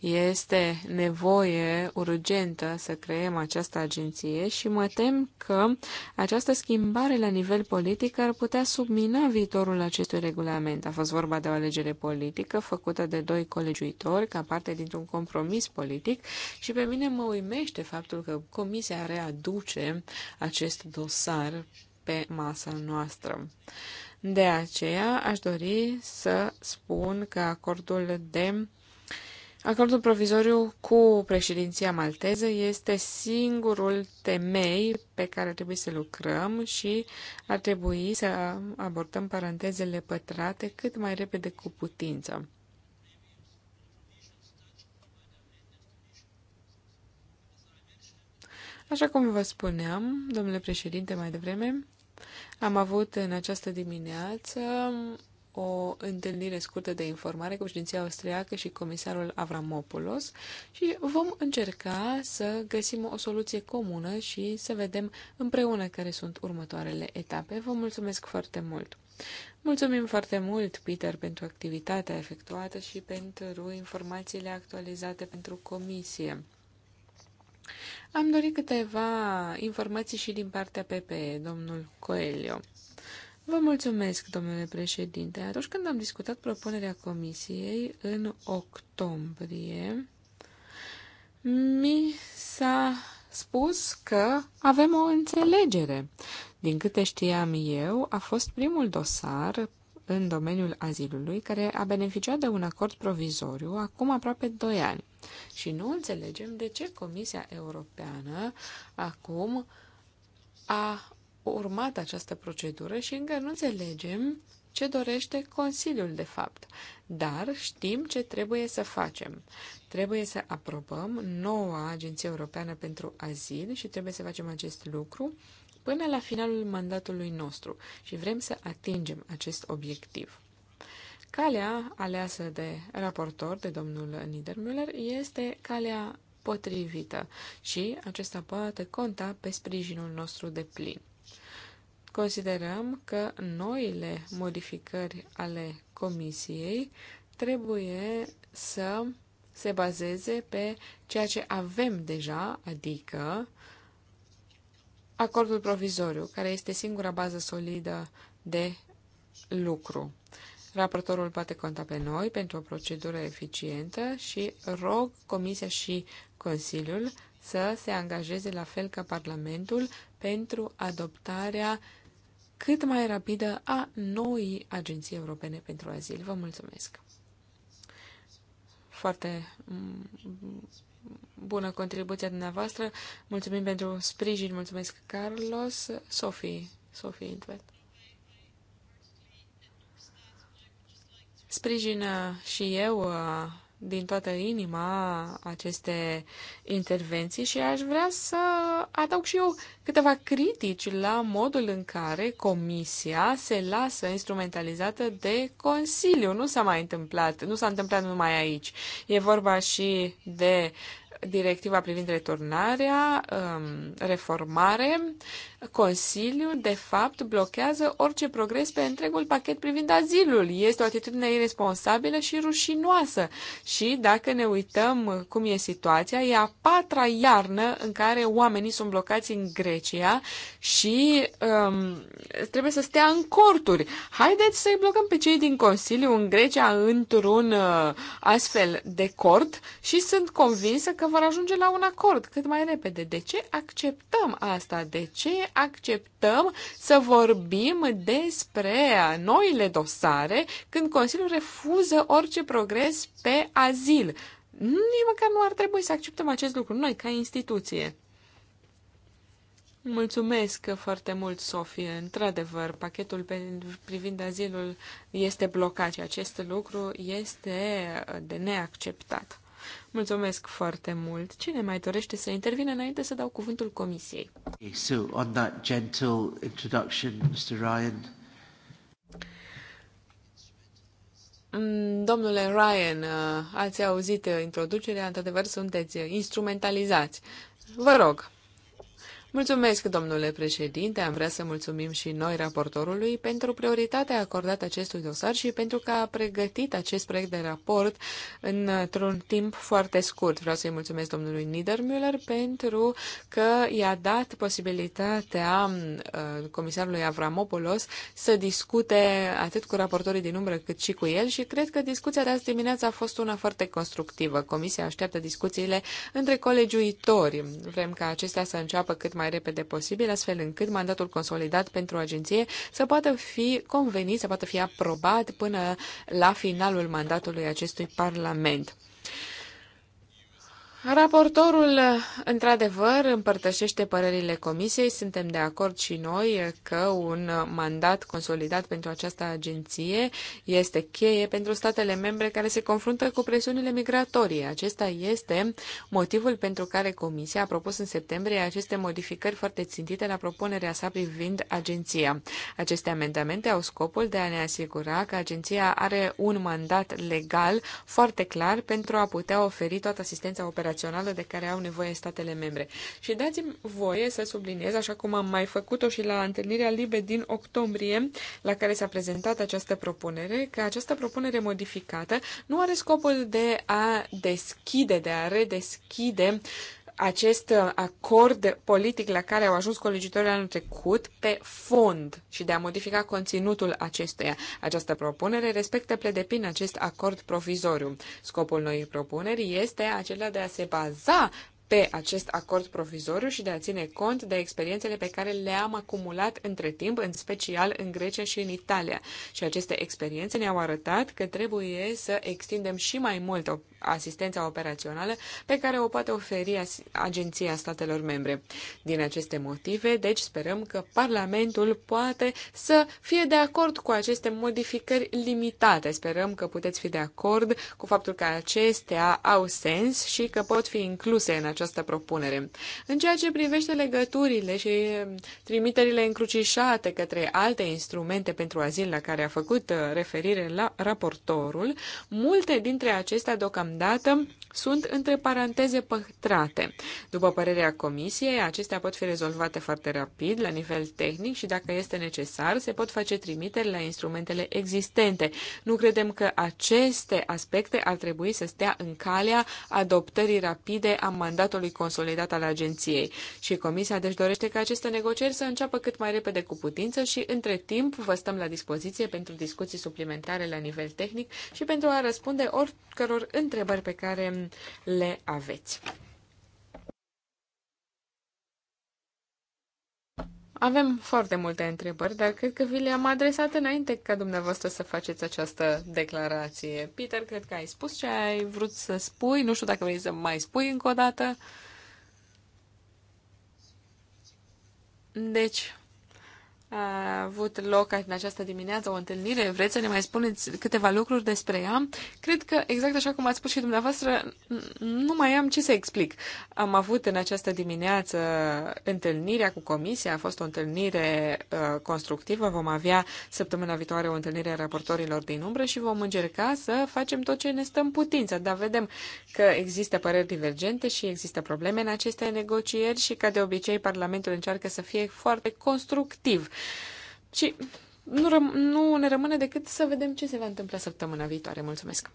S4: Este nevoie urgentă să creăm această agenție și mă tem că această schimbare la nivel politic ar putea submina viitorul acestui regulament. A fost vorba de o alegere politică făcută de doi colegiuitori ca parte dintr-un compromis politic și pe mine mă uimește faptul că Comisia Comisia readuce acest dosar pe masa noastră. De aceea aș dori să spun că acordul de Acordul provizoriu cu președinția malteză este singurul temei pe care ar trebui să lucrăm și ar trebui să abordăm parantezele pătrate cât mai repede cu putință. Așa cum vă spuneam, domnule președinte, mai devreme, am avut în această dimineață o întâlnire scurtă de informare cu președinția austriacă și comisarul Avramopoulos și vom încerca să găsim o soluție comună și să vedem împreună care sunt următoarele etape. Vă mulțumesc foarte mult! Mulțumim foarte mult, Peter, pentru activitatea efectuată și pentru informațiile actualizate pentru comisie. Am dorit câteva informații și din partea PPE, domnul Coelio. Vă mulțumesc, domnule președinte. Atunci când am discutat propunerea comisiei în octombrie, mi s-a spus că avem o înțelegere. Din câte știam eu, a fost primul dosar în domeniul azilului, care a beneficiat de un acord provizoriu acum aproape 2 ani. Și nu înțelegem de ce Comisia Europeană acum a urmat această procedură și încă nu înțelegem ce dorește Consiliul, de fapt. Dar știm ce trebuie să facem. Trebuie să aprobăm noua Agenție Europeană pentru Azil și trebuie să facem acest lucru până la finalul mandatului nostru și vrem să atingem acest obiectiv. Calea aleasă de raportor de domnul Niedermüller este calea potrivită și acesta poate conta pe sprijinul nostru de plin. Considerăm că noile modificări ale Comisiei trebuie să se bazeze pe ceea ce avem deja, adică uh, acordul provizoriu, care este singura bază solidă de lucru. Raportorul poate conta pe noi pentru o procedură eficientă și rog Comisia și Consiliul să se angajeze la fel ca Parlamentul pentru adoptarea cât mai rapidă a noii Agenții Europene pentru Azil. Vă mulțumesc! Foarte bună contribuția dumneavoastră. Mulțumim pentru sprijin, mulțumesc, Carlos. Sofie, Sofie Intvet. Sprijină uh, și eu uh, din toată inima aceste intervenții și aș vrea să adaug și eu câteva critici la modul în care Comisia se lasă instrumentalizată de Consiliu. Nu s-a mai întâmplat, nu s-a întâmplat numai aici. E vorba și de directiva privind returnarea, um, reformare, Consiliul, de fapt, blochează orice progres pe întregul pachet privind azilul. Este o atitudine irresponsabilă și rușinoasă. Și dacă ne uităm cum e situația, e a patra iarnă în care oamenii sunt blocați în Grecia și um, trebuie să stea în corturi. Haideți să-i blocăm pe cei din Consiliu în Grecia într-un uh, astfel de cort și sunt convinsă că vor ajunge la un acord cât mai repede. De ce acceptăm asta? De ce acceptăm să vorbim despre noile dosare când Consiliul refuză orice progres pe azil? Nici măcar nu ar trebui să acceptăm acest lucru noi ca instituție. Mulțumesc foarte mult, Sofie. Într-adevăr, pachetul privind azilul este blocat și acest lucru este de neacceptat. Mulțumesc foarte mult. Cine mai dorește să intervine înainte să dau cuvântul comisiei?
S1: So, on that gentle introduction, Mr. Ryan.
S4: Mm, domnule Ryan, uh, ați auzit introducerea, într-adevăr sunteți instrumentalizați. Vă rog. Mulțumesc, domnule președinte. Am vrea să mulțumim și noi raportorului pentru prioritatea acordată acestui dosar și pentru că a pregătit acest proiect de raport într-un timp foarte scurt. Vreau să-i mulțumesc domnului Niedermüller pentru că i-a dat posibilitatea uh, comisarului Avramopoulos să discute atât cu raportorii din umbră cât și cu el și cred că discuția de azi dimineață a fost una foarte constructivă. Comisia așteaptă discuțiile între colegiuitori. Vrem ca acestea să înceapă cât mai mai repede posibil, astfel încât mandatul consolidat pentru agenție să poată fi convenit, să poată fi aprobat până la finalul mandatului acestui Parlament. Raportorul, într-adevăr, împărtășește părerile comisiei. Suntem de acord și noi că un mandat consolidat pentru această agenție este cheie pentru statele membre care se confruntă cu presiunile migratorii. Acesta este motivul pentru care comisia a propus în septembrie aceste modificări foarte țintite la propunerea sa privind agenția. Aceste amendamente au scopul de a ne asigura că agenția are un mandat legal foarte clar pentru a putea oferi toată asistența operațională operațională de care au nevoie statele membre. Și dați-mi voie să subliniez, așa cum am mai făcut-o și la întâlnirea LIBE din octombrie, la care s-a prezentat această propunere, că această propunere modificată nu are scopul de a deschide, de a redeschide acest uh, acord politic la care au ajuns colegitorii anul trecut pe fond și de a modifica conținutul acestuia. Această propunere respectă pledepin acest acord provizoriu. Scopul noii propuneri este acela de a se baza pe acest acord provizoriu și de a ține cont de experiențele pe care le-am acumulat între timp, în special în Grecia și în Italia. Și aceste experiențe ne-au arătat că trebuie să extindem și mai mult asistența operațională pe care o poate oferi Agenția Statelor Membre. Din aceste motive, deci sperăm că Parlamentul poate să fie de acord cu aceste modificări limitate. Sperăm că puteți fi de acord cu faptul că acestea au sens și că pot fi incluse în această această propunere. În ceea ce privește legăturile și trimiterile încrucișate către alte instrumente pentru azil la care a făcut uh, referire la raportorul, multe dintre acestea deocamdată sunt între paranteze păstrate. După părerea comisiei, acestea pot fi rezolvate foarte rapid la nivel tehnic și dacă este necesar, se pot face trimiteri la instrumentele existente. Nu credem că aceste aspecte ar trebui să stea în calea adoptării rapide a mandatului mandatului consolidat al agenției și Comisia deci dorește ca aceste negocieri să înceapă cât mai repede cu putință și între timp vă stăm la dispoziție pentru discuții suplimentare la nivel tehnic și pentru a răspunde oricăror întrebări pe care le aveți. Avem foarte multe întrebări, dar cred că vi le-am adresat înainte ca dumneavoastră să faceți această declarație. Peter, cred că ai spus ce ai vrut să spui. Nu știu dacă vrei să mai spui încă o dată. Deci, a avut loc în această dimineață o întâlnire. Vreți să ne mai spuneți câteva lucruri despre ea? Cred că, exact așa cum ați spus și dumneavoastră, nu mai am ce să explic. Am avut în această dimineață întâlnirea cu comisia, a fost o întâlnire uh, constructivă. Vom avea săptămâna viitoare o întâlnire a raportorilor din umbră și vom încerca să facem tot ce ne stă în putință, dar vedem că există păreri divergente și există probleme în aceste negocieri și, ca de obicei, Parlamentul încearcă să fie foarte constructiv și nu, răm- nu ne rămâne decât să vedem ce se va întâmpla săptămâna viitoare. Mulțumesc!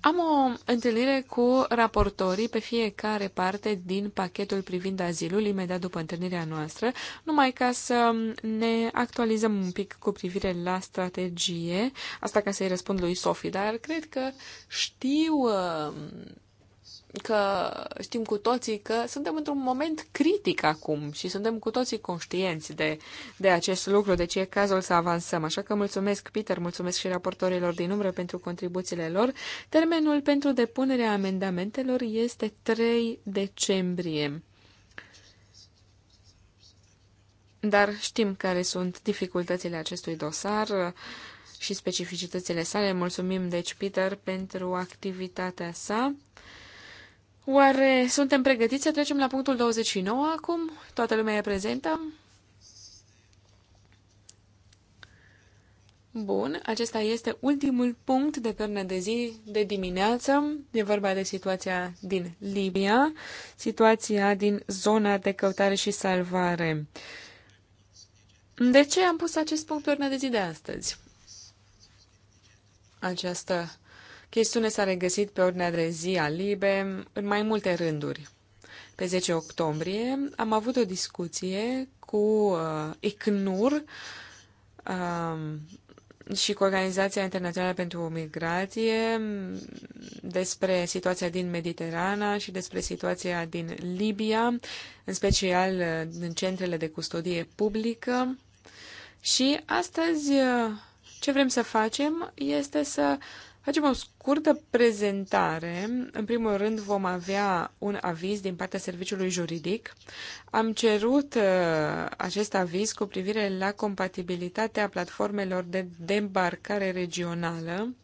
S4: Am o întâlnire cu raportorii pe fiecare parte din pachetul privind azilul imediat după întâlnirea noastră, numai ca să ne actualizăm un pic cu privire la strategie, asta ca să-i răspund lui Sofi, dar cred că știu uh, că știm cu toții că suntem într-un moment critic acum și suntem cu toții conștienți de, de acest lucru, deci e cazul să avansăm. Așa că mulțumesc, Peter, mulțumesc și raportorilor din umbră pentru contribuțiile lor. Termenul pentru depunerea amendamentelor este 3 decembrie. Dar știm care sunt dificultățile acestui dosar și specificitățile sale. Mulțumim, deci, Peter, pentru activitatea sa. Oare suntem pregătiți să trecem la punctul 29 acum? Toată lumea e prezentă? Bun, acesta este ultimul punct de pernă de zi de dimineață. E vorba de situația din Libia, situația din zona de căutare și salvare. De ce am pus acest punct pe urmă de zi de astăzi? Această Chestiunea s-a regăsit pe ordinea de zi a Libe în mai multe rânduri. Pe 10 octombrie am avut o discuție cu uh, ICNUR uh, și cu Organizația Internațională pentru Migrație despre situația din Mediterana și despre situația din Libia, în special uh, în centrele de custodie publică. Și astăzi uh, ce vrem să facem este să Facem o scurtă prezentare. În primul rând vom avea un aviz din partea serviciului juridic. Am cerut uh, acest aviz cu privire la compatibilitatea platformelor de debarcare regională.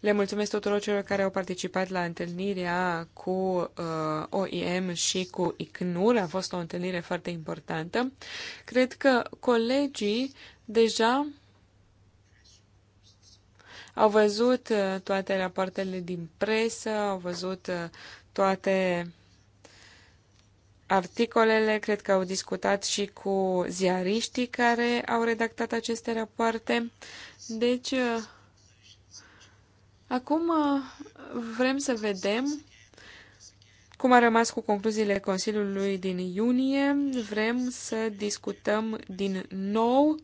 S4: Le mulțumesc tuturor celor care au participat la întâlnirea cu uh, OIM și cu ICNUR. A fost o întâlnire foarte importantă. Cred că colegii deja au văzut uh, toate rapoartele din presă, au văzut uh, toate articolele, cred că au discutat și cu ziariștii care au redactat aceste rapoarte. Deci, uh, acum vrem să vedem cum a rămas cu concluziile Consiliului din iunie. Vrem să discutăm din nou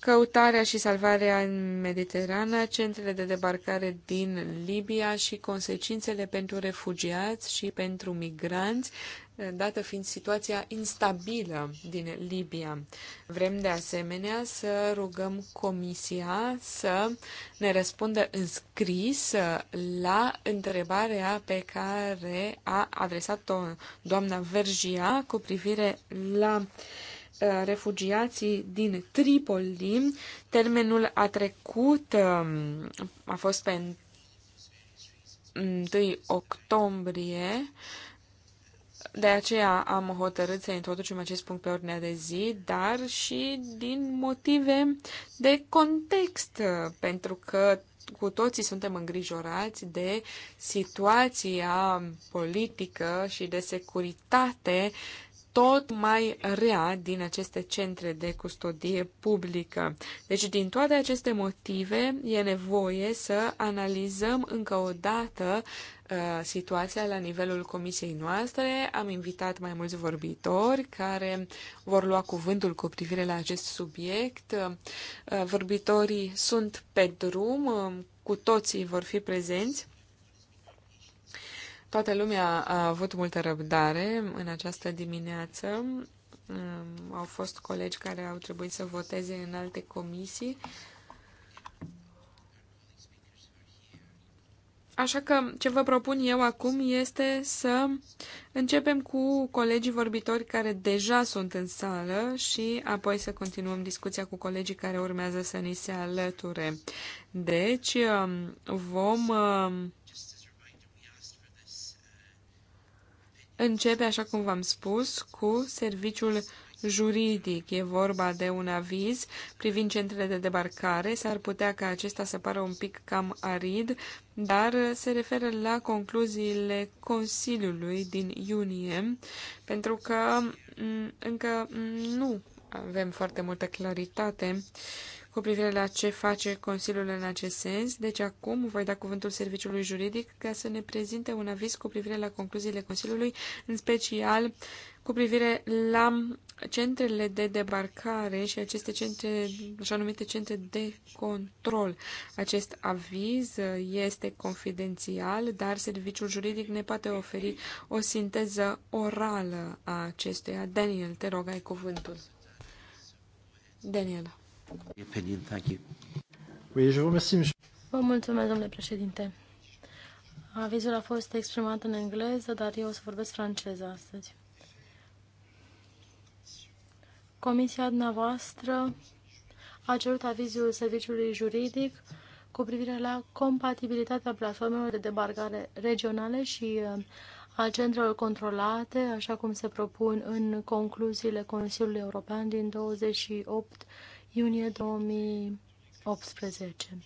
S4: căutarea și salvarea în Mediterana, centrele de debarcare din Libia și consecințele pentru refugiați și pentru migranți, dată fiind situația instabilă din Libia. Vrem de asemenea să rugăm Comisia să ne răspundă în scris la întrebarea pe care a adresat-o doamna Vergia cu privire la uh, Uh, refugiații din Tripoli. Termenul a trecut, um, a fost pe 1 octombrie, de aceea am hotărât să introducem acest punct pe ordinea de zi, dar și din motive de context, pentru că cu toții suntem îngrijorați de situația politică și de securitate uh, tot mai rea din aceste centre de custodie publică. Deci, din toate aceste motive, e nevoie să analizăm încă o dată uh, situația la nivelul comisiei noastre. Am invitat mai mulți vorbitori care vor lua cuvântul cu privire la acest subiect. Uh, vorbitorii sunt pe drum, uh, cu toții vor fi prezenți. Toată lumea a avut multă răbdare în această dimineață. Au fost colegi care au trebuit să voteze în alte comisii. Așa că ce vă propun eu acum este să începem cu colegii vorbitori care deja sunt în sală și apoi să continuăm discuția cu colegii care urmează să ni se alăture. Deci um, vom um, începe, așa cum v-am spus, cu serviciul juridic. E vorba de un aviz privind centrele de debarcare. S-ar putea ca acesta să pară un pic cam arid, dar se referă la concluziile Consiliului din iunie, pentru că mm, încă mm, nu avem foarte multă claritate cu privire la ce face Consiliul în acest sens, deci acum voi da cuvântul serviciului juridic ca să ne prezinte un aviz cu privire la concluziile Consiliului, în special cu privire la centrele de debarcare și aceste centre, așa numite centre de control. Acest aviz este confidențial, dar serviciul juridic ne poate oferi o sinteză orală a acestuia. Daniel, te rog, ai cuvântul. Daniela.
S2: Vă mulțumesc, domnule președinte. Avizul a fost exprimat în engleză, dar eu o să vorbesc franceză astăzi. Comisia dumneavoastră a cerut avizul serviciului juridic cu privire la compatibilitatea platformelor de debarcare regionale și uh, a centrelor controlate, așa cum se propun în concluziile Consiliului European din 28 iunie 2018.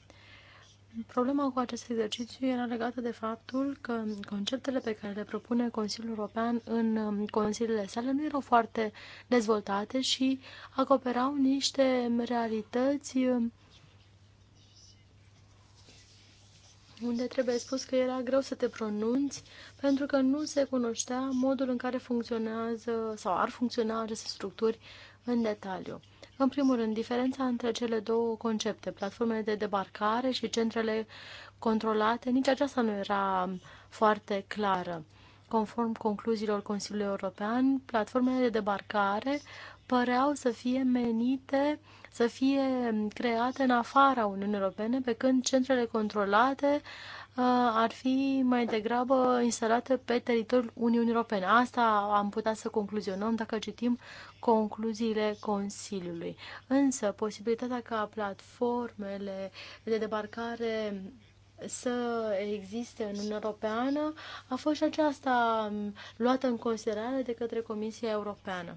S2: Problema cu acest exercițiu era legată de faptul că conceptele pe care le propune Consiliul European în um, consiliile sale nu erau foarte dezvoltate și acoperau niște realități um, unde trebuie spus că era greu să te pronunți pentru că nu se cunoștea modul în care funcționează sau ar funcționa aceste structuri în detaliu. În primul rând, diferența între cele două concepte, platformele de debarcare și centrele controlate, nici aceasta nu era foarte clară. Conform concluziilor Consiliului European, platformele de debarcare păreau să fie menite să fie create în afara Uniunii Europene, pe când centrele controlate uh, ar fi mai degrabă instalate pe teritoriul Uniunii Europene. Asta am putea să concluzionăm dacă citim concluziile Consiliului. Însă, posibilitatea ca platformele de debarcare să existe în Uniunea Europeană a fost și aceasta luată în considerare de către Comisia Europeană.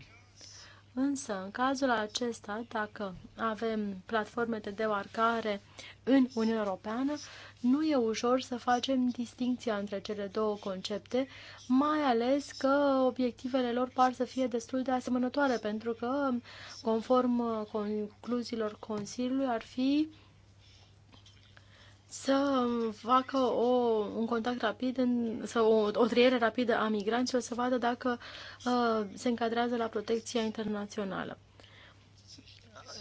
S2: Însă, în cazul acesta, dacă avem platforme de debarcare în Uniunea Europeană, nu e ușor să facem distinția între cele două concepte, mai ales că obiectivele lor par să fie destul de asemănătoare, pentru că, conform uh, concluziilor Consiliului, ar fi uh, să facă o, un contact rapid, în, să o, o triere rapidă a migranților, să vadă dacă uh, se încadrează la protecția internațională.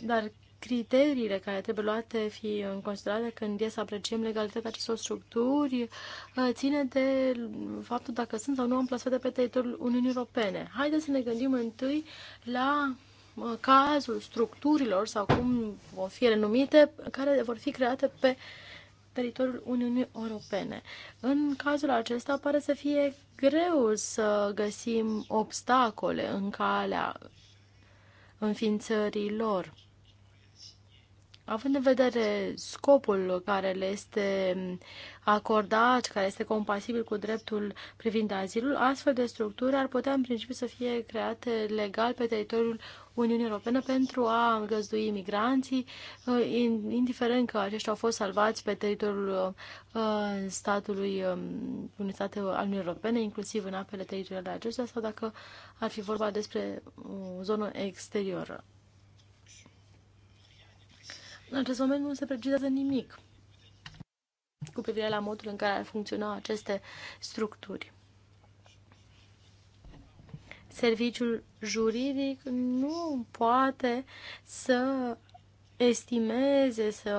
S2: Dar criteriile care trebuie luate fi în considerare când e să apreciem legalitatea acestor structuri uh, ține de faptul dacă sunt sau nu amplasate pe teritoriul Uniunii Europene. Haideți să ne gândim întâi la uh, cazul structurilor sau cum vor fi ele numite, care vor fi create pe teritoriul Uniunii Europene. În cazul acesta pare să fie greu să găsim obstacole în calea înființării lor. Având în vedere scopul care le este acordat, care este compatibil cu dreptul privind azilul, astfel de structuri ar putea în principiu să fie create legal pe teritoriul Uniunii Europene pentru a îngăzdui imigranții, uh, indiferent că aceștia au fost salvați pe teritoriul uh, statului um, unui stat al Uniunii Europene, inclusiv în apele teritoriale acestea, sau dacă ar fi vorba despre o zonă exterioră. În acest moment nu se precizează nimic cu privire la modul în care ar funcționa aceste structuri serviciul juridic nu poate să estimeze, să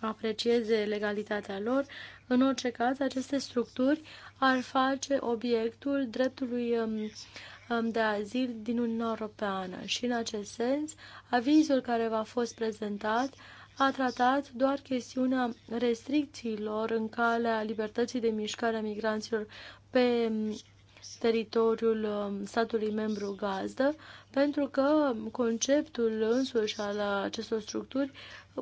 S2: aprecieze legalitatea lor. În orice caz, aceste structuri ar face obiectul dreptului um, um, de azil din Uniunea Europeană și, în acest sens, avizul care v-a fost prezentat a tratat doar chestiunea restricțiilor în calea libertății de mișcare a migranților pe um, teritoriul um, statului membru gazdă, pentru că conceptul însuși al acestor structuri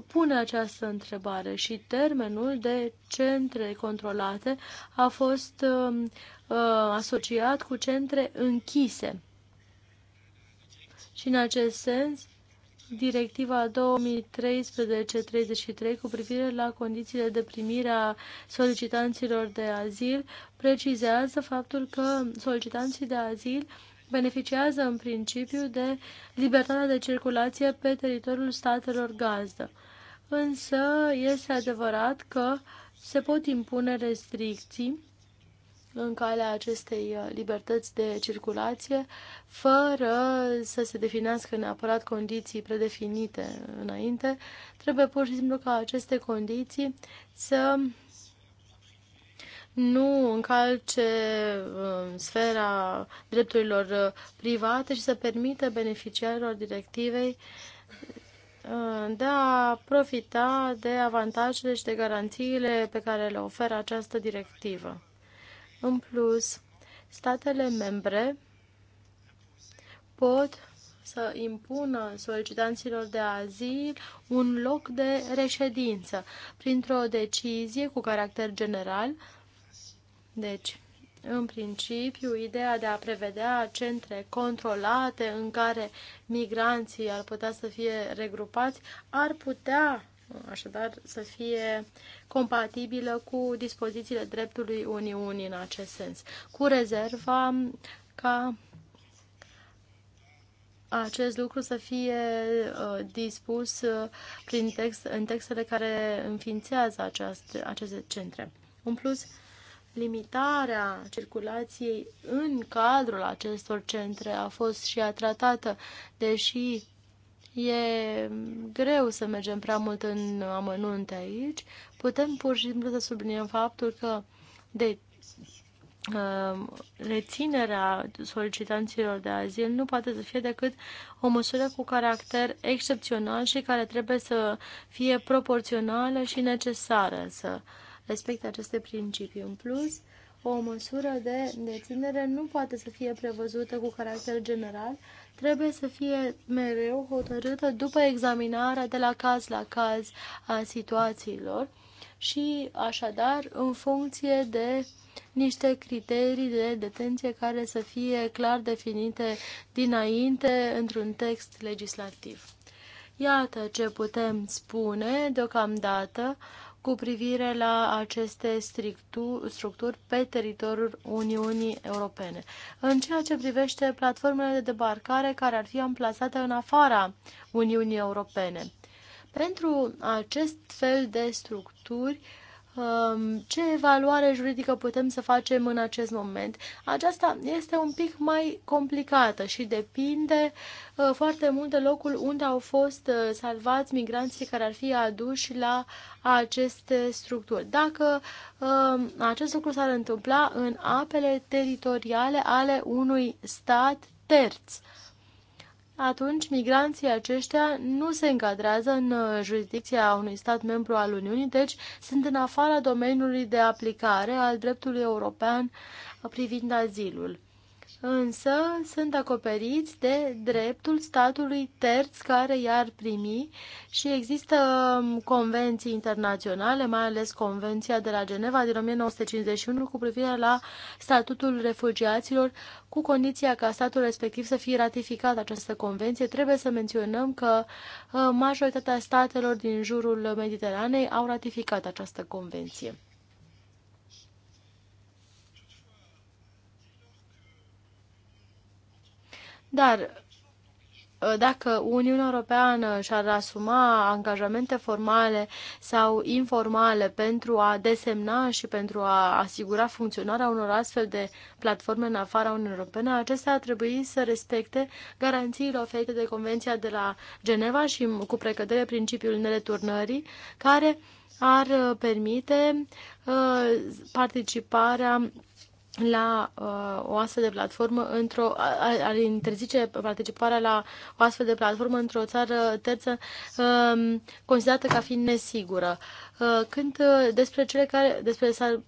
S2: pune această întrebare și termenul de centre controlate a fost um, uh, asociat cu centre închise. Și în acest sens, Directiva 2013-33 cu privire la condițiile de primire a solicitanților de azil precizează faptul că solicitanții de azil beneficiază în principiu de libertatea de circulație pe teritoriul statelor gazdă. Însă este adevărat că se pot impune restricții în calea acestei uh, libertăți de circulație, fără să se definească neapărat condiții predefinite înainte. Trebuie pur și simplu ca aceste condiții să nu încalce uh, sfera drepturilor uh, private și să permită beneficiarilor directivei de a profita de avantajele și de garanțiile pe care le oferă această directivă. În plus, statele membre pot să impună solicitanților de azil un loc de reședință printr-o decizie cu caracter general. Deci, în principiu, ideea de a prevedea centre controlate în care migranții ar putea să fie regrupați ar putea așadar să fie compatibilă cu dispozițiile dreptului Uniunii în acest sens, cu rezerva ca acest lucru să fie uh, dispus uh, prin text, în textele care înființează aceast, aceste centre. În plus, limitarea circulației în cadrul acestor centre a fost și a tratată, deși E greu să mergem prea mult în amănunte aici. Putem pur și simplu să subliniem faptul că de uh, reținerea solicitanților de azil nu poate să fie decât o măsură cu caracter excepțional și care trebuie să fie proporțională și necesară să respecte aceste principii. În plus, o măsură de deținere nu poate să fie prevăzută cu caracter general, trebuie să fie mereu hotărâtă după examinarea de la caz la caz a situațiilor și așadar în funcție de niște criterii de detenție care să fie clar definite dinainte într-un text legislativ. Iată ce putem spune deocamdată cu privire la aceste structuri pe teritoriul Uniunii Europene. În ceea ce privește platformele de debarcare care ar fi amplasate în afara Uniunii Europene. Pentru acest fel de structuri, uh, Um, ce evaluare juridică putem să facem în acest moment. Aceasta este un pic mai complicată și depinde uh, foarte mult de locul unde au fost uh, salvați migranții care ar fi aduși la aceste structuri. Dacă um, acest lucru s-ar întâmpla în apele teritoriale ale unui stat terț, atunci migranții aceștia nu se încadrează în uh, jurisdicția unui stat membru al Uniunii, deci sunt în afara domeniului de aplicare al dreptului european uh, privind azilul însă sunt acoperiți de dreptul statului terț care i-ar primi și există um, convenții internaționale, mai ales Convenția de la Geneva din 1951 cu privire la statutul refugiaților, cu condiția ca statul respectiv să fie ratificat această convenție. Trebuie să menționăm că uh, majoritatea statelor din jurul Mediteranei au ratificat această convenție. Dar ă, dacă Uniunea Europeană și-ar asuma angajamente formale sau informale pentru a desemna și pentru a asigura funcționarea unor astfel de platforme în afara Uniunii Europene, acestea ar trebui să respecte garanțiile oferite de Convenția de la Geneva și cu precădere principiul nereturnării, care ar permite ă, participarea la uh, o astfel de platformă într-o ar, ar interzice participarea la o astfel de platformă într-o țară terță uh, considerată ca fiind nesigură. Uh, când uh, despre cele care, despre sal,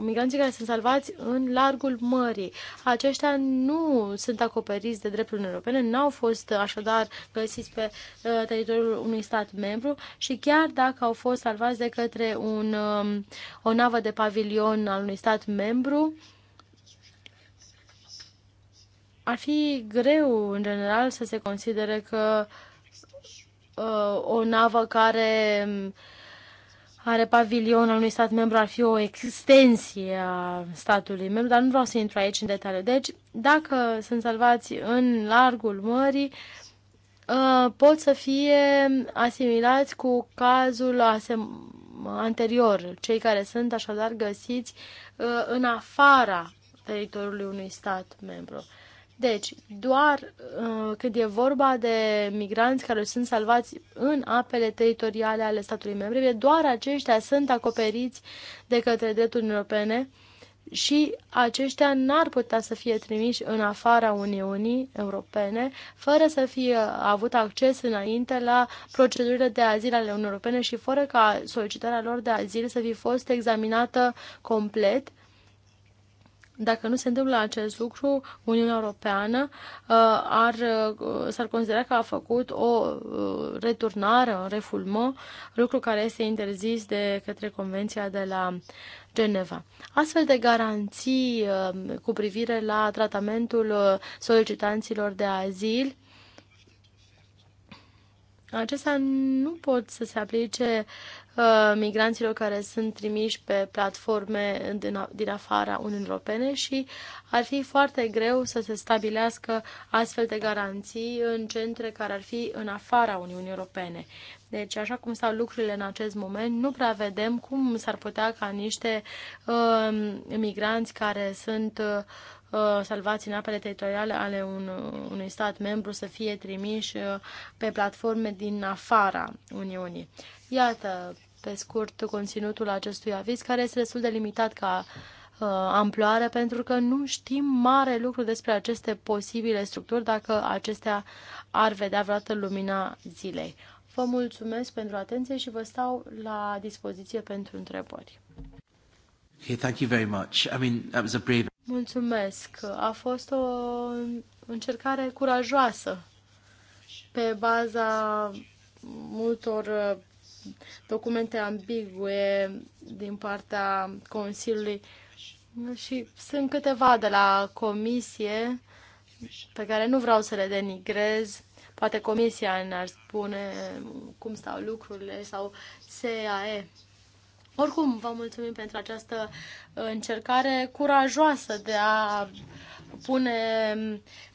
S2: migranții care sunt salvați în largul mării. Aceștia nu sunt acoperiți de dreptul Uniunii Europene, n-au fost uh, așadar găsiți pe teritoriul unui stat membru și chiar dacă au fost salvați de către un, um, o navă de pavilion al unui stat membru, ar fi greu, în general, să se considere că uh, o navă care uh, are pavilionul unui stat membru ar fi o extensie a statului membru, dar nu vreau să intru aici în detaliu. Deci, dacă sunt salvați în largul mării, ă, pot să fie asimilați cu cazul anterior, cei care sunt așadar găsiți ă, în afara teritoriului unui stat membru. Deci, doar uh, când e vorba de migranți care sunt salvați în apele teritoriale ale statului membru, doar aceștia sunt acoperiți de către dreptul europene și aceștia n-ar putea să fie trimiși în afara Uniunii Europene fără să fie avut acces înainte la procedurile de azil ale Uniunii Europene și fără ca solicitarea lor de azil să fi fost examinată complet dacă nu se întâmplă acest lucru, Uniunea Europeană uh, ar, uh, s-ar considera că a făcut o uh, returnare, o refulmă, lucru care este interzis de către Convenția de la Geneva. Astfel de garanții cu privire la tratamentul solicitanților de azil acestea nu pot să se aplice Uh, migranților care sunt trimiși pe platforme din afara Uniunii Europene și ar fi foarte greu să se stabilească astfel de garanții în centre care ar fi în afara Uniunii Europene. Deci, așa cum stau lucrurile în acest moment, nu prea vedem cum s-ar putea ca niște uh, migranți care sunt uh, Uh, salvați în apele teritoriale ale un, uh, unui stat membru să fie trimiși uh, pe platforme din afara Uniunii. Iată, pe scurt, conținutul acestui aviz, care este destul de limitat ca amploare, pentru că nu știm mare lucru despre aceste posibile structuri, dacă acestea ar vedea vreodată lumina zilei. Vă mulțumesc pentru atenție și vă stau la dispoziție pentru întrebări.
S1: Okay, thank you very much. I mean, that was a brave...
S2: Mulțumesc. A fost o încercare curajoasă pe baza multor uh, documente ambigue din partea Consiliului și sunt câteva de la comisie pe care nu vreau să le denigrez. Poate comisia ne-ar spune cum stau lucrurile sau C.A.E. Oricum, vă mulțumim pentru această uh, încercare curajoasă de a pune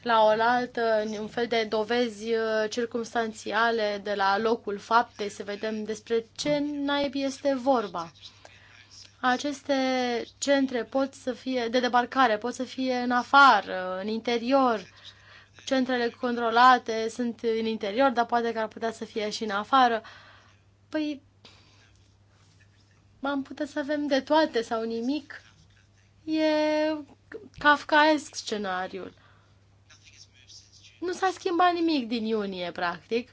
S2: la oaltă un fel de dovezi uh, circumstanțiale de la locul faptei, să vedem despre ce naib este vorba. Aceste centre pot să fie de debarcare, pot să fie în afară, în interior. Centrele controlate sunt în interior, dar poate că ar putea să fie și în afară. Păi, am putea să avem de toate sau nimic. E kafkaesc scenariul. Nu s-a schimbat nimic din iunie, practic.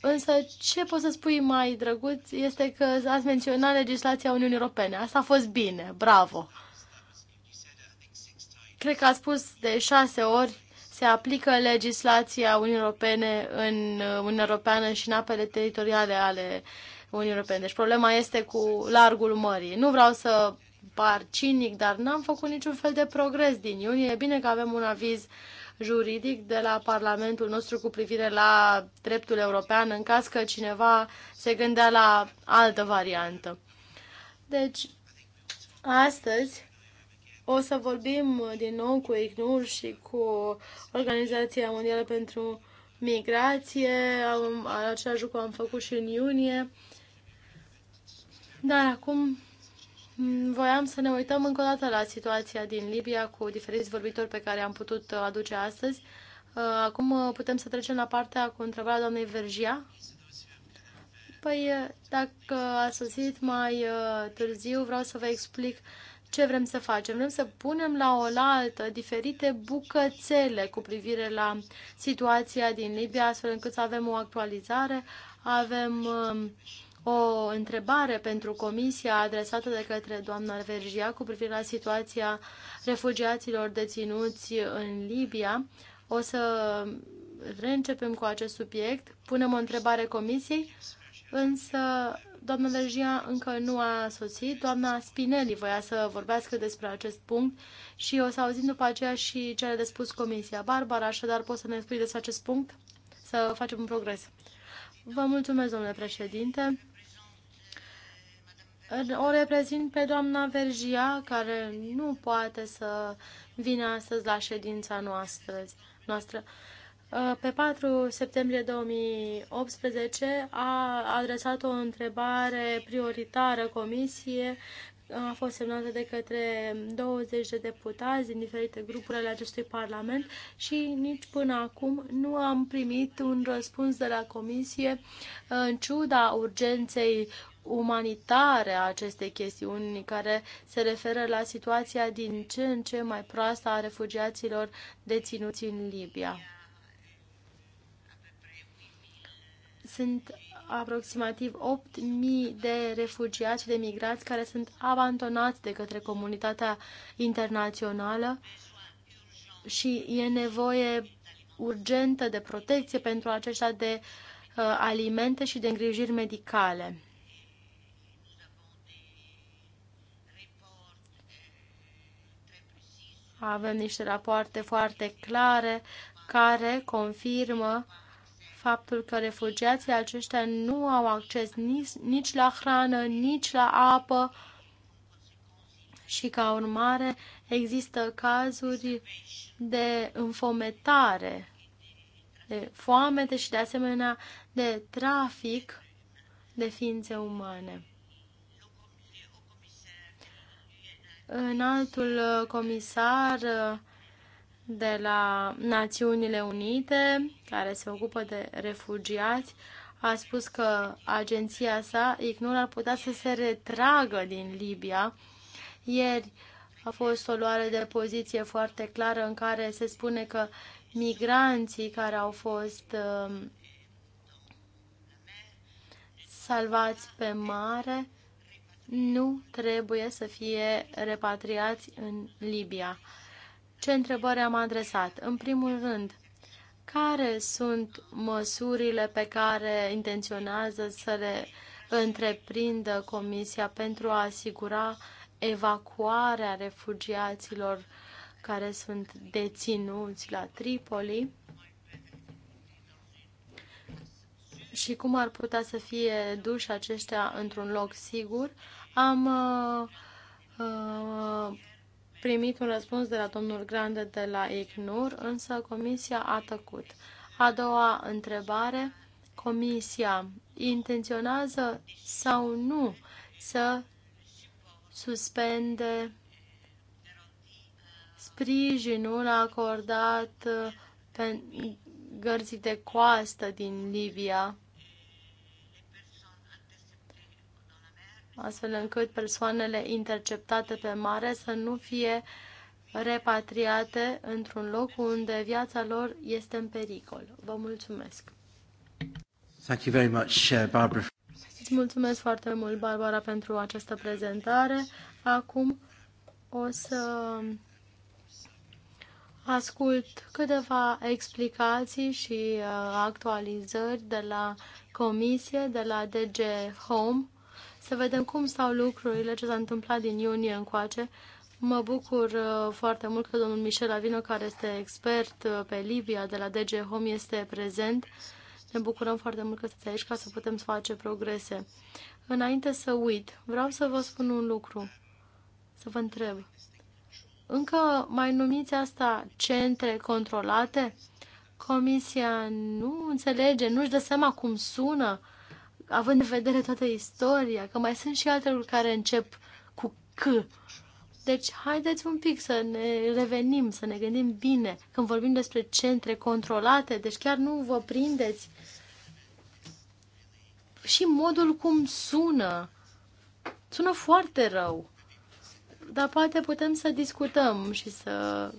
S2: Însă, ce poți să spui mai drăguț este că ați menționat legislația Uniunii Europene. Asta a fost bine, bravo. Cred că ați spus de șase ori se aplică legislația Uniunii Europene în Uniunea Europeană și în apele teritoriale ale uh, Uniunii Europene. Deci problema este cu largul mării. Nu vreau să par cinic, dar n-am făcut niciun fel de progres din iunie. E bine că avem un aviz juridic de la Parlamentul nostru cu privire la dreptul european în caz că cineva se gândea la altă variantă. Deci, astăzi o să vorbim din nou cu ICNUR și cu Organizația Mondială pentru Migrație. Același lucru am făcut și în iunie. Dar acum mm, voiam să ne uităm încă o dată la situația din Libia cu diferiți vorbitori pe care am putut uh, aduce astăzi. Uh, acum uh, putem să trecem la partea cu întrebarea doamnei Vergia. Păi, dacă a sosit mai târziu, vreau să vă explic ce vrem să facem. Vrem să punem la oaltă diferite bucățele cu privire la situația din Libia, astfel încât să avem o actualizare. Avem uh, o întrebare pentru Comisia adresată de către doamna Vergia cu privire la situația refugiaților deținuți în Libia. O să reîncepem cu acest subiect, punem o întrebare Comisiei, însă doamna Vergia încă nu a sosit. Doamna Spinelli voia să vorbească despre acest punct și o să auzim după aceea și ce a de spus Comisia. Barbara, așadar poți să ne spui despre acest punct? Să facem un progres. Vă mulțumesc, domnule președinte. O reprezint pe doamna Vergia, care nu poate să vină astăzi la ședința noastră. noastră. Uh, pe 4 septembrie 2018 a adresat o întrebare prioritară comisie a fost semnată de către 20 de deputați din diferite grupuri ale acestui Parlament și nici până acum nu am primit un răspuns de la Comisie uh, în ciuda urgenței umanitare a acestei chestiuni care se referă la situația din ce în ce mai proastă a refugiaților deținuți în Libia. Sunt aproximativ 8.000 de refugiați de migrați care sunt abandonați de către comunitatea internațională și e nevoie urgentă de protecție pentru aceștia de uh, alimente și de îngrijiri medicale. Avem niște rapoarte foarte clare care confirmă faptul că refugiații aceștia nu au acces nici la hrană, nici la apă și ca urmare există cazuri de înfometare, de foamete și de asemenea de trafic de ființe umane. înaltul uh, comisar uh, de la Națiunile Unite, care se ocupă de refugiați, a spus că agenția sa, ICNUR, ar putea să se retragă din Libia. Ieri a fost o luare de poziție foarte clară în care se spune că migranții care au fost um, salvați pe mare nu trebuie să fie repatriați în Libia. Ce întrebări am adresat? În primul rând, care sunt măsurile pe care intenționează să le întreprindă Comisia pentru a asigura evacuarea refugiaților care sunt deținuți la Tripoli? și cum ar putea să fie duși aceștia într-un loc sigur, am uh, uh, primit un răspuns de la domnul Grande de la ICNUR, însă comisia a tăcut. A doua întrebare, comisia intenționează sau nu să suspende sprijinul acordat pe gărzii de coastă din Libia astfel încât persoanele interceptate pe mare să nu fie repatriate într-un loc unde viața lor este în pericol. Vă mulțumesc!
S1: Thank you very much, uh, Barbara.
S2: Îți mulțumesc foarte mult, Barbara, pentru această prezentare. Acum o să ascult câteva explicații și uh, actualizări de la Comisie, de la DG Home să vedem cum stau lucrurile, ce s-a întâmplat din iunie încoace. Mă bucur uh, foarte mult că domnul Michel Avino, care este expert uh, pe Libia de la DG Home, este prezent. Ne bucurăm foarte mult că sunteți aici ca să putem să face progrese. Înainte să uit, vreau să vă spun un lucru, să vă întreb. Încă mai numiți asta centre controlate? Comisia nu înțelege, nu-și dă seama cum sună având în vedere toată istoria, că mai sunt și alte lucruri care încep cu C. Deci, haideți un pic să ne revenim, să ne gândim bine când vorbim despre centre controlate, deci chiar nu vă prindeți. Și modul cum sună, sună foarte rău. Dar poate putem să discutăm și să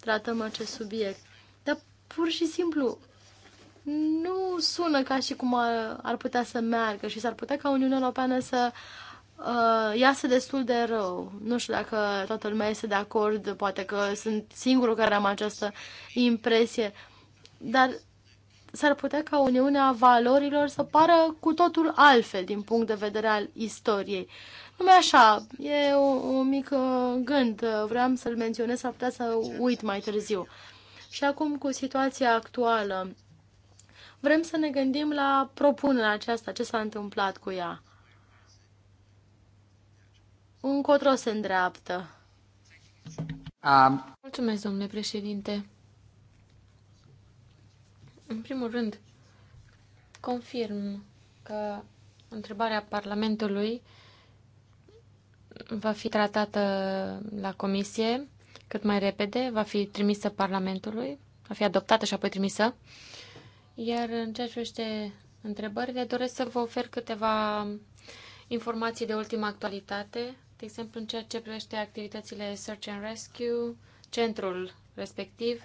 S2: tratăm acest subiect. Dar pur și simplu nu sună ca și cum ar, ar putea să meargă și s-ar putea ca Uniunea Europeană să uh, iasă destul de rău. Nu știu dacă toată lumea este de acord, poate că sunt singurul care am această impresie, dar s-ar putea ca Uniunea Valorilor să pară cu totul altfel din punct de vedere al istoriei. Numai așa, e o, mic mică gând, vreau să-l menționez, s-ar putea să uit mai târziu. Și acum cu situația actuală, Vrem să ne gândim la propunerea aceasta, ce s-a întâmplat cu ea. Încotro se îndreaptă.
S6: Um.
S3: Mulțumesc, domnule președinte. În primul rând, confirm că întrebarea Parlamentului va fi tratată la comisie cât mai repede, va fi trimisă Parlamentului, va fi adoptată și apoi trimisă. Uh, iar în ceea ce privește întrebările, doresc să vă ofer câteva informații de ultimă actualitate, de exemplu în ceea ce privește activitățile Search and Rescue, centrul respectiv,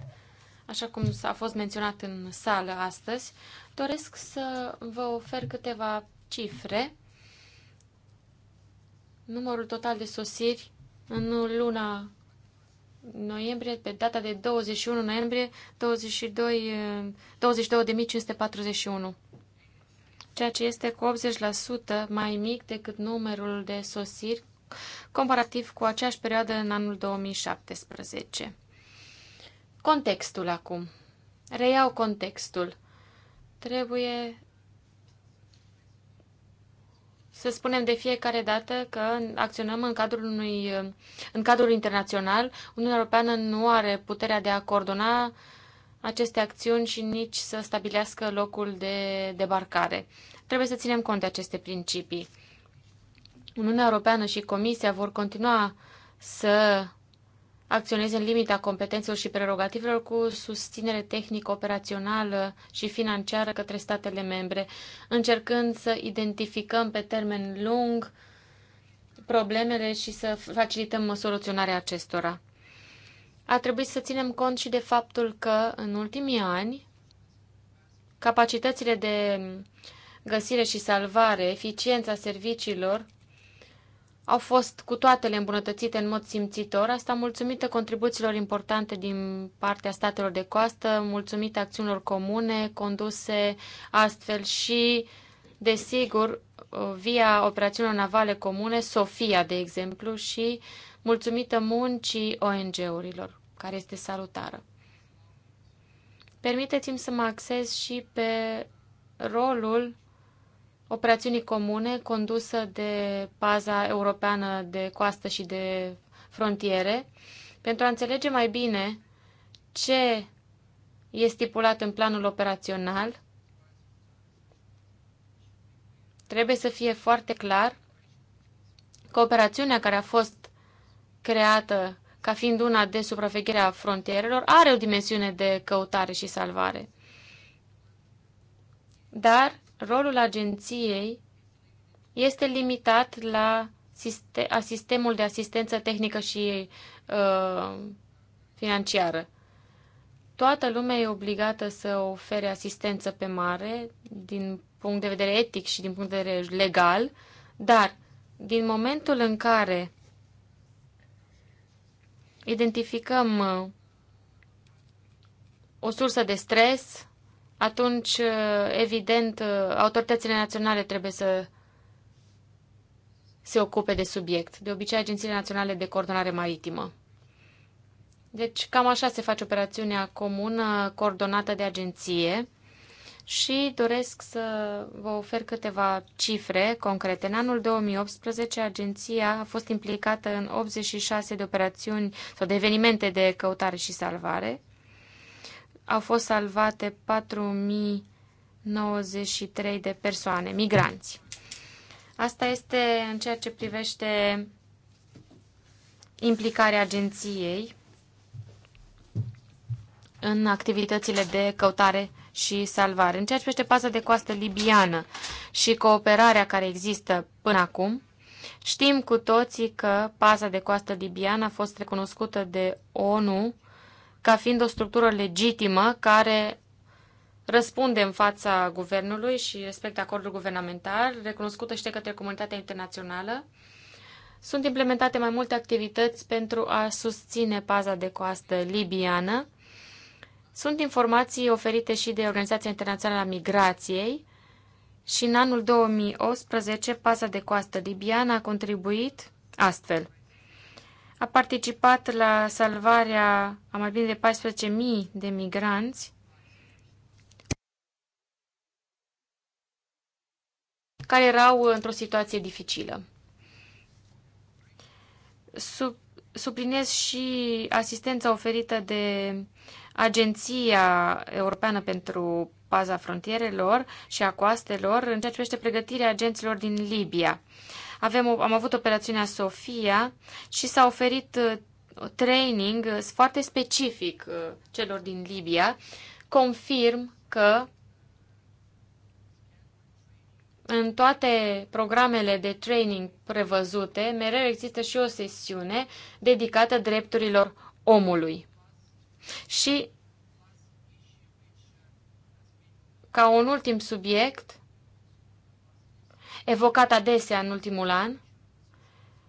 S3: așa cum a fost menționat în sală astăzi, doresc să vă ofer câteva cifre. Numărul total de sosiri în luna noiembrie, pe data de 21 noiembrie, 22, 22.541, eh, ceea ce este cu 80% mai mic decât numărul de sosiri comparativ cu aceeași perioadă în anul 2017. Contextul acum. Reiau contextul. Trebuie să spunem de fiecare dată că acționăm în cadrul, unui, în cadrul internațional. Uniunea Europeană nu are puterea de a coordona aceste acțiuni și nici să stabilească locul de debarcare. Trebuie să ținem cont de aceste principii. Uniunea Europeană și Comisia vor continua să acționeze în limita competențelor și prerogativelor cu susținere tehnică-operațională și financiară către statele membre, încercând să identificăm pe termen lung problemele și să facilităm soluționarea acestora. A trebuit să ținem cont și de faptul că în ultimii ani capacitățile de găsire și salvare, eficiența serviciilor au fost cu toatele îmbunătățite în mod simțitor, asta mulțumită contribuțiilor importante din partea statelor de coastă, mulțumită acțiunilor comune conduse astfel și, desigur, via operațiunilor navale comune, Sofia, de exemplu, și mulțumită muncii ONG-urilor, care este salutară. Permiteți-mi să mă axez și pe rolul operațiunii comune condusă de paza europeană de coastă și de frontiere, pentru a înțelege mai bine ce e stipulat în planul operațional, trebuie să fie foarte clar că operațiunea care a fost creată ca fiind una de supraveghere a frontierelor are o dimensiune de căutare și salvare. Dar rolul agenției este limitat la sistemul de asistență tehnică și uh, financiară. Toată lumea e obligată să ofere asistență pe mare din punct de vedere etic și din punct de vedere legal, dar din momentul în care identificăm uh, o sursă de stres, atunci, uh, evident, uh, autoritățile naționale trebuie să se ocupe de subiect, de obicei agențiile naționale de coordonare maritimă. Deci cam așa se face operațiunea comună coordonată de agenție și doresc să vă ofer câteva cifre concrete. În anul 2018, agenția a fost implicată în 86 de operațiuni sau de evenimente de căutare și salvare, au fost salvate 4.093 de persoane, migranți. Asta este în ceea ce privește implicarea agenției în activitățile de căutare și salvare. În ceea ce privește paza de coastă libiană și cooperarea care există până acum, știm cu toții că paza de coastă libiană a fost recunoscută de ONU ca fiind o structură legitimă care răspunde în fața guvernului și respectă acordul guvernamental, recunoscută și de către comunitatea internațională. Sunt implementate mai multe activități pentru a susține paza de coastă libiană. Sunt informații oferite și de Organizația Internațională a Migrației și în anul 2018 paza de coastă libiană a contribuit astfel a participat la salvarea a mai bine de 14.000 de migranți care erau într-o situație dificilă. Sub, sublinez și asistența oferită de Agenția Europeană pentru Paza Frontierelor și a Coastelor în ceea ce privește pregătirea agenților din Libia. Avem, am avut operațiunea Sofia și s-a oferit uh, training uh, foarte specific uh, celor din Libia. Confirm că în toate programele de training prevăzute, mereu există și o sesiune dedicată drepturilor omului. Și ca un ultim subiect, evocat adesea în ultimul an,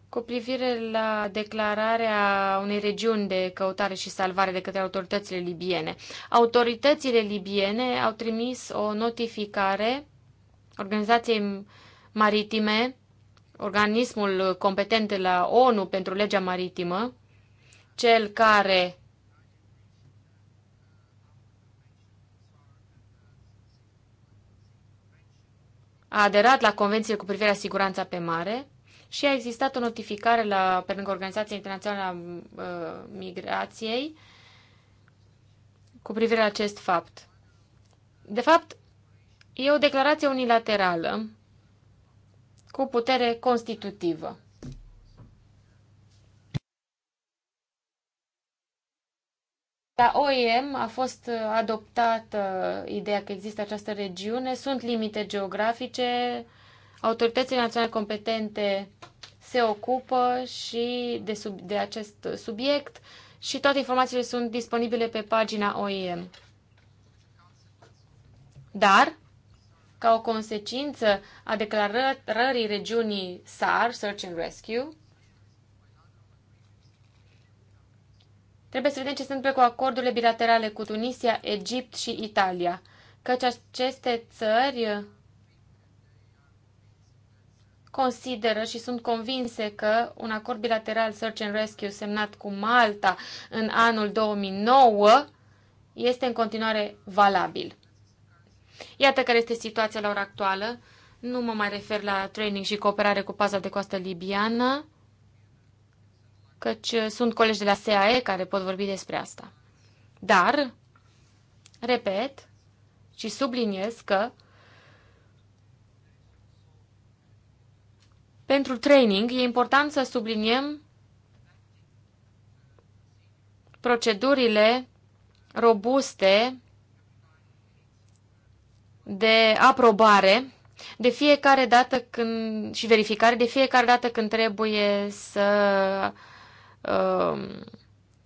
S3: cu privire la declararea unei regiuni de căutare și salvare de către autoritățile libiene. Autoritățile libiene au trimis o notificare organizației maritime, organismul competent la ONU pentru legea maritimă, cel care a aderat la Convenție cu privire la siguranța pe mare și a existat o notificare la, pe lângă Organizația Internațională a uh, Migrației cu privire la acest fapt. De fapt, e o declarație unilaterală cu putere constitutivă. La OEM a fost uh, adoptată uh, ideea că există această regiune, sunt limite geografice, autoritățile naționale competente se ocupă și de, sub, de acest subiect și toate informațiile sunt disponibile pe pagina OEM. Dar, ca o consecință a declarării regiunii SAR, Search and Rescue, Trebuie să vedem ce se întâmplă cu acordurile bilaterale cu Tunisia, Egipt și Italia, căci aceste țări consideră și sunt convinse că un acord bilateral Search and Rescue semnat cu Malta în anul 2009 este în continuare valabil. Iată care este situația la ora actuală. Nu mă mai refer la training și cooperare cu paza de coastă libiană căci uh, sunt colegi de la SAE care pot vorbi despre asta. Dar, repet și subliniez că pentru training e important să subliniem procedurile robuste de aprobare de fiecare dată când și verificare de fiecare dată când trebuie să Um,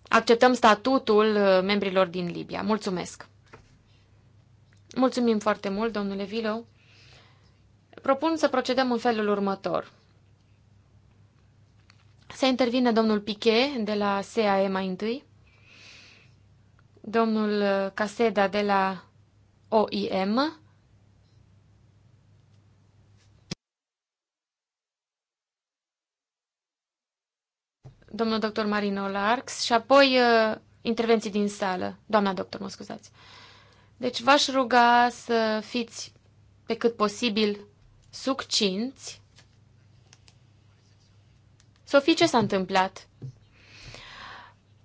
S3: acceptăm statutul uh, membrilor din Libia. Mulțumesc! Mulțumim foarte mult, domnule Vilo. Propun să procedăm în felul următor. Să intervine domnul Piquet de la SAE mai întâi, domnul uh, Caseda de la OIM, domnul doctor Marino Larx și apoi uh, intervenții din sală. Doamna doctor, mă scuzați. Deci v-aș ruga să fiți pe cât posibil succinți. Sofie, ce s-a întâmplat?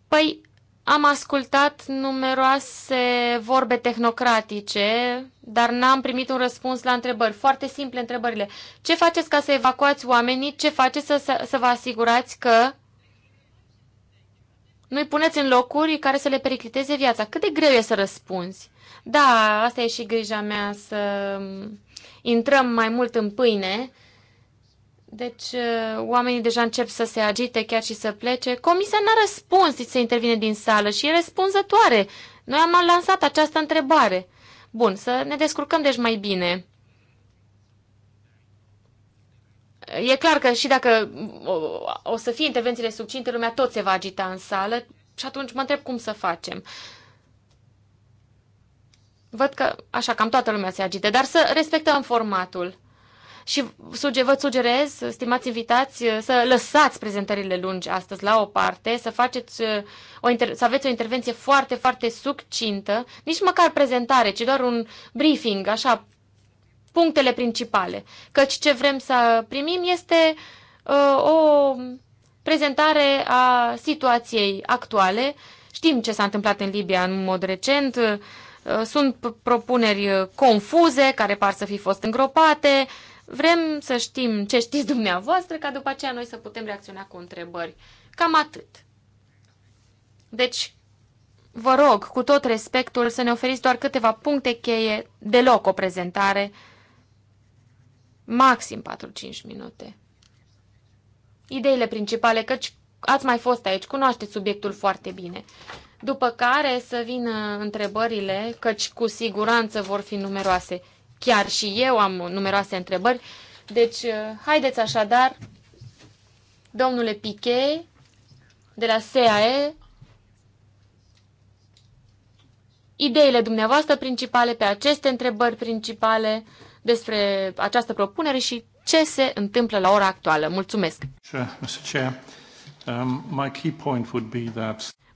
S3: Păi, am ascultat numeroase vorbe tehnocratice, dar n-am primit un răspuns la întrebări. Foarte simple întrebările. Ce faceți ca să evacuați oamenii? Ce faceți să, să, să vă asigurați că nu-i puneți în locuri care să le pericliteze viața. Cât de greu e să răspunzi? Da, asta e și grija mea, să intrăm mai mult în pâine. Deci uh, oamenii deja încep să se agite chiar și să plece. Comisia n-a răspuns, să intervine din sală și e răspunzătoare. Noi am lansat această întrebare. Bun, să ne descurcăm deci mai bine. E clar că și dacă o să fie intervențiile succinte, lumea tot se va agita în sală și atunci mă întreb cum să facem. Văd că așa cam toată lumea se agite, dar să respectăm formatul. Și suge, vă sugerez, stimați invitați, să lăsați prezentările lungi astăzi la o parte, să, faceți uh, o inter- să aveți o intervenție foarte, foarte succintă, nici măcar prezentare, ci doar un briefing, așa, punctele principale, căci ce vrem să primim este uh, o prezentare a situației actuale. Știm ce s-a întâmplat în Libia în mod recent, uh, sunt propuneri confuze care par să fi fost îngropate. Vrem să știm ce știți dumneavoastră, ca după aceea noi să putem reacționa cu întrebări. Cam atât. Deci, vă rog, cu tot respectul, să ne oferiți doar câteva puncte cheie, deloc o prezentare, maxim 4-5 minute. Ideile principale, căci ați mai fost aici, cunoașteți subiectul foarte bine. După care să vină întrebările, căci cu siguranță vor fi numeroase. Chiar și eu am numeroase întrebări. Deci, uh, haideți așadar, domnule Piquet, de la SAE, ideile dumneavoastră principale pe aceste întrebări principale, despre această propunere și ce se întâmplă la ora actuală. Mulțumesc!
S5: Um,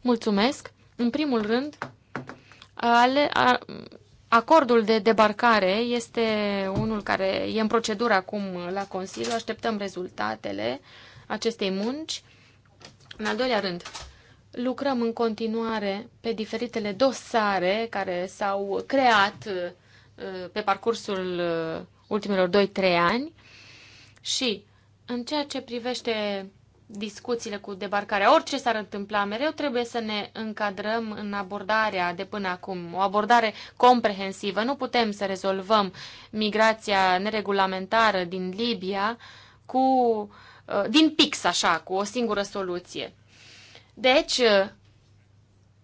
S3: Mulțumesc! În primul rând, ale, a, acordul de debarcare este unul care e în procedură acum la Consiliu. Așteptăm rezultatele acestei munci. În al doilea rând, lucrăm în continuare pe diferitele dosare care s-au creat Uh, pe parcursul uh, ultimilor 2-3 ani și în ceea ce privește discuțiile cu debarcarea, orice s-ar întâmpla, mereu trebuie să ne încadrăm în abordarea de până acum, o abordare comprehensivă. Nu putem să rezolvăm migrația neregulamentară din Libia cu, uh, din pix, așa, cu o singură soluție. Deci,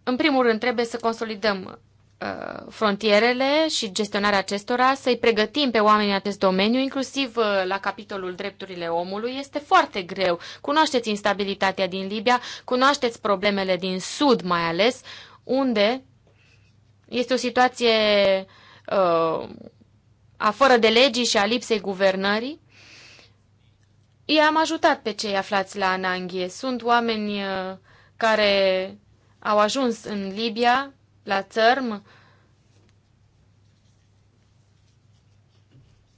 S3: în primul rând, trebuie să consolidăm Uh, frontierele și gestionarea acestora, să-i pregătim pe oamenii acest domeniu, inclusiv uh, la capitolul drepturile omului, este foarte greu. Cunoașteți instabilitatea din Libia, cunoașteți problemele din Sud mai ales, unde este o situație uh, a fără de legii și a lipsei guvernării. I-am ajutat pe cei aflați la Ananghie. Sunt oameni uh, care au ajuns în Libia la țărm.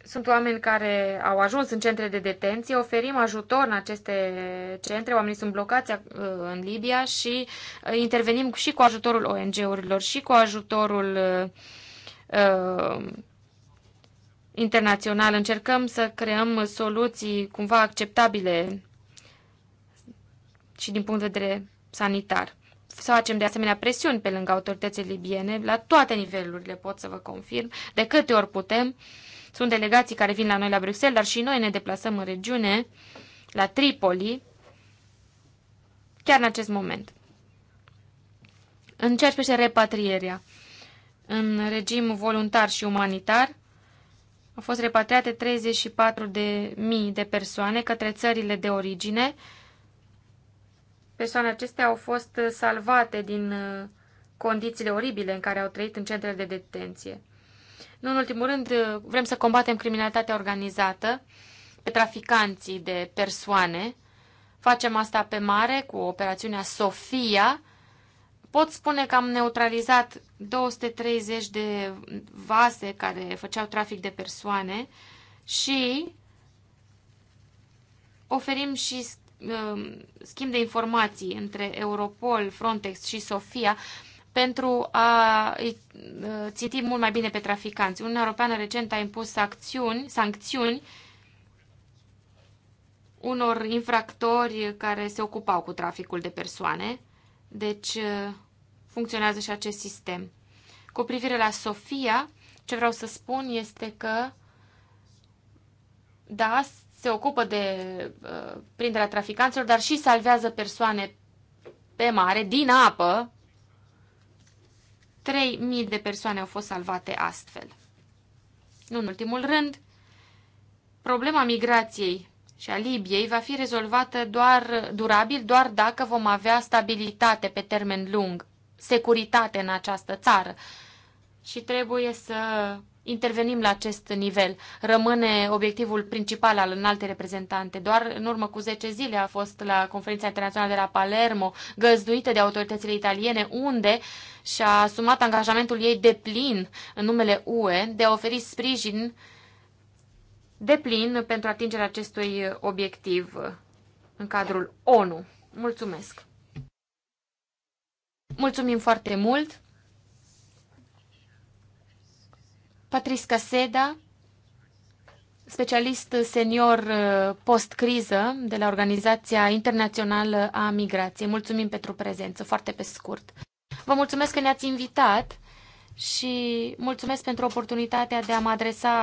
S3: Sunt oameni care au ajuns în centre de detenție, oferim ajutor în aceste centre, oamenii sunt blocați uh, în Libia și uh, intervenim și cu ajutorul ONG-urilor și cu ajutorul uh, uh, internațional. Încercăm să creăm soluții cumva acceptabile și din punct de vedere sanitar să facem de asemenea presiuni pe lângă autoritățile libiene, la toate nivelurile pot să vă confirm, de câte ori putem. Sunt delegații care vin la noi la Bruxelles, dar și noi ne deplasăm în regiune, la Tripoli, chiar în acest moment. În ceea ce privește repatrierea, în regim voluntar și umanitar, au fost repatriate 34.000 de, de persoane către țările de origine, Persoanele acestea au fost uh, salvate din uh, condițiile oribile în care au trăit în centrele de detenție. Nu în ultimul rând, uh, vrem să combatem criminalitatea organizată pe traficanții de persoane. Facem asta pe mare cu operațiunea Sofia. Pot spune că am neutralizat 230 de vase care făceau trafic de persoane și oferim și Um, schimb de informații între Europol, Frontex și Sofia pentru a uh, ținti mult mai bine pe traficanți. Uniunea Europeană recent a impus sancțiuni, sancțiuni unor infractori care se ocupau cu traficul de persoane. Deci uh, funcționează și acest sistem. Cu privire la Sofia, ce vreau să spun este că da, se ocupă de uh, prinderea traficanților, dar și salvează persoane pe mare, din apă. 3.000 de persoane au fost salvate astfel. Nu în ultimul rând, problema migrației și a Libiei va fi rezolvată doar durabil doar dacă vom avea stabilitate pe termen lung, securitate în această țară. Și trebuie să intervenim la acest nivel. Rămâne obiectivul principal al înaltei reprezentante. Doar în urmă cu 10 zile a fost la conferința internațională de la Palermo, găzduită de autoritățile italiene, unde și-a asumat angajamentul ei de plin în numele UE de a oferi sprijin de plin pentru atingerea acestui obiectiv în cadrul ONU. Mulțumesc! Mulțumim foarte mult! Patrice Caseda, specialist senior uh, post-criză de la Organizația Internațională a Migrației. Mulțumim pentru prezență, foarte pe scurt. Vă mulțumesc că ne-ați invitat și mulțumesc pentru oportunitatea de a mă adresa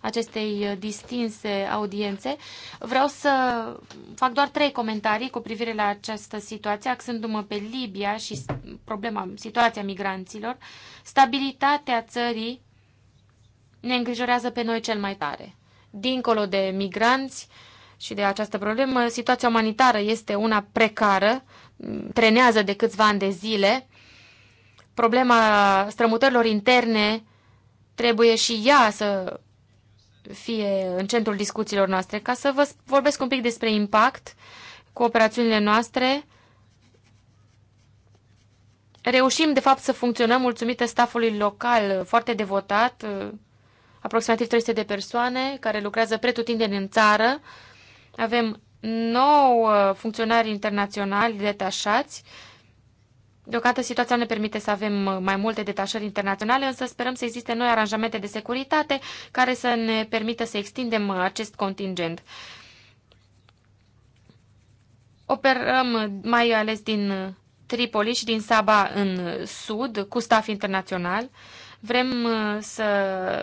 S3: acestei distinse audiențe. Vreau să fac doar trei comentarii cu privire la această situație, axându-mă pe Libia și problema, situația migranților, stabilitatea țării ne îngrijorează pe noi cel mai tare. Dincolo de migranți și de această problemă, situația umanitară este una precară, trenează de câțiva ani de zile. Problema strămutărilor interne trebuie și ea să fie în centrul discuțiilor noastre. Ca să vă vorbesc un pic despre impact cu operațiunile noastre, reușim de fapt să funcționăm mulțumită stafului local foarte devotat aproximativ 300 de persoane care lucrează pretutindeni în țară. Avem 9 funcționari internaționali detașați. Deocamdată situația ne permite să avem mai multe detașări internaționale, însă sperăm să existe noi aranjamente de securitate care să ne permită să extindem acest contingent. Operăm mai ales din Tripoli și din Saba în sud, cu staff internațional. Vrem uh, să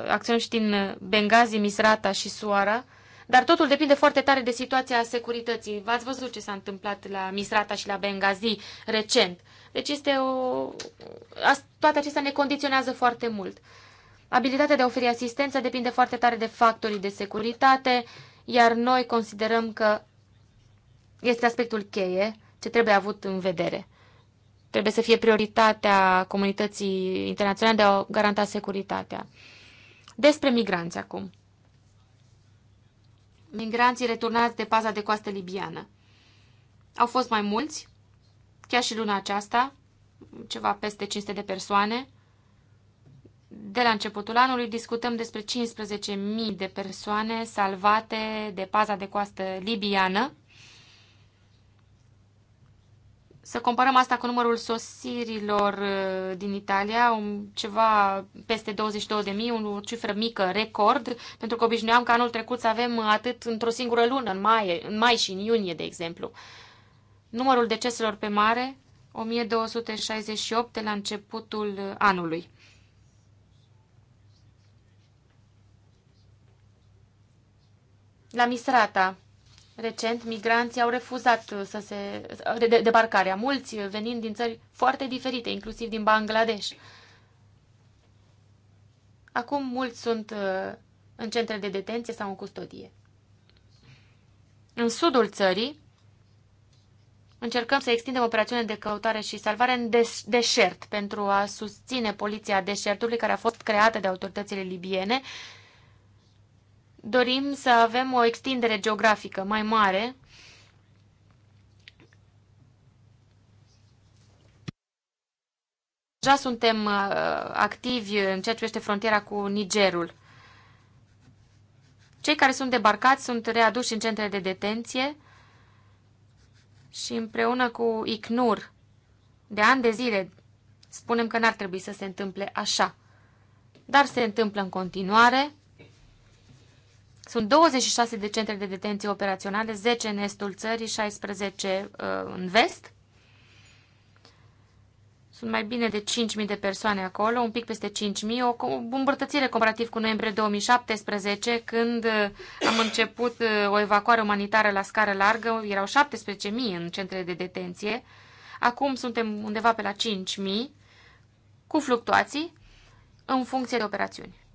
S3: acționăm și din Benghazi, Misrata și Suara, dar totul depinde foarte tare de situația securității. V-ați văzut ce s-a întâmplat la Misrata și la Benghazi recent. Deci este o... toate acestea ne condiționează foarte mult. Abilitatea de a oferi asistență depinde foarte tare de factorii de securitate, iar noi considerăm că este aspectul cheie ce trebuie avut în vedere trebuie să fie prioritatea comunității internaționale de a garanta securitatea. Despre migranți acum. Migranții returnați de paza de coastă libiană. Au fost mai mulți, chiar și luna aceasta, ceva peste 500 de persoane. De la începutul anului discutăm despre 15.000 de persoane salvate de paza de coastă libiană să comparăm asta cu numărul sosirilor uh, din Italia, un, ceva peste 22.000, o cifră mică, record, pentru că obișnuiam că anul trecut să avem atât într-o singură lună, în mai, în mai și în iunie, de exemplu. Numărul deceselor pe mare, 1268 de la începutul anului. La Misrata, Recent, migranții au refuzat uh, să se uh, de, de, debarcarea, mulți uh, venind din țări foarte diferite, inclusiv din Bangladesh. Acum mulți sunt în centre de detenție sau în custodie. În sudul țării, încercăm să extindem operațiune de căutare și salvare în des- deșert pentru a susține poliția deșertului care a fost creată de autoritățile libiene dorim să avem o extindere geografică mai mare. Deja suntem uh, activi în ceea ce este frontiera cu Nigerul. Cei care sunt debarcați sunt readuși în centre de detenție și împreună cu ICNUR de ani de zile spunem că n-ar trebui să se întâmple așa. Dar se întâmplă în continuare. Sunt 26 de centre de detenție operaționale, 10 în estul țării, 16 uh, în vest. Sunt mai bine de 5.000 de persoane acolo, un pic peste 5.000, o îmbunătățire comparativ cu noiembrie 2017, când uh, am început uh, o evacuare umanitară la scară largă, erau 17.000 în centrele de detenție. Acum suntem undeva pe la 5.000, cu fluctuații, în funcție de operațiuni.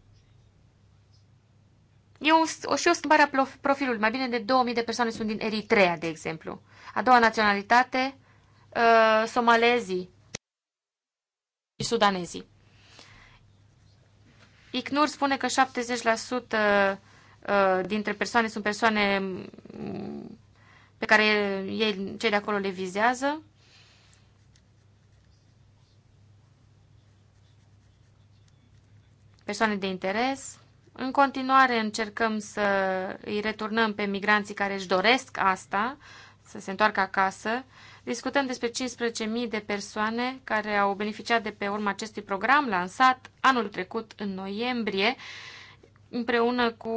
S3: E o, și o schimbare a profilului. Mai bine de 2000 de persoane sunt din Eritrea, de exemplu. A doua naționalitate, uh, somalezii și sudanezii. ICNUR spune că 70% uh, dintre persoane sunt persoane mm, pe care ei, cei de acolo le vizează. Persoane de interes. În continuare încercăm să îi returnăm pe migranții care își doresc asta, să se întoarcă acasă. Discutăm despre 15.000 de persoane care au beneficiat de pe urma acestui program lansat anul trecut în noiembrie împreună cu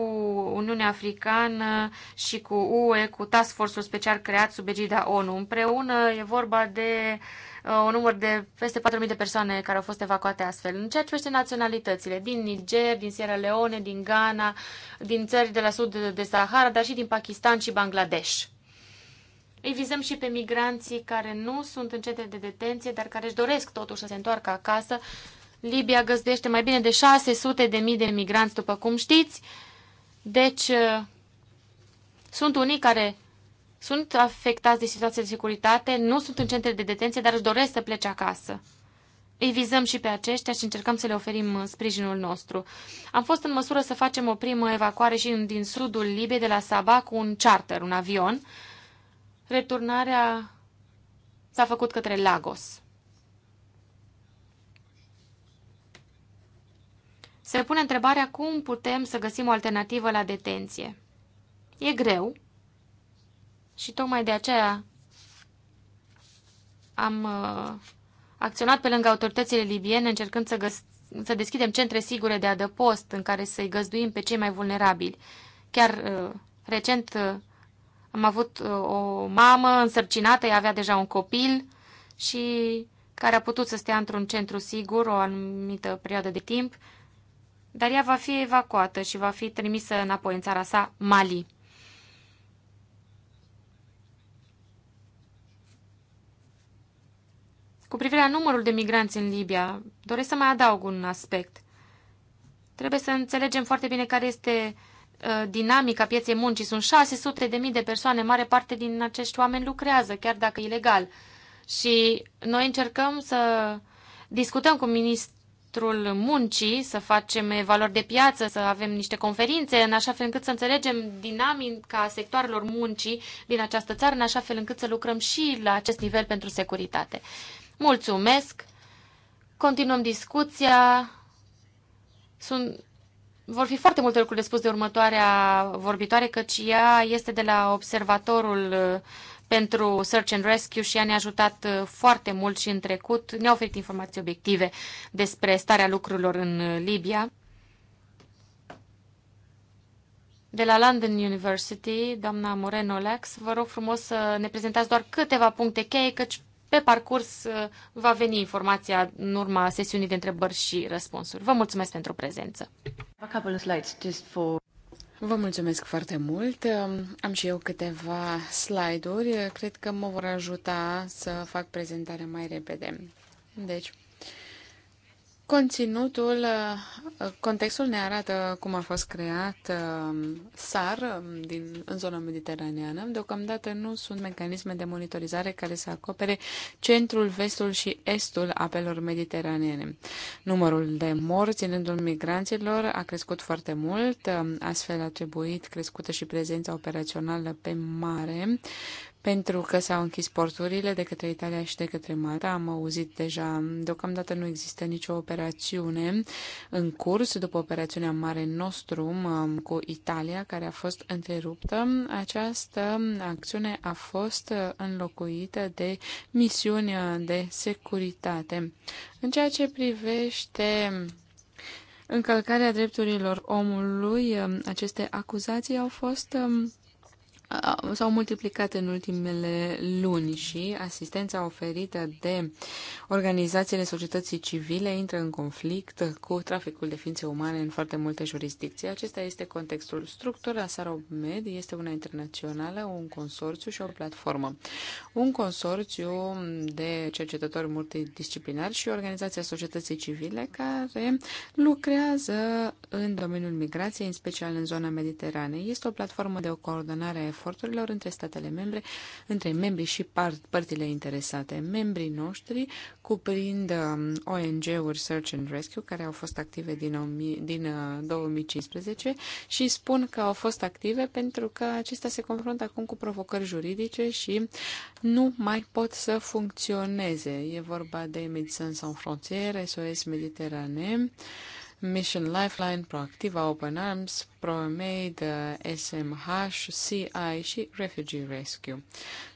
S3: Uniunea Africană și cu UE, cu Task Force-ul special creat sub egida ONU. Împreună e vorba de uh, Uh, un număr de peste 4.000 de persoane care au fost evacuate astfel. În ceea ce privește naționalitățile, din Niger, din Sierra Leone, din Ghana, din țări de la sud de Sahara, dar și din Pakistan și Bangladesh. Îi vizăm și pe migranții care nu sunt în centre de detenție, dar care își doresc totuși să se întoarcă acasă. Libia găzduiește mai bine de 600 de mii de migranți, după cum știți. Deci, uh, sunt unii care sunt afectați de situația de securitate, nu sunt în centre de detenție, dar își doresc să plece acasă. Îi vizăm și pe aceștia și încercăm să le oferim uh, sprijinul nostru. Am fost în măsură să facem o primă evacuare și din sudul Libiei, de la Saba cu un charter, un avion. Returnarea s-a făcut către Lagos. Se pune întrebarea cum putem să găsim o alternativă la detenție. E greu, și tocmai de aceea am uh, acționat pe lângă autoritățile libiene încercând să, să deschidem centre sigure de adăpost în care să-i găzduim pe cei mai vulnerabili. Chiar uh, recent uh, am avut uh, o mamă însărcinată, ea avea deja un copil și care a putut să stea într-un centru sigur o anumită perioadă de timp, dar ea va fi evacuată și va fi trimisă înapoi în țara sa, Mali. Cu privire la numărul de migranți în Libia, doresc să mai adaug un aspect. Trebuie să înțelegem foarte bine care este uh, dinamica pieței muncii. Sunt 600 de mii de persoane, mare parte din acești oameni lucrează, chiar dacă ilegal. Și noi încercăm să discutăm cu ministrul muncii, să facem evaluări de piață, să avem niște conferințe, în așa fel încât să înțelegem dinamica sectoarelor muncii din această țară, în așa fel încât să lucrăm și la acest nivel pentru securitate. Mulțumesc! Continuăm discuția. Sunt, vor fi foarte multe lucruri de spus de următoarea vorbitoare, căci ea este de la observatorul uh, pentru Search and Rescue și ea ne-a ajutat uh, foarte mult și în trecut. Ne-a oferit informații obiective despre starea lucrurilor în uh, Libia. De la London University, doamna Moreno Lex, vă rog frumos să ne prezentați doar câteva puncte cheie, căci pe parcurs uh, va veni informația în urma sesiunii de întrebări și răspunsuri. Vă mulțumesc pentru prezență.
S4: Vă mulțumesc foarte mult. Am și eu câteva slide-uri. Cred că mă vor ajuta să fac prezentarea mai repede. Deci, Conținutul, uh, contextul ne arată cum a fost creat um, SAR um, din, în zona mediteraneană. Deocamdată nu sunt mecanisme de monitorizare care să acopere centrul, vestul și estul apelor mediteraneene. Numărul de morți în rândul migranților a crescut foarte mult, um, astfel a trebuit crescută și prezența operațională pe mare pentru că s-au închis porturile de către Italia și de către Malta. Am auzit deja, deocamdată nu există nicio operațiune în curs după operațiunea Mare Nostrum um, cu Italia, care a fost întreruptă. Această acțiune a fost uh, înlocuită de misiuni uh, de securitate. În ceea ce privește încălcarea drepturilor omului, um, aceste acuzații au fost um, s-au multiplicat în ultimele luni și asistența oferită de organizațiile societății civile intră în conflict cu traficul de ființe umane în foarte multe jurisdicții. Acesta este contextul. Structura Saromed este una internațională, un consorțiu și o platformă. Un consorțiu de cercetători multidisciplinari și organizația societății civile care lucrează în domeniul migrației, în special în zona Mediteranei. Este o platformă de o coordonare eforturilor între statele membre, între membrii și părțile interesate. Membrii noștri cuprind um, ONG-uri Search and Rescue, care au fost active din, din 2015 uh, și spun că au fost active pentru că acestea se confruntă acum cu provocări juridice și nu mai pot să funcționeze. E vorba de Médecins Sans Frontières, SOS Mediterranean. Mission Lifeline, Proactiva, Open Arms, ProMaid, SMH, CI și Refugee Rescue.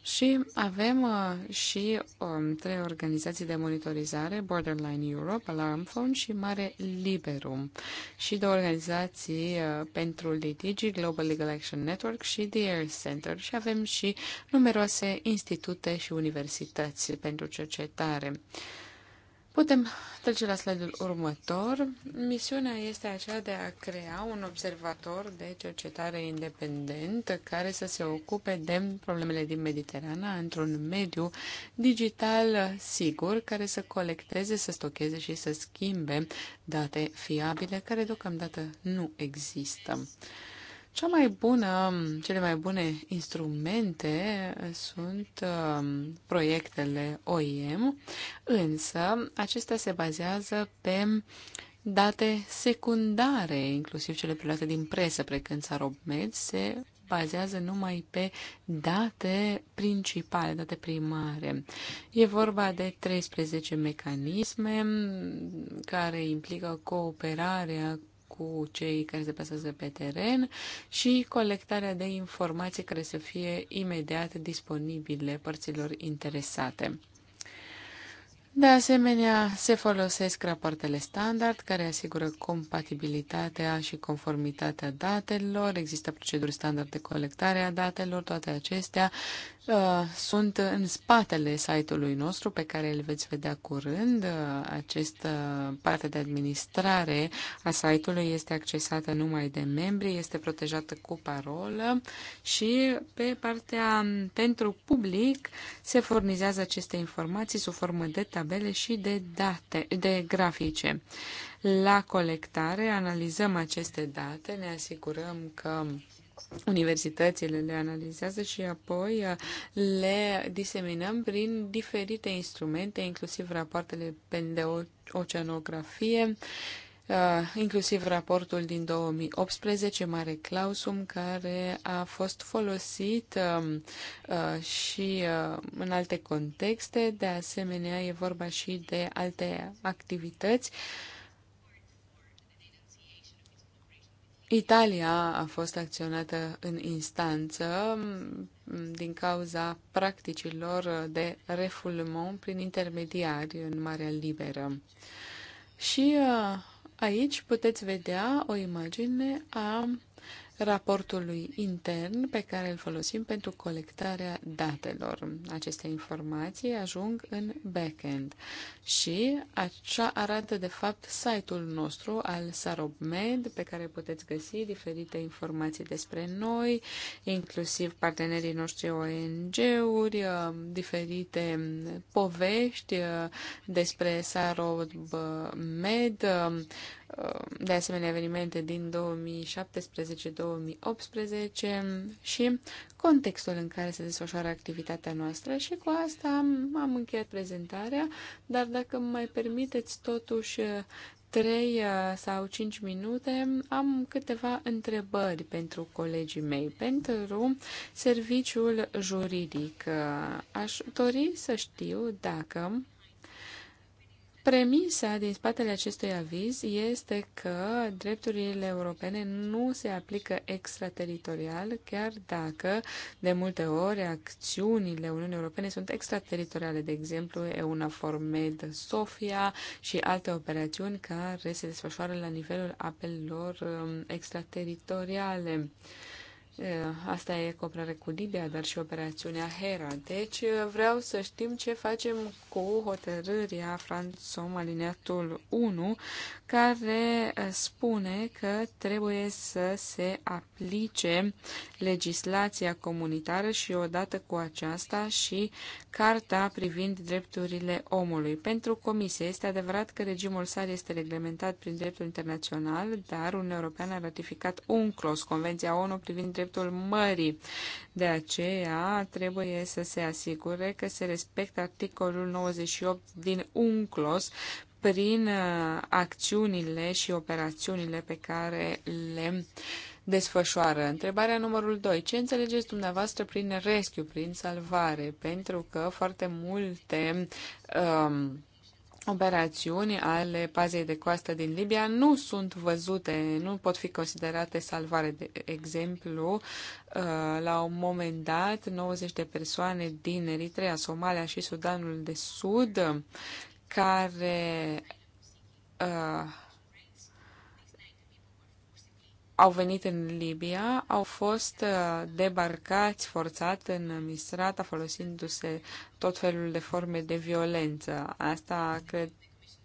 S4: Și avem uh, și um, trei organizații de monitorizare, Borderline Europe, Alarm Phone și Mare Liberum. Și două organizații uh, pentru litigi, Global Legal Action Network și The Air Center. Și avem și numeroase institute și universități pentru cercetare. Uh, Putem trece la slide-ul următor. Misiunea este aceea de a crea un observator de cercetare independent care să se ocupe de problemele din Mediterana într-un mediu digital sigur care să colecteze, să stocheze și să schimbe date fiabile care deocamdată nu există. Cea mai bună, cele mai bune instrumente sunt um, proiectele OIM, însă acestea se bazează pe date secundare, inclusiv cele preluate din presă, precând Sarobmed, se bazează numai pe date principale, date primare. E vorba de 13 mecanisme care implică cooperarea cu cei care se pasează pe teren și colectarea de informații care să fie imediat disponibile părților interesate. De asemenea, se folosesc rapoartele standard care asigură compatibilitatea și conformitatea datelor. Există proceduri standard de colectare a datelor. Toate acestea Uh, sunt în spatele site-ului nostru pe care îl veți vedea curând. Uh, Această uh, parte de administrare a site-ului este accesată numai de membri, este protejată cu parolă și pe partea um, pentru public se furnizează aceste informații sub formă de tabele și de date, de grafice. La colectare analizăm aceste date, ne asigurăm că Universitățile le analizează și apoi uh, le diseminăm prin diferite instrumente, inclusiv rapoartele de oceanografie, uh, inclusiv raportul din 2018, Mare Clausum, care a fost folosit um, uh, și în alte contexte. De asemenea, e vorba și de alte activități. Italia a fost acționată în instanță din cauza practicilor de refoulement prin intermediari în Marea Liberă. Și uh, aici puteți vedea o imagine a raportului intern pe care îl folosim pentru colectarea datelor. Aceste informații ajung în backend și așa arată de fapt site-ul nostru al Sarobmed pe care puteți găsi diferite informații despre noi, inclusiv partenerii noștri ONG-uri, uh, diferite povești uh, despre Sarobmed, uh, Uh, de asemenea evenimente din 2017-2018 și contextul în care se desfășoară activitatea noastră și cu asta am, am încheiat prezentarea, dar dacă mai permiteți totuși 3 uh, uh, sau 5 minute, am câteva întrebări pentru colegii mei, pentru serviciul juridic. Aș dori să știu dacă Premisa din spatele acestui aviz este că drepturile europene nu se aplică extrateritorial, chiar dacă de multe ori acțiunile Uniunii Europene sunt extrateritoriale, de exemplu EUNAFOR Med Sofia și alte operațiuni care se desfășoară la nivelul apelor um, extrateritoriale. Eh, asta e cooperare cu Libia, dar și operațiunea Hera. Deci eh, vreau să știm ce facem cu hotărârea Franțom aliniatul 1, care eh, spune că trebuie să se aplice legislația comunitară și odată cu aceasta și carta privind drepturile omului. Pentru Comisie este adevărat că regimul SAR este reglementat prin dreptul internațional, dar Uniunea Europeană a ratificat UNCLOS, Convenția ONU privind drepturile dreptul mării. De aceea trebuie să se asigure că se respectă articolul 98 din UNCLOS prin uh, acțiunile și operațiunile pe care le desfășoară. Întrebarea numărul 2. Ce înțelegeți dumneavoastră prin rescue, prin salvare? Pentru că foarte multe um, operațiuni ale pazei de coastă din Libia nu sunt văzute, nu pot fi considerate salvare. De exemplu, uh, la un moment dat, 90 de persoane din Eritrea, Somalia și Sudanul de Sud, care uh, au venit în Libia au fost uh, debarcați forțat în Misrata, folosindu-se tot felul de forme de violență. Asta cred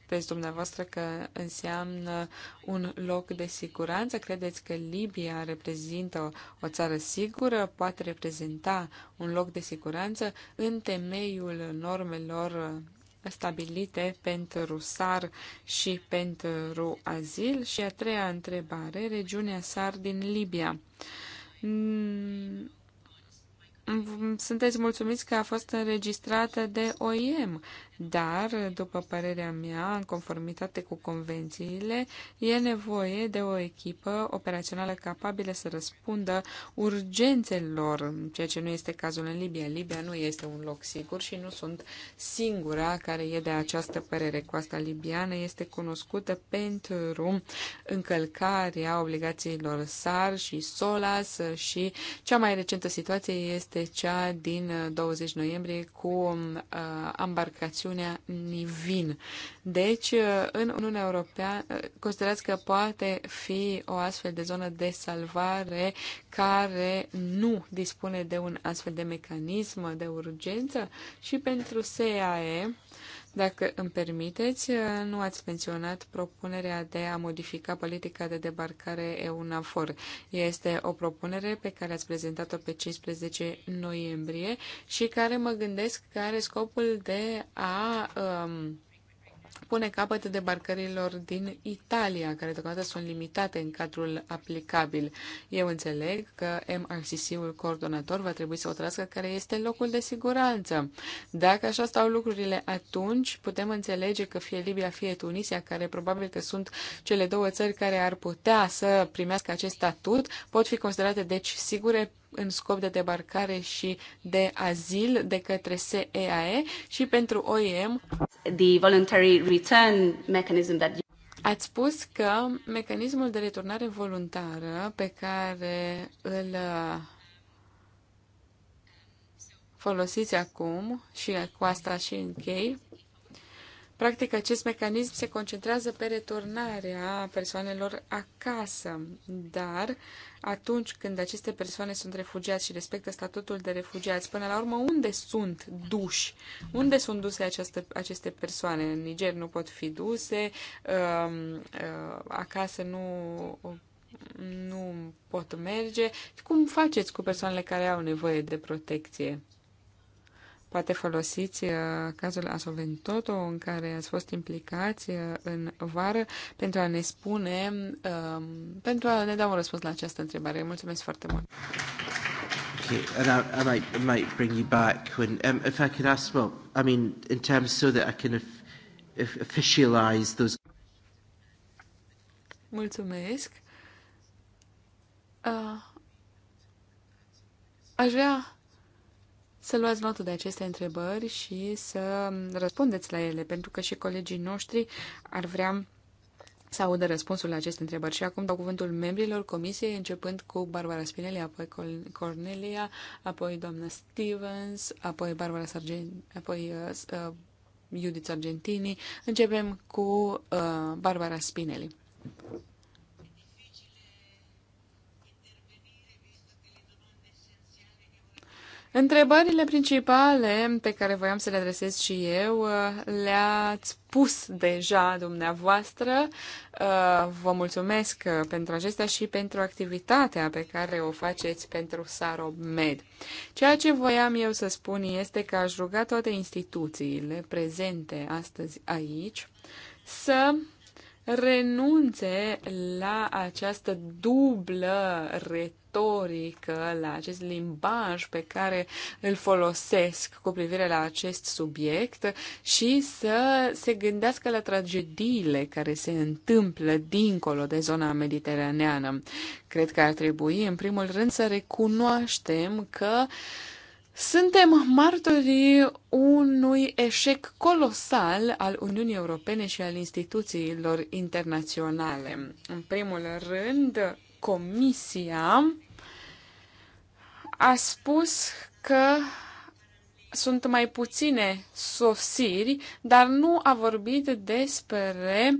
S4: Credeți dumneavoastră că înseamnă un loc de siguranță? Credeți că Libia reprezintă o țară sigură? Poate reprezenta un loc de siguranță în temeiul normelor stabilite pentru SAR și pentru azil? Și a treia întrebare, regiunea SAR din Libia. Mm, sunteți mulțumiți că a fost înregistrată de OIM, dar, după părerea mea, în conformitate cu convențiile, e nevoie de o echipă operațională capabilă să răspundă urgențelor, ceea ce nu este cazul în Libia. Libia nu este un loc sigur și nu sunt singura care e de această părere. Coasta libiană este cunoscută pentru încălcarea obligațiilor SAR și SOLAS și cea mai recentă situație este cea din 20 noiembrie cu uh, misiunea Nivin. Deci, uh, în Uniunea Europeană, uh, considerați că poate fi o astfel de zonă de salvare care nu dispune de un astfel de mecanism de urgență și pentru SEAE. Dacă îmi permiteți, nu ați menționat propunerea de a modifica politica de debarcare EUNAFOR. Este o propunere pe care ați prezentat-o pe 15 noiembrie și care mă gândesc că are scopul de a um, pune capăt debarcărilor din Italia, care deocamdată sunt limitate în cadrul aplicabil. Eu înțeleg că MRCC-ul coordonator va trebui să otrască care este locul de siguranță. Dacă așa stau lucrurile atunci, putem înțelege că fie Libia, fie Tunisia, care probabil că sunt cele două țări care ar putea să primească acest statut, pot fi considerate deci sigure în scop de debarcare și de azil de către SEAE și pentru OIM. The voluntary return mechanism that you. Ați spus că mecanismul de returnare voluntară pe care îl uh, folosiți acum și cu asta și închei, Practic, acest mecanism se concentrează pe returnarea persoanelor acasă, dar atunci când aceste persoane sunt refugiați și respectă statutul de refugiați, până la urmă, unde sunt duși? Unde sunt duse această, aceste persoane? În Niger nu pot fi duse, um, uh, acasă nu nu pot merge. Cum faceți cu persoanele care au nevoie de protecție? Poate folosiți uh, cazul Asoventoto în care ați fost implicați uh, în vară pentru a ne spune, um, pentru a ne da un răspuns la această întrebare. Mulțumesc foarte mult!
S7: Okay,
S1: and I, I might I might bring you back when um, if I could ask well I mean in terms so that I can if, if officialize those.
S4: Mulțumesc. Uh, aș vrea să luați notă de aceste întrebări și să răspundeți la ele, pentru că și colegii noștri ar vrea să audă răspunsul la aceste întrebări. Și acum dau cuvântul membrilor comisiei, începând cu Barbara Spinelli, apoi Cornelia, apoi doamna Stevens, apoi Barbara Sargent, apoi uh, uh Judith Argentini. Începem cu uh, Barbara Spinelli. Întrebările principale pe care voiam să le adresez și eu uh, le-ați pus deja dumneavoastră. Uh, vă mulțumesc uh, pentru acestea și pentru activitatea pe care o faceți pentru Saromed. Ceea ce voiam eu să spun este că aș ruga toate instituțiile prezente astăzi aici să renunțe la această dublă retorică retorică, la acest limbaj pe care îl folosesc cu privire la acest subiect și să se gândească la tragediile care se întâmplă dincolo de zona mediteraneană. Cred că ar trebui, în primul rând, să recunoaștem că suntem martorii unui eșec colosal al Uniunii Europene și al instituțiilor internaționale. În primul rând, Comisia a spus că sunt mai puține sosiri, dar nu a vorbit despre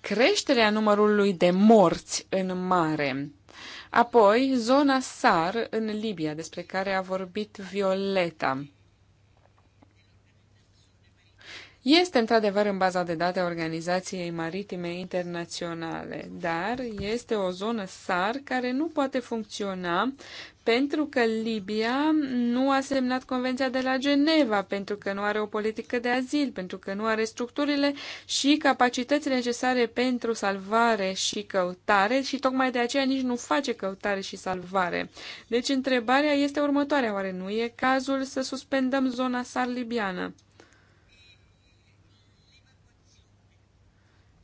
S4: creșterea numărului de morți în mare. Apoi, zona SAR în Libia, despre care a vorbit Violeta. este într-adevăr în baza de date a Organizației Maritime Internaționale, dar este o zonă SAR care nu poate funcționa pentru că Libia nu a semnat Convenția de la Geneva, pentru că nu are o politică de azil, pentru că nu are structurile și capacitățile necesare pentru salvare și căutare și tocmai de aceea nici nu face căutare și salvare. Deci întrebarea este următoarea, oare nu e cazul să suspendăm zona SAR libiană?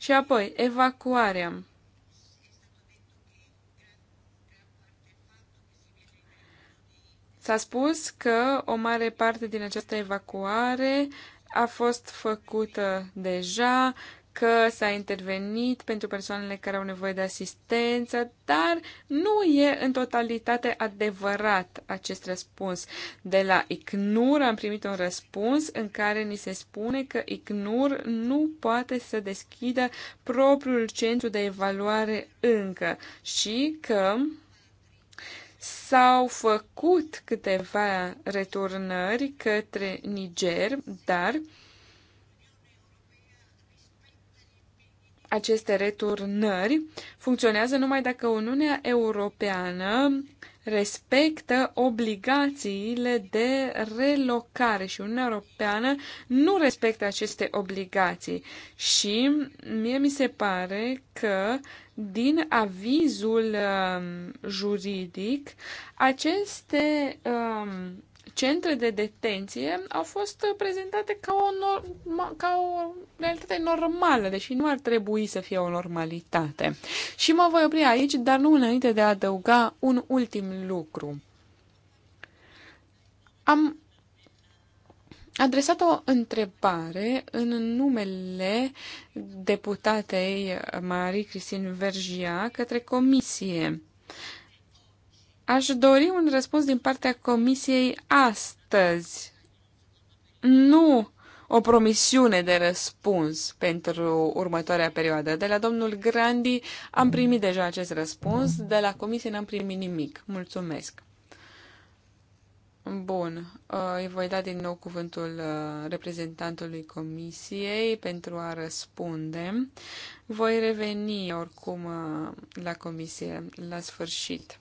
S4: Și apoi, evacuarea. S-a spus că o mare parte din această evacuare a fost făcută deja, că s-a intervenit pentru persoanele care au nevoie de asistență, dar nu e în totalitate adevărat acest răspuns. De la ICNUR am primit un răspuns în care ni se spune că ICNUR nu poate să deschidă propriul centru de evaluare încă și că S-au făcut câteva returnări către Niger, dar aceste returnări funcționează numai dacă Uniunea Europeană respectă obligațiile de relocare și Uniunea Europeană nu respectă aceste obligații. Și mie mi se pare că din avizul um, juridic aceste um, centre de detenție au fost prezentate ca o, norma, ca o realitate normală, deși nu ar trebui să fie o normalitate. Și mă voi opri aici, dar nu înainte de a adăuga un ultim lucru. Am adresat o întrebare în numele deputatei Marie-Christine Vergia către comisie Aș dori un răspuns din partea Comisiei astăzi. Nu o promisiune de răspuns pentru următoarea perioadă. De la domnul Grandi am primit deja acest răspuns, de la comisie n-am primit nimic. Mulțumesc. Bun, uh, îi voi da din nou cuvântul uh, reprezentantului comisiei pentru a răspunde. Voi reveni oricum uh, la comisie la sfârșit.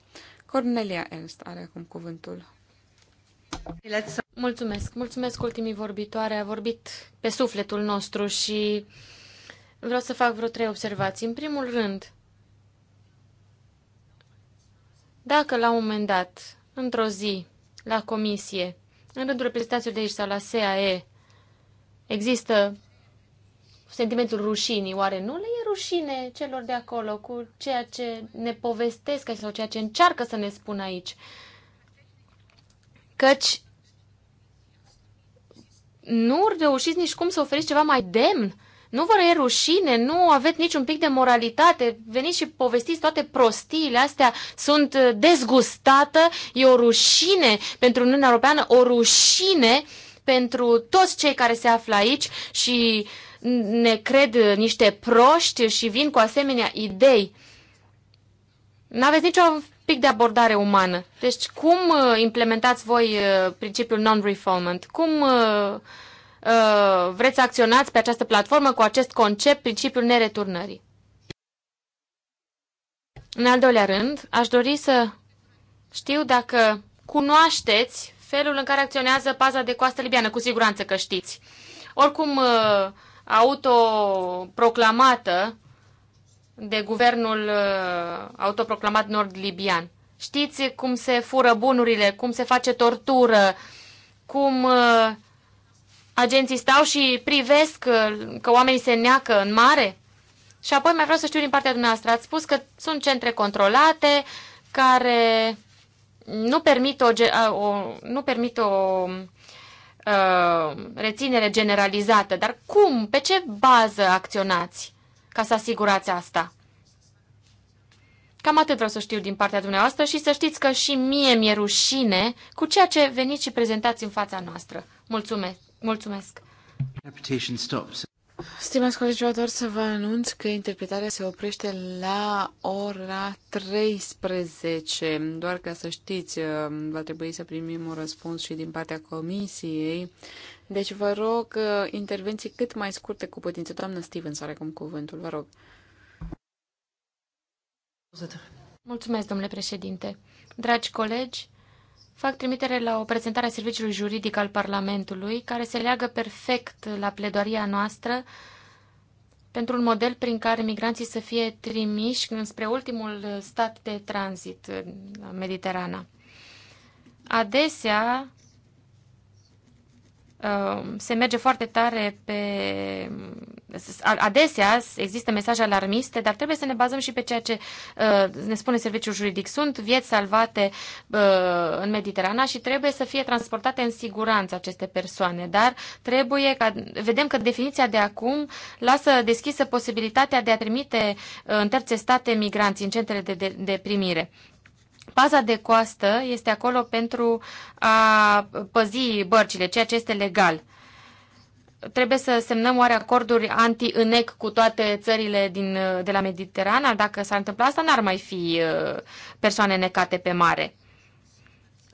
S4: Cornelia Ernst are acum cuvântul.
S3: Mulțumesc. Mulțumesc ultimii vorbitoare. A vorbit pe sufletul nostru și vreau să fac vreo trei observații. În primul rând, dacă la un moment dat, într-o zi, la comisie, în rândul reprezentanților de aici sau la SAE, există sentimentul rușinii, oare nu le rușine celor de acolo cu ceea ce ne povestesc sau ceea ce încearcă să ne spună aici. Căci nu reușiți nici cum să oferiți ceva mai demn. Nu vă e rușine, nu aveți niciun pic de moralitate, veniți și povestiți toate prostiile astea, sunt dezgustată, e o rușine pentru Uniunea Europeană, o rușine pentru toți cei care se află aici și uh, ne cred niște proști și vin cu asemenea idei. N-aveți niciun pic de abordare umană. Deci cum uh, implementați voi uh, principiul non-refoulement? Cum uh, vreți să acționați pe această platformă cu acest concept, principiul nereturnării? În al doilea rând, aș dori să știu dacă cunoașteți felul în care acționează paza de coastă libiană. Cu siguranță că știți. Oricum, autoproclamată de guvernul uh, autoproclamat nord-libian. Știți cum se fură bunurile, cum se face tortură, cum uh, agenții stau și privesc uh, că oamenii se neacă în mare? Și apoi mai vreau să știu din partea dumneavoastră, ați spus că sunt centre controlate care nu permit o, o, nu permit o Uh, reținere generalizată, dar cum, pe ce bază acționați ca să asigurați asta? Cam atât vreau să știu din partea dumneavoastră și să știți că și mie mi-e rușine cu ceea ce veniți și prezentați în fața noastră. Mulțumesc! Mulțumesc! Stimați colegi, eu doar să vă anunț că interpretarea se oprește la
S4: ora 13. Doar ca să știți, uh, va trebui să primim un răspuns și din partea comisiei. Deci vă rog uh, intervenții cât mai scurte cu putință. Doamna Stevens are cum cuvântul, vă rog.
S3: Mulțumesc, domnule președinte. Dragi colegi, fac trimitere la o prezentare a Serviciului Juridic al Parlamentului, care se leagă perfect la pledoaria noastră pentru un model prin care migranții să fie trimiși spre ultimul stat de tranzit, Mediterana. Adesea, Um, se merge foarte tare pe... Adesea există mesaje alarmiste, dar trebuie să ne bazăm și pe ceea ce uh, ne spune serviciul juridic. Sunt vieți salvate uh, în Mediterana și trebuie să fie transportate în siguranță aceste persoane, dar trebuie ca... Vedem că definiția de acum lasă deschisă posibilitatea de a trimite uh, în terțe state migranți în centrele de, de, de primire. Paza de coastă este acolo pentru a păzi bărcile, ceea ce este legal. Trebuie să semnăm oare acorduri anti-înec cu toate țările din, de la Mediterana? Dacă s-ar întâmpla asta, n-ar mai fi uh, persoane necate pe mare.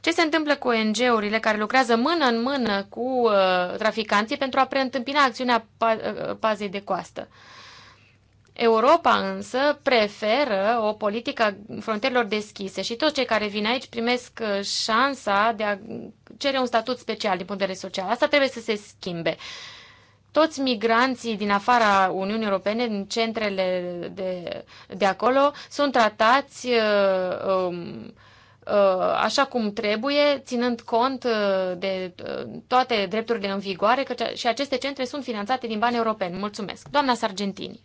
S3: Ce se întâmplă cu ONG-urile care lucrează mână în mână cu uh, traficanții pentru a preîntâmpina acțiunea uh, pazei de coastă? Europa însă preferă o politică a frontierelor deschise și toți cei care vin aici primesc uh, șansa de a cere un statut special din punct de vedere social. Asta trebuie să se schimbe. Toți migranții din afara Uniunii Europene, din centrele de, de acolo, sunt tratați uh, um, uh, așa cum trebuie, ținând cont uh, de toate drepturile în vigoare că și aceste centre sunt finanțate din bani europeni. Mulțumesc. Doamna Sargentini.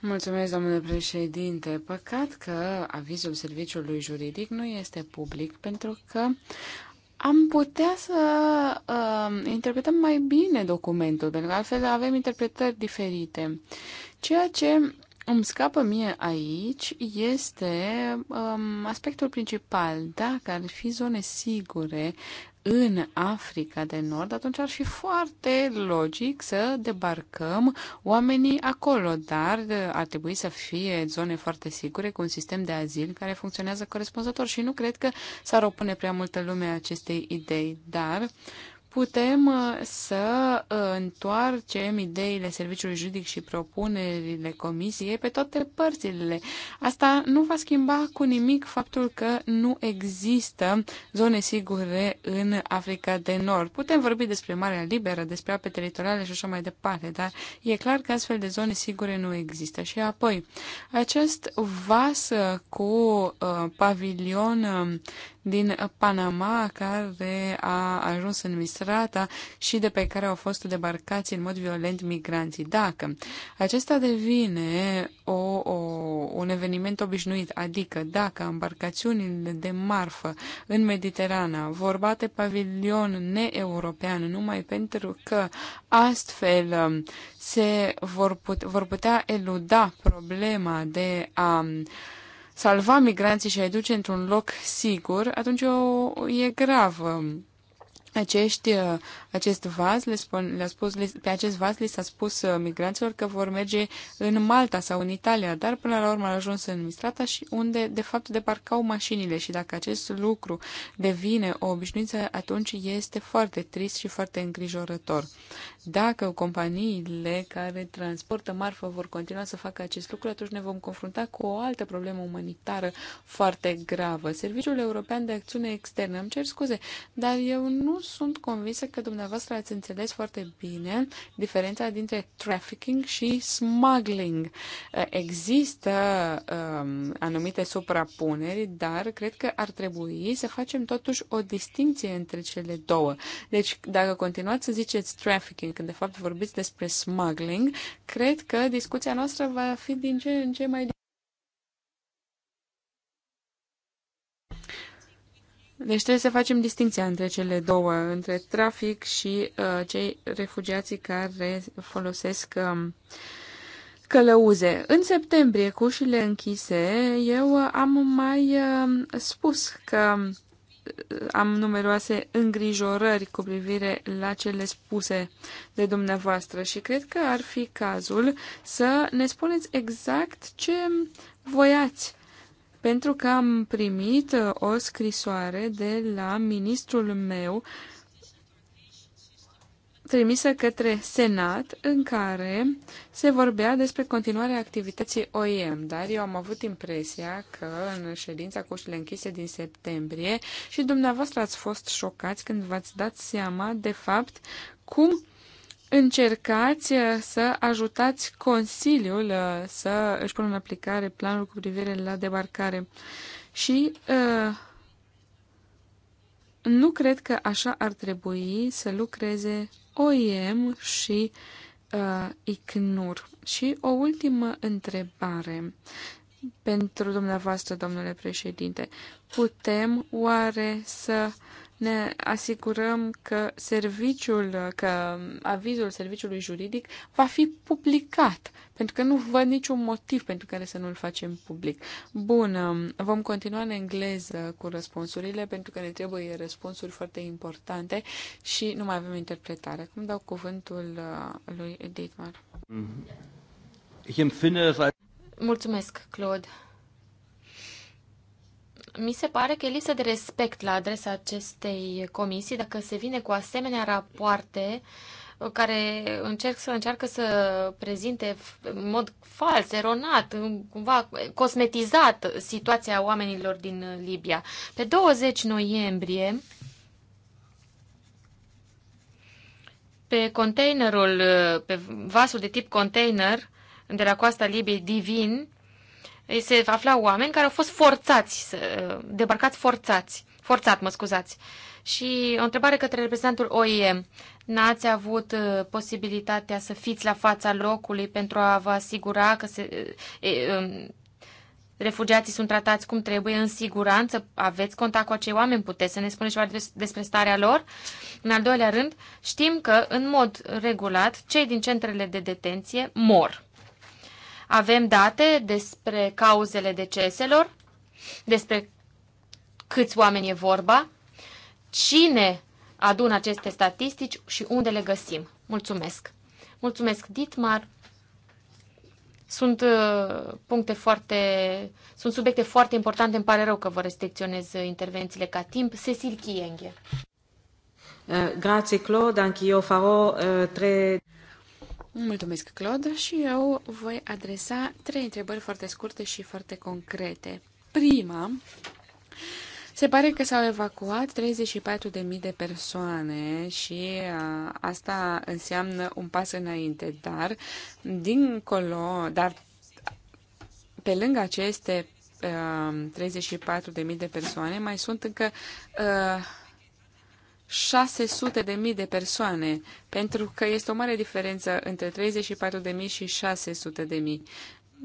S4: Mulțumesc, domnule președinte. Păcat că avizul serviciului juridic nu este public, pentru că am putea să uh, interpretăm mai bine documentul, pentru că altfel avem interpretări diferite. Ceea ce îmi scapă mie aici este um, aspectul principal. Dacă ar fi zone sigure în Africa de Nord, atunci ar fi foarte logic să debarcăm oamenii acolo, dar uh, ar trebui să fie zone foarte sigure cu un sistem de azil care funcționează corespunzător și nu cred că s-ar opune prea multă lume acestei idei, dar putem uh, să uh, întoarcem ideile serviciului juridic și propunerile comisiei pe toate părțile. Asta nu va schimba cu nimic faptul că nu există zone sigure în Africa de Nord. Putem vorbi despre Marea Liberă, despre ape teritoriale și așa mai departe, dar e clar că astfel de zone sigure nu există. Și apoi, acest vas cu uh, pavilion uh, din Panama care a ajuns în Mr strata și de pe care au fost debarcați în mod violent migranții. Dacă acesta devine o, o, un eveniment obișnuit, adică dacă embarcațiunile de marfă în Mediterana vor bate pavilion neeuropean numai pentru că astfel um, se vor, put, vor putea eluda problema de a um, salva migranții și a-i duce într-un loc sigur, atunci o, e gravă um, acești, uh, acest vas, le spun, le spus, le, pe acest vas li s-a spus uh, migranților că vor merge în Malta sau în Italia, dar până la urmă au ajuns în Mistrata și unde de fapt deparcau mașinile și dacă acest lucru devine o obișnuință, atunci este foarte trist și foarte îngrijorător. Dacă companiile care transportă marfă vor continua să facă acest lucru, atunci ne vom confrunta cu o altă problemă umanitară foarte gravă. Serviciul European de Acțiune Externă, îmi cer scuze, dar eu nu sunt convinsă că dumneavoastră ați înțeles foarte bine diferența dintre trafficking și smuggling. Uh, există um, anumite suprapuneri, dar cred că ar trebui să facem totuși o distinție între cele două. Deci, dacă continuați să ziceți trafficking, când de fapt vorbiți despre smuggling, cred că discuția noastră va fi din ce în ce mai Deci trebuie să facem distinția între cele două, între trafic și uh, cei refugiații care folosesc uh, călăuze. În septembrie, cu ușile închise, eu am mai uh, spus că uh, am numeroase îngrijorări cu privire la cele spuse de dumneavoastră și cred că ar fi cazul să ne spuneți exact ce voiați pentru că am primit uh, o scrisoare de la ministrul meu trimisă către Senat în care se vorbea despre continuarea activității OIM, dar eu am avut impresia că în ședința cu ușile închise din septembrie și dumneavoastră ați fost șocați când v-ați dat seama de fapt cum încercați uh, să ajutați Consiliul uh, să își pună în aplicare planul cu privire la debarcare. Și uh, nu cred că așa ar trebui să lucreze OIM și ICNUR. Și o ultimă întrebare pentru dumneavoastră, domnule președinte. Putem oare să uh, ne asigurăm că serviciul, că avizul serviciului juridic va fi publicat, pentru că nu văd niciun motiv pentru care să nu-l facem public. Bun, vom continua în engleză cu răspunsurile, pentru că ne trebuie răspunsuri foarte importante și nu mai avem interpretare. Acum dau cuvântul
S3: uh, lui Dietmar. Mhm. Mulțumesc, Claude mi se pare că e lipsă de respect la adresa acestei comisii dacă se vine cu asemenea rapoarte uh, care încerc să încearcă să prezinte în mod fals, eronat, uh, cumva cosmetizat situația oamenilor din Libia. Pe 20 noiembrie, pe containerul, uh, pe vasul de tip container de la coasta Libiei Divin, se aflau oameni care au fost forțați, debarcați forțați, forțat, mă scuzați. Și o întrebare către reprezentantul OIM. N-ați avut uh, posibilitatea să fiți la fața locului pentru a vă asigura că se, e, e, um, refugiații sunt tratați cum trebuie, în siguranță? Aveți contact cu acei oameni? Puteți să ne spuneți ceva despre starea lor? În al doilea rând, știm că, în mod regulat, cei din centrele de detenție mor. Avem date despre cauzele deceselor, despre câți oameni e vorba, cine adună aceste statistici și unde le găsim. Mulțumesc! Mulțumesc, Ditmar! Sunt uh, puncte foarte, sunt subiecte foarte importante. Îmi pare rău că vă restricționez intervențiile ca timp. Cecil Chienghe.
S4: Eh, grazie Claude, anch'io farò eh, tre... Mulțumesc, Claude, și eu voi adresa trei întrebări foarte scurte și foarte concrete. Prima, se pare că s-au evacuat 34.000 de persoane și asta înseamnă un pas înainte, dar dincolo, dar pe lângă aceste 34.000 de persoane mai sunt încă uh, 600.000 de de persoane, pentru că este o mare diferență între 34.000 și 600.000. de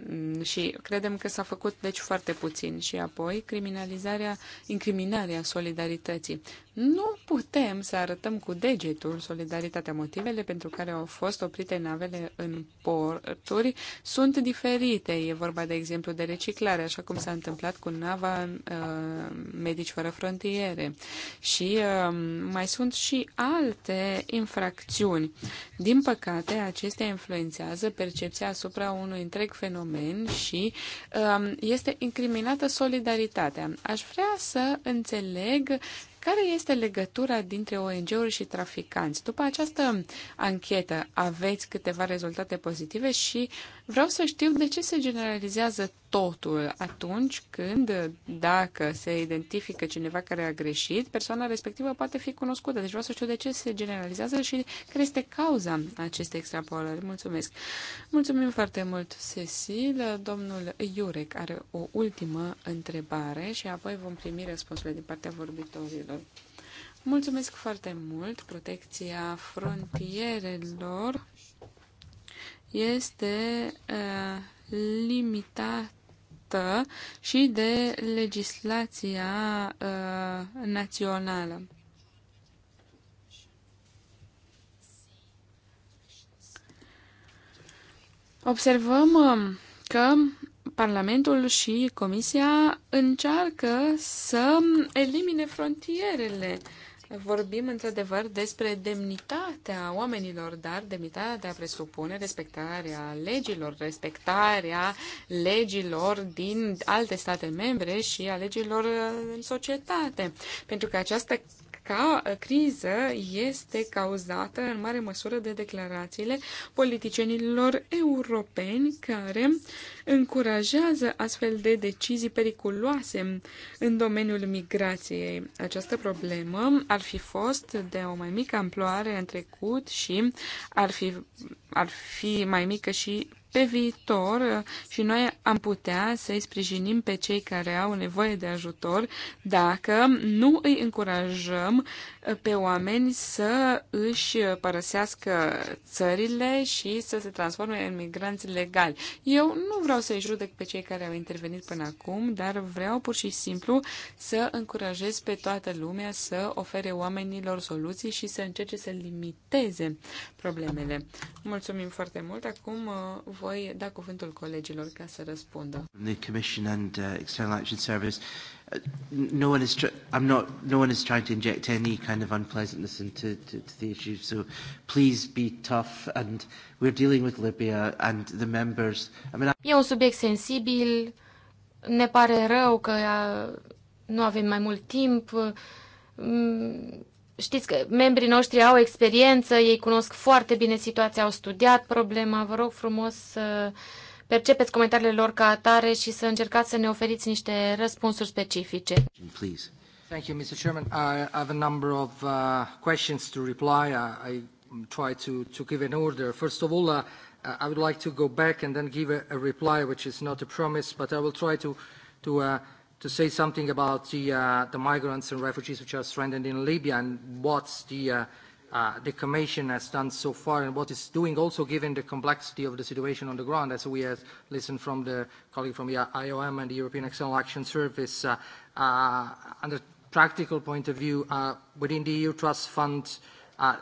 S4: Mm, și credem că s-a făcut deci foarte puțin și apoi criminalizarea, incriminarea solidarității. Nu putem să arătăm cu degetul solidaritatea. Motivele pentru care au fost oprite navele în porturi sunt diferite. E vorba, de exemplu, de reciclare, așa cum s-a întâmplat cu nava uh, Medici Fără Frontiere. Și uh, mai sunt și alte infracțiuni. Din păcate, acestea influențează percepția asupra unui întreg fenomen oameni și um, este incriminată solidaritatea. Aș vrea să înțeleg care este legătura dintre ONG-uri și traficanți? După această anchetă aveți câteva rezultate pozitive și vreau să știu de ce se generalizează totul atunci când, dacă se identifică cineva care a greșit, persoana respectivă poate fi cunoscută. Deci vreau să știu de ce se generalizează și care este cauza acestei extrapolări. Mulțumesc! Mulțumim foarte mult, Cecil. Domnul Iurec are o ultimă întrebare și apoi vom primi răspunsurile din partea vorbitorilor. Mulțumesc foarte mult! Protecția frontierelor este uh, limitată și de legislația uh, națională. Observăm uh, că Parlamentul și Comisia încearcă să elimine frontierele. Vorbim într-adevăr despre demnitatea oamenilor, dar demnitatea presupune respectarea legilor, respectarea legilor din alte state membre și a legilor în societate. Pentru că această ca criză este cauzată în mare măsură de declarațiile politicienilor europeni care încurajează astfel de decizii periculoase în domeniul migrației. Această problemă ar fi fost de o mai mică amploare în trecut și ar fi, ar fi mai mică și pe viitor și noi am putea să-i sprijinim pe cei care au nevoie de ajutor dacă nu îi încurajăm pe oameni să își părăsească țările și să se transforme în migranți legali. Eu nu vreau să-i judec pe cei care au intervenit până acum, dar vreau pur și simplu să încurajez pe toată lumea să ofere oamenilor soluții și să încerce să limiteze problemele. Mulțumim foarte mult. Acum uh, voi da cuvântul colegilor ca să răspundă.
S7: The
S1: Commission and uh, External Action Service, uh, no one is I'm not no one is trying to inject any kind of unpleasantness into to, to the issue, so please be tough and we're dealing with Libya and the members. I mean, I...
S3: E un subiect sensibil. Ne pare rău că uh, nu avem mai mult timp mm, Știți că membrii noștri au experiență, ei cunosc foarte bine situația, au studiat problema. Vă rog frumos să percepeți comentariile lor ca atare și să încercați să ne oferiți niște răspunsuri specifice.
S6: Please. Thank you, Mr. Chairman. I have a number of uh, questions to reply. I, I try to, to give an order. First of all, uh, uh, I would like to go back and then give a, a reply, which is not a promise, but I will try to, to uh, to say something about the, uh, the migrants and refugees which are stranded in Libya and what the, uh, uh, the Commission has done so far and what it's doing also given the complexity of the situation on the ground as we have listened from the colleague from the IOM and the European External Action Service uh, uh, under practical point of view uh, within the EU Trust Fund uh,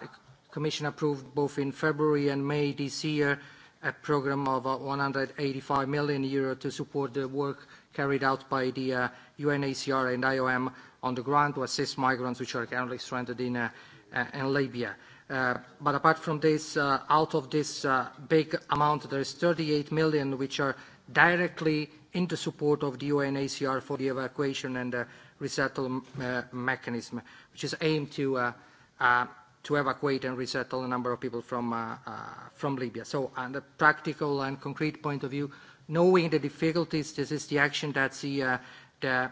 S6: Commission approved both in February and May this year a program of uh, 185 million euro to support the work carried out by the uh, UNHCR and IOM on the ground to assist migrants which are currently stranded in, uh, uh, in Libya. Uh, but apart from this, uh, out of this uh, big amount, there is 38 million which are directly in the support of the UNHCR for the evacuation and the resettlement uh, mechanism, which is aimed to, uh, uh, to evacuate and resettle a number of people from, uh, uh, from Libya. So on the practical and concrete point of view, knowing the difficulties, this is the action that the, uh, the,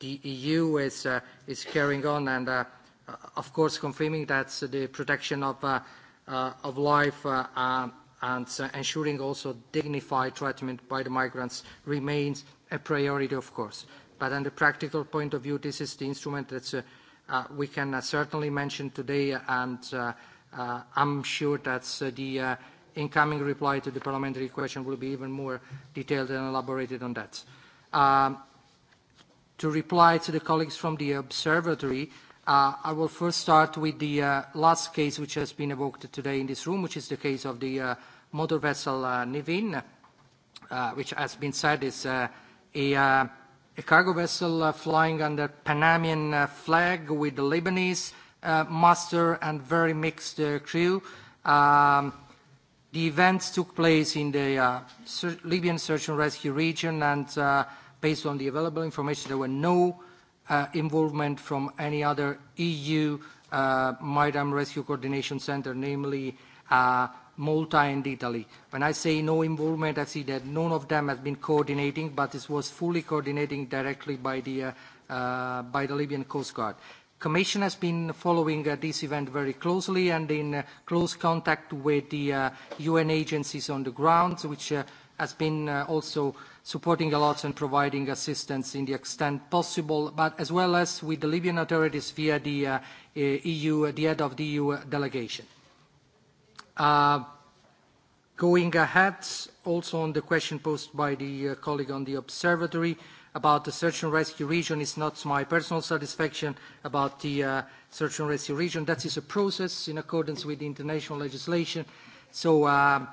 S6: the EU is, uh, is carrying on and, uh, uh, of course, confirming that the protection of, uh, uh, of life uh, uh, and uh, ensuring also dignified treatment by the migrants remains a priority, of course. But on the practical point of view, this is the instrument that uh, uh, we can uh, certainly mention today, and uh, uh, I'm sure that uh, the uh, incoming reply to the parliamentary question will be even more detailed and elaborated on that. Um, to reply to the colleagues from the observatory, uh, I will first start with the uh, last case which has been evoked today in this room, which is the case of the uh, motor vessel uh, Nivin, uh, which has been said is uh, a, uh, a cargo vessel uh, flying under Panamanian uh, flag with the Lebanese uh, master and very mixed uh, crew. Um, The events took place in the uh, Libyan search and rescue region and uh, based on the available information, there were no uh, involvement from any other EU uh, Maritime Rescue Coordination Center, namely uh, Malta and Italy. When I say no involvement, I see that none of them has been coordinating, but this was fully coordinating directly by the, uh, uh, by the Libyan Coast Guard. Commission has been following uh, this event very closely and in uh, close contact with the uh, UN agencies on the ground, which uh, has been uh, also supporting a lot and providing assistance in the extent possible, but as well as with the Libyan authorities via the uh, EU, the head of the EU delegation. going ahead, also on the question posed by the colleague on the observatory, uh, about the search and rescue region. It's not my personal satisfaction about the uh, search and rescue region. That is a process in accordance with international legislation. So um,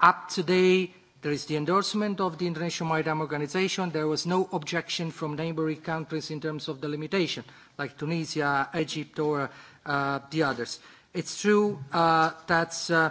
S6: up today, there is the endorsement of the International Maritime Organization. There was no objection from neighboring countries in terms of the limitation, like Tunisia, Egypt, or uh, the others. It's true uh, that uh,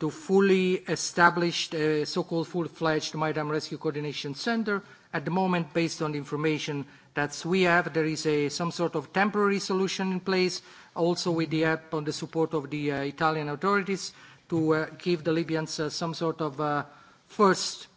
S6: to fully establish a so-called full-fledged maritime rescue coordination center. At the moment, based on the information that we have, there is a, some sort of temporary solution in place, also with the help and the support of the uh, Italian authorities, to uh, give the Libyans uh, some sort of uh, first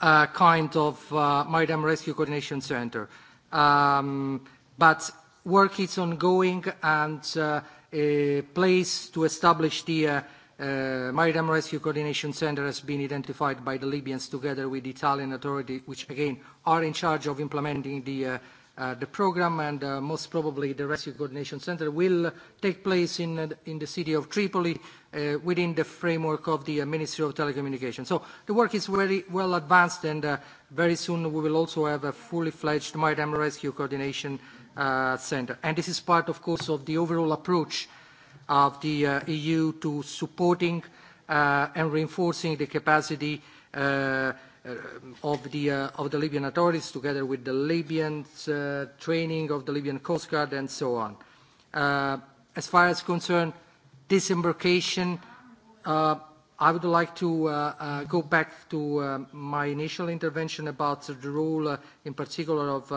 S6: uh, kind of uh, maritime rescue coordination center. Um, but work is ongoing and uh, a place to establish the uh, Uh, Maritime Rescue Coordination Center has been identified by the Libyans together with the Italian authority, which again are in charge of implementing the, uh, uh, the program, and uh, most probably the Rescue Coordination Center will take place in, uh, in the city of Tripoli uh, within the framework of the uh, Ministry of Telecommunications. So the work is very well advanced, and uh, very soon we will also have a fully fledged Maritime Rescue Coordination uh, Center. And this is part, of course, of the overall approach of the uh, EU to supporting uh, and reinforcing the capacity uh, uh of, the, uh, of the Libyan authorities together with the Libyan uh, training of the Libyan Coast Guard and so on. as far as concern disembarkation, I would like to go back to my initial intervention about the role in particular of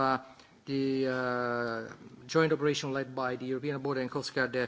S6: the joint operation led by the European Border and Coast Guard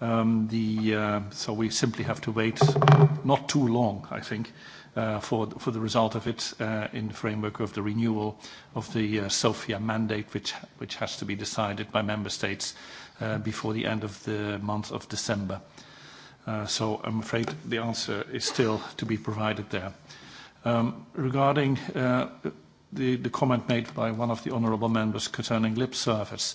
S5: Um, the, uh, so we simply have to wait not too long, I think, uh, for, for the result of it uh, in the framework of the renewal of the Sofia mandate, which, which has to be decided by member states before the end of the month of December. so I'm afraid the answer is still to be provided there. Um, regarding the, the comment made by one of the honourable members concerning lip service,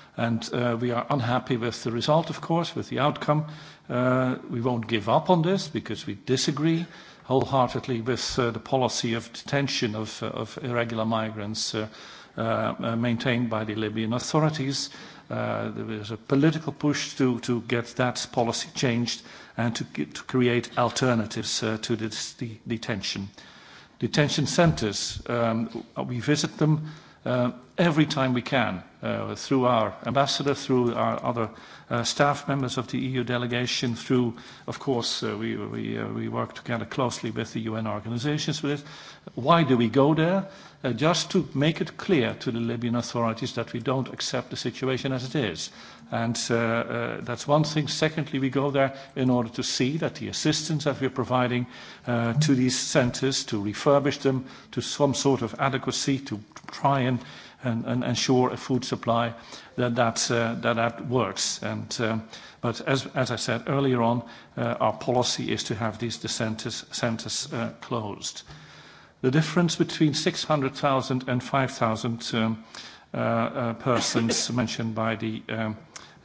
S5: And uh, we are unhappy with the result, of course, with the outcome. Uh, we won't give up on this because we disagree wholeheartedly with uh, the policy of detention of, uh, of irregular migrants uh, uh, uh maintained by the Libyan authorities. Uh, there is a political push to, to get that policy changed and to, get, to create alternatives uh, to this detention. Detention centres, um, we visit them uh, every time we can uh, through our ambassador, through our other uh, staff members of the EU delegation, through, of course, uh, we, we, uh, we work together closely with the UN organizations for this. Why do we go there? uh, just to make it clear to the Libyan authorities that we don't accept the situation as it is. And uh, uh, that's one thing. Secondly, we go there in order to see that the assistance that we're providing uh, to these centres, to refurbish them to some sort of adequacy, to try and, and, and ensure a food supply, that that, uh, that, that works. And, um, but as, as I said earlier on, uh, our policy is to have these the centres, centres uh, closed. Uh, The difference between 600,000 and 5,000 um, uh, uh, persons mentioned by the, um,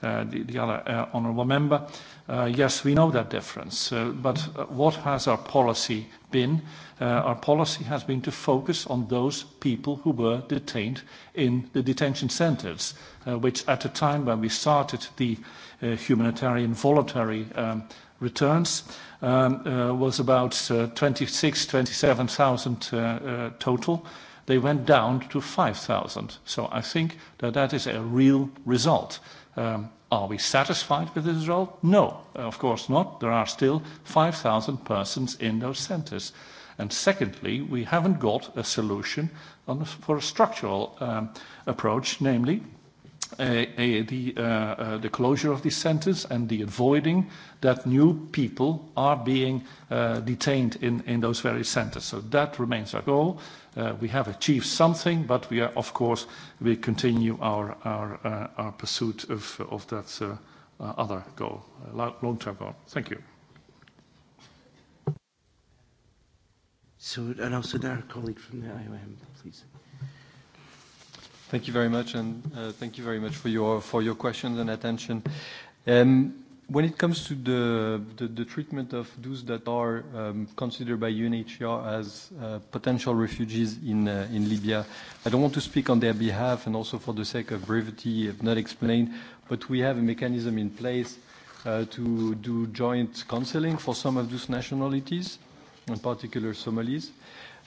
S5: uh, the, the other uh, honourable member. Uh, yes, we know that difference, uh, but uh, what has our policy been? Uh, our policy has been to focus on those people who were detained in the detention centres, uh, which at the time when we started the uh, humanitarian voluntary um, returns, Um, uh, was about uh, 26, 27,000 uh, uh, total. They went down to 5,000. So I think that that is a real result. Um, are we satisfied with this result? No, of course not. There are still 5,000 persons in those centres. And secondly, we haven't got a solution on, for a structural um, approach, namely the, uh, uh, the closure of these centers and the avoiding that new people are being uh, detained in, in those very centers. So that remains our goal. Uh, we have achieved something, but we are, of course, we continue our, our, uh, our pursuit of, of that uh, other goal, long-term goal. Thank you.
S1: So, and also our colleague from the IOM, please.
S8: Thank you very much, and uh, thank you very much for your for your questions and attention. Um, when it comes to the, the, the treatment of those that are um, considered by UNHCR as uh, potential refugees in, uh, in Libya, I don't want to speak on their behalf and also for the sake of brevity, have not explained, but we have a mechanism in place uh, to do joint counseling for some of those nationalities, in particular Somalis.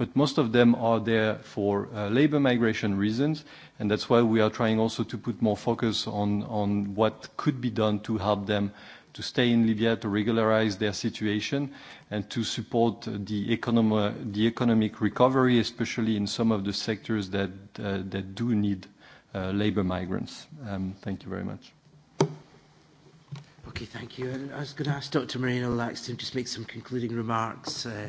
S8: but most of them are there for uh, labor migration reasons, and that's why we are trying also to put more focus on, on what could be done to help them to stay in Libya, to regularize their situation, and to support the, econom the economic recovery, especially in some of the sectors that, uh, that do need uh, labor migrants. Um, thank you very much.
S1: Okay, thank you. And I was going to ask Dr. Moreno Laxton just make some concluding remarks. Uh,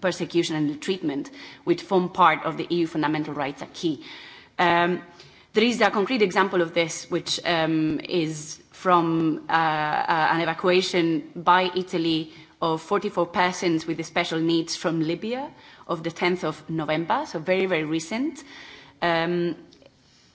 S9: persecution and ill treatment, which form part of the EU Fundamental Rights Acquis. Um, there is a concrete example of this, which um, is from uh, uh, an evacuation by Italy of 44 persons with special needs from Libya of the 10th of November, so very, very recent. Um,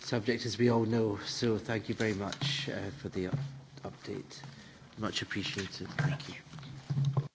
S1: subject, as we all know. So thank you very much uh, for the up update. Much appreciated. Thank you.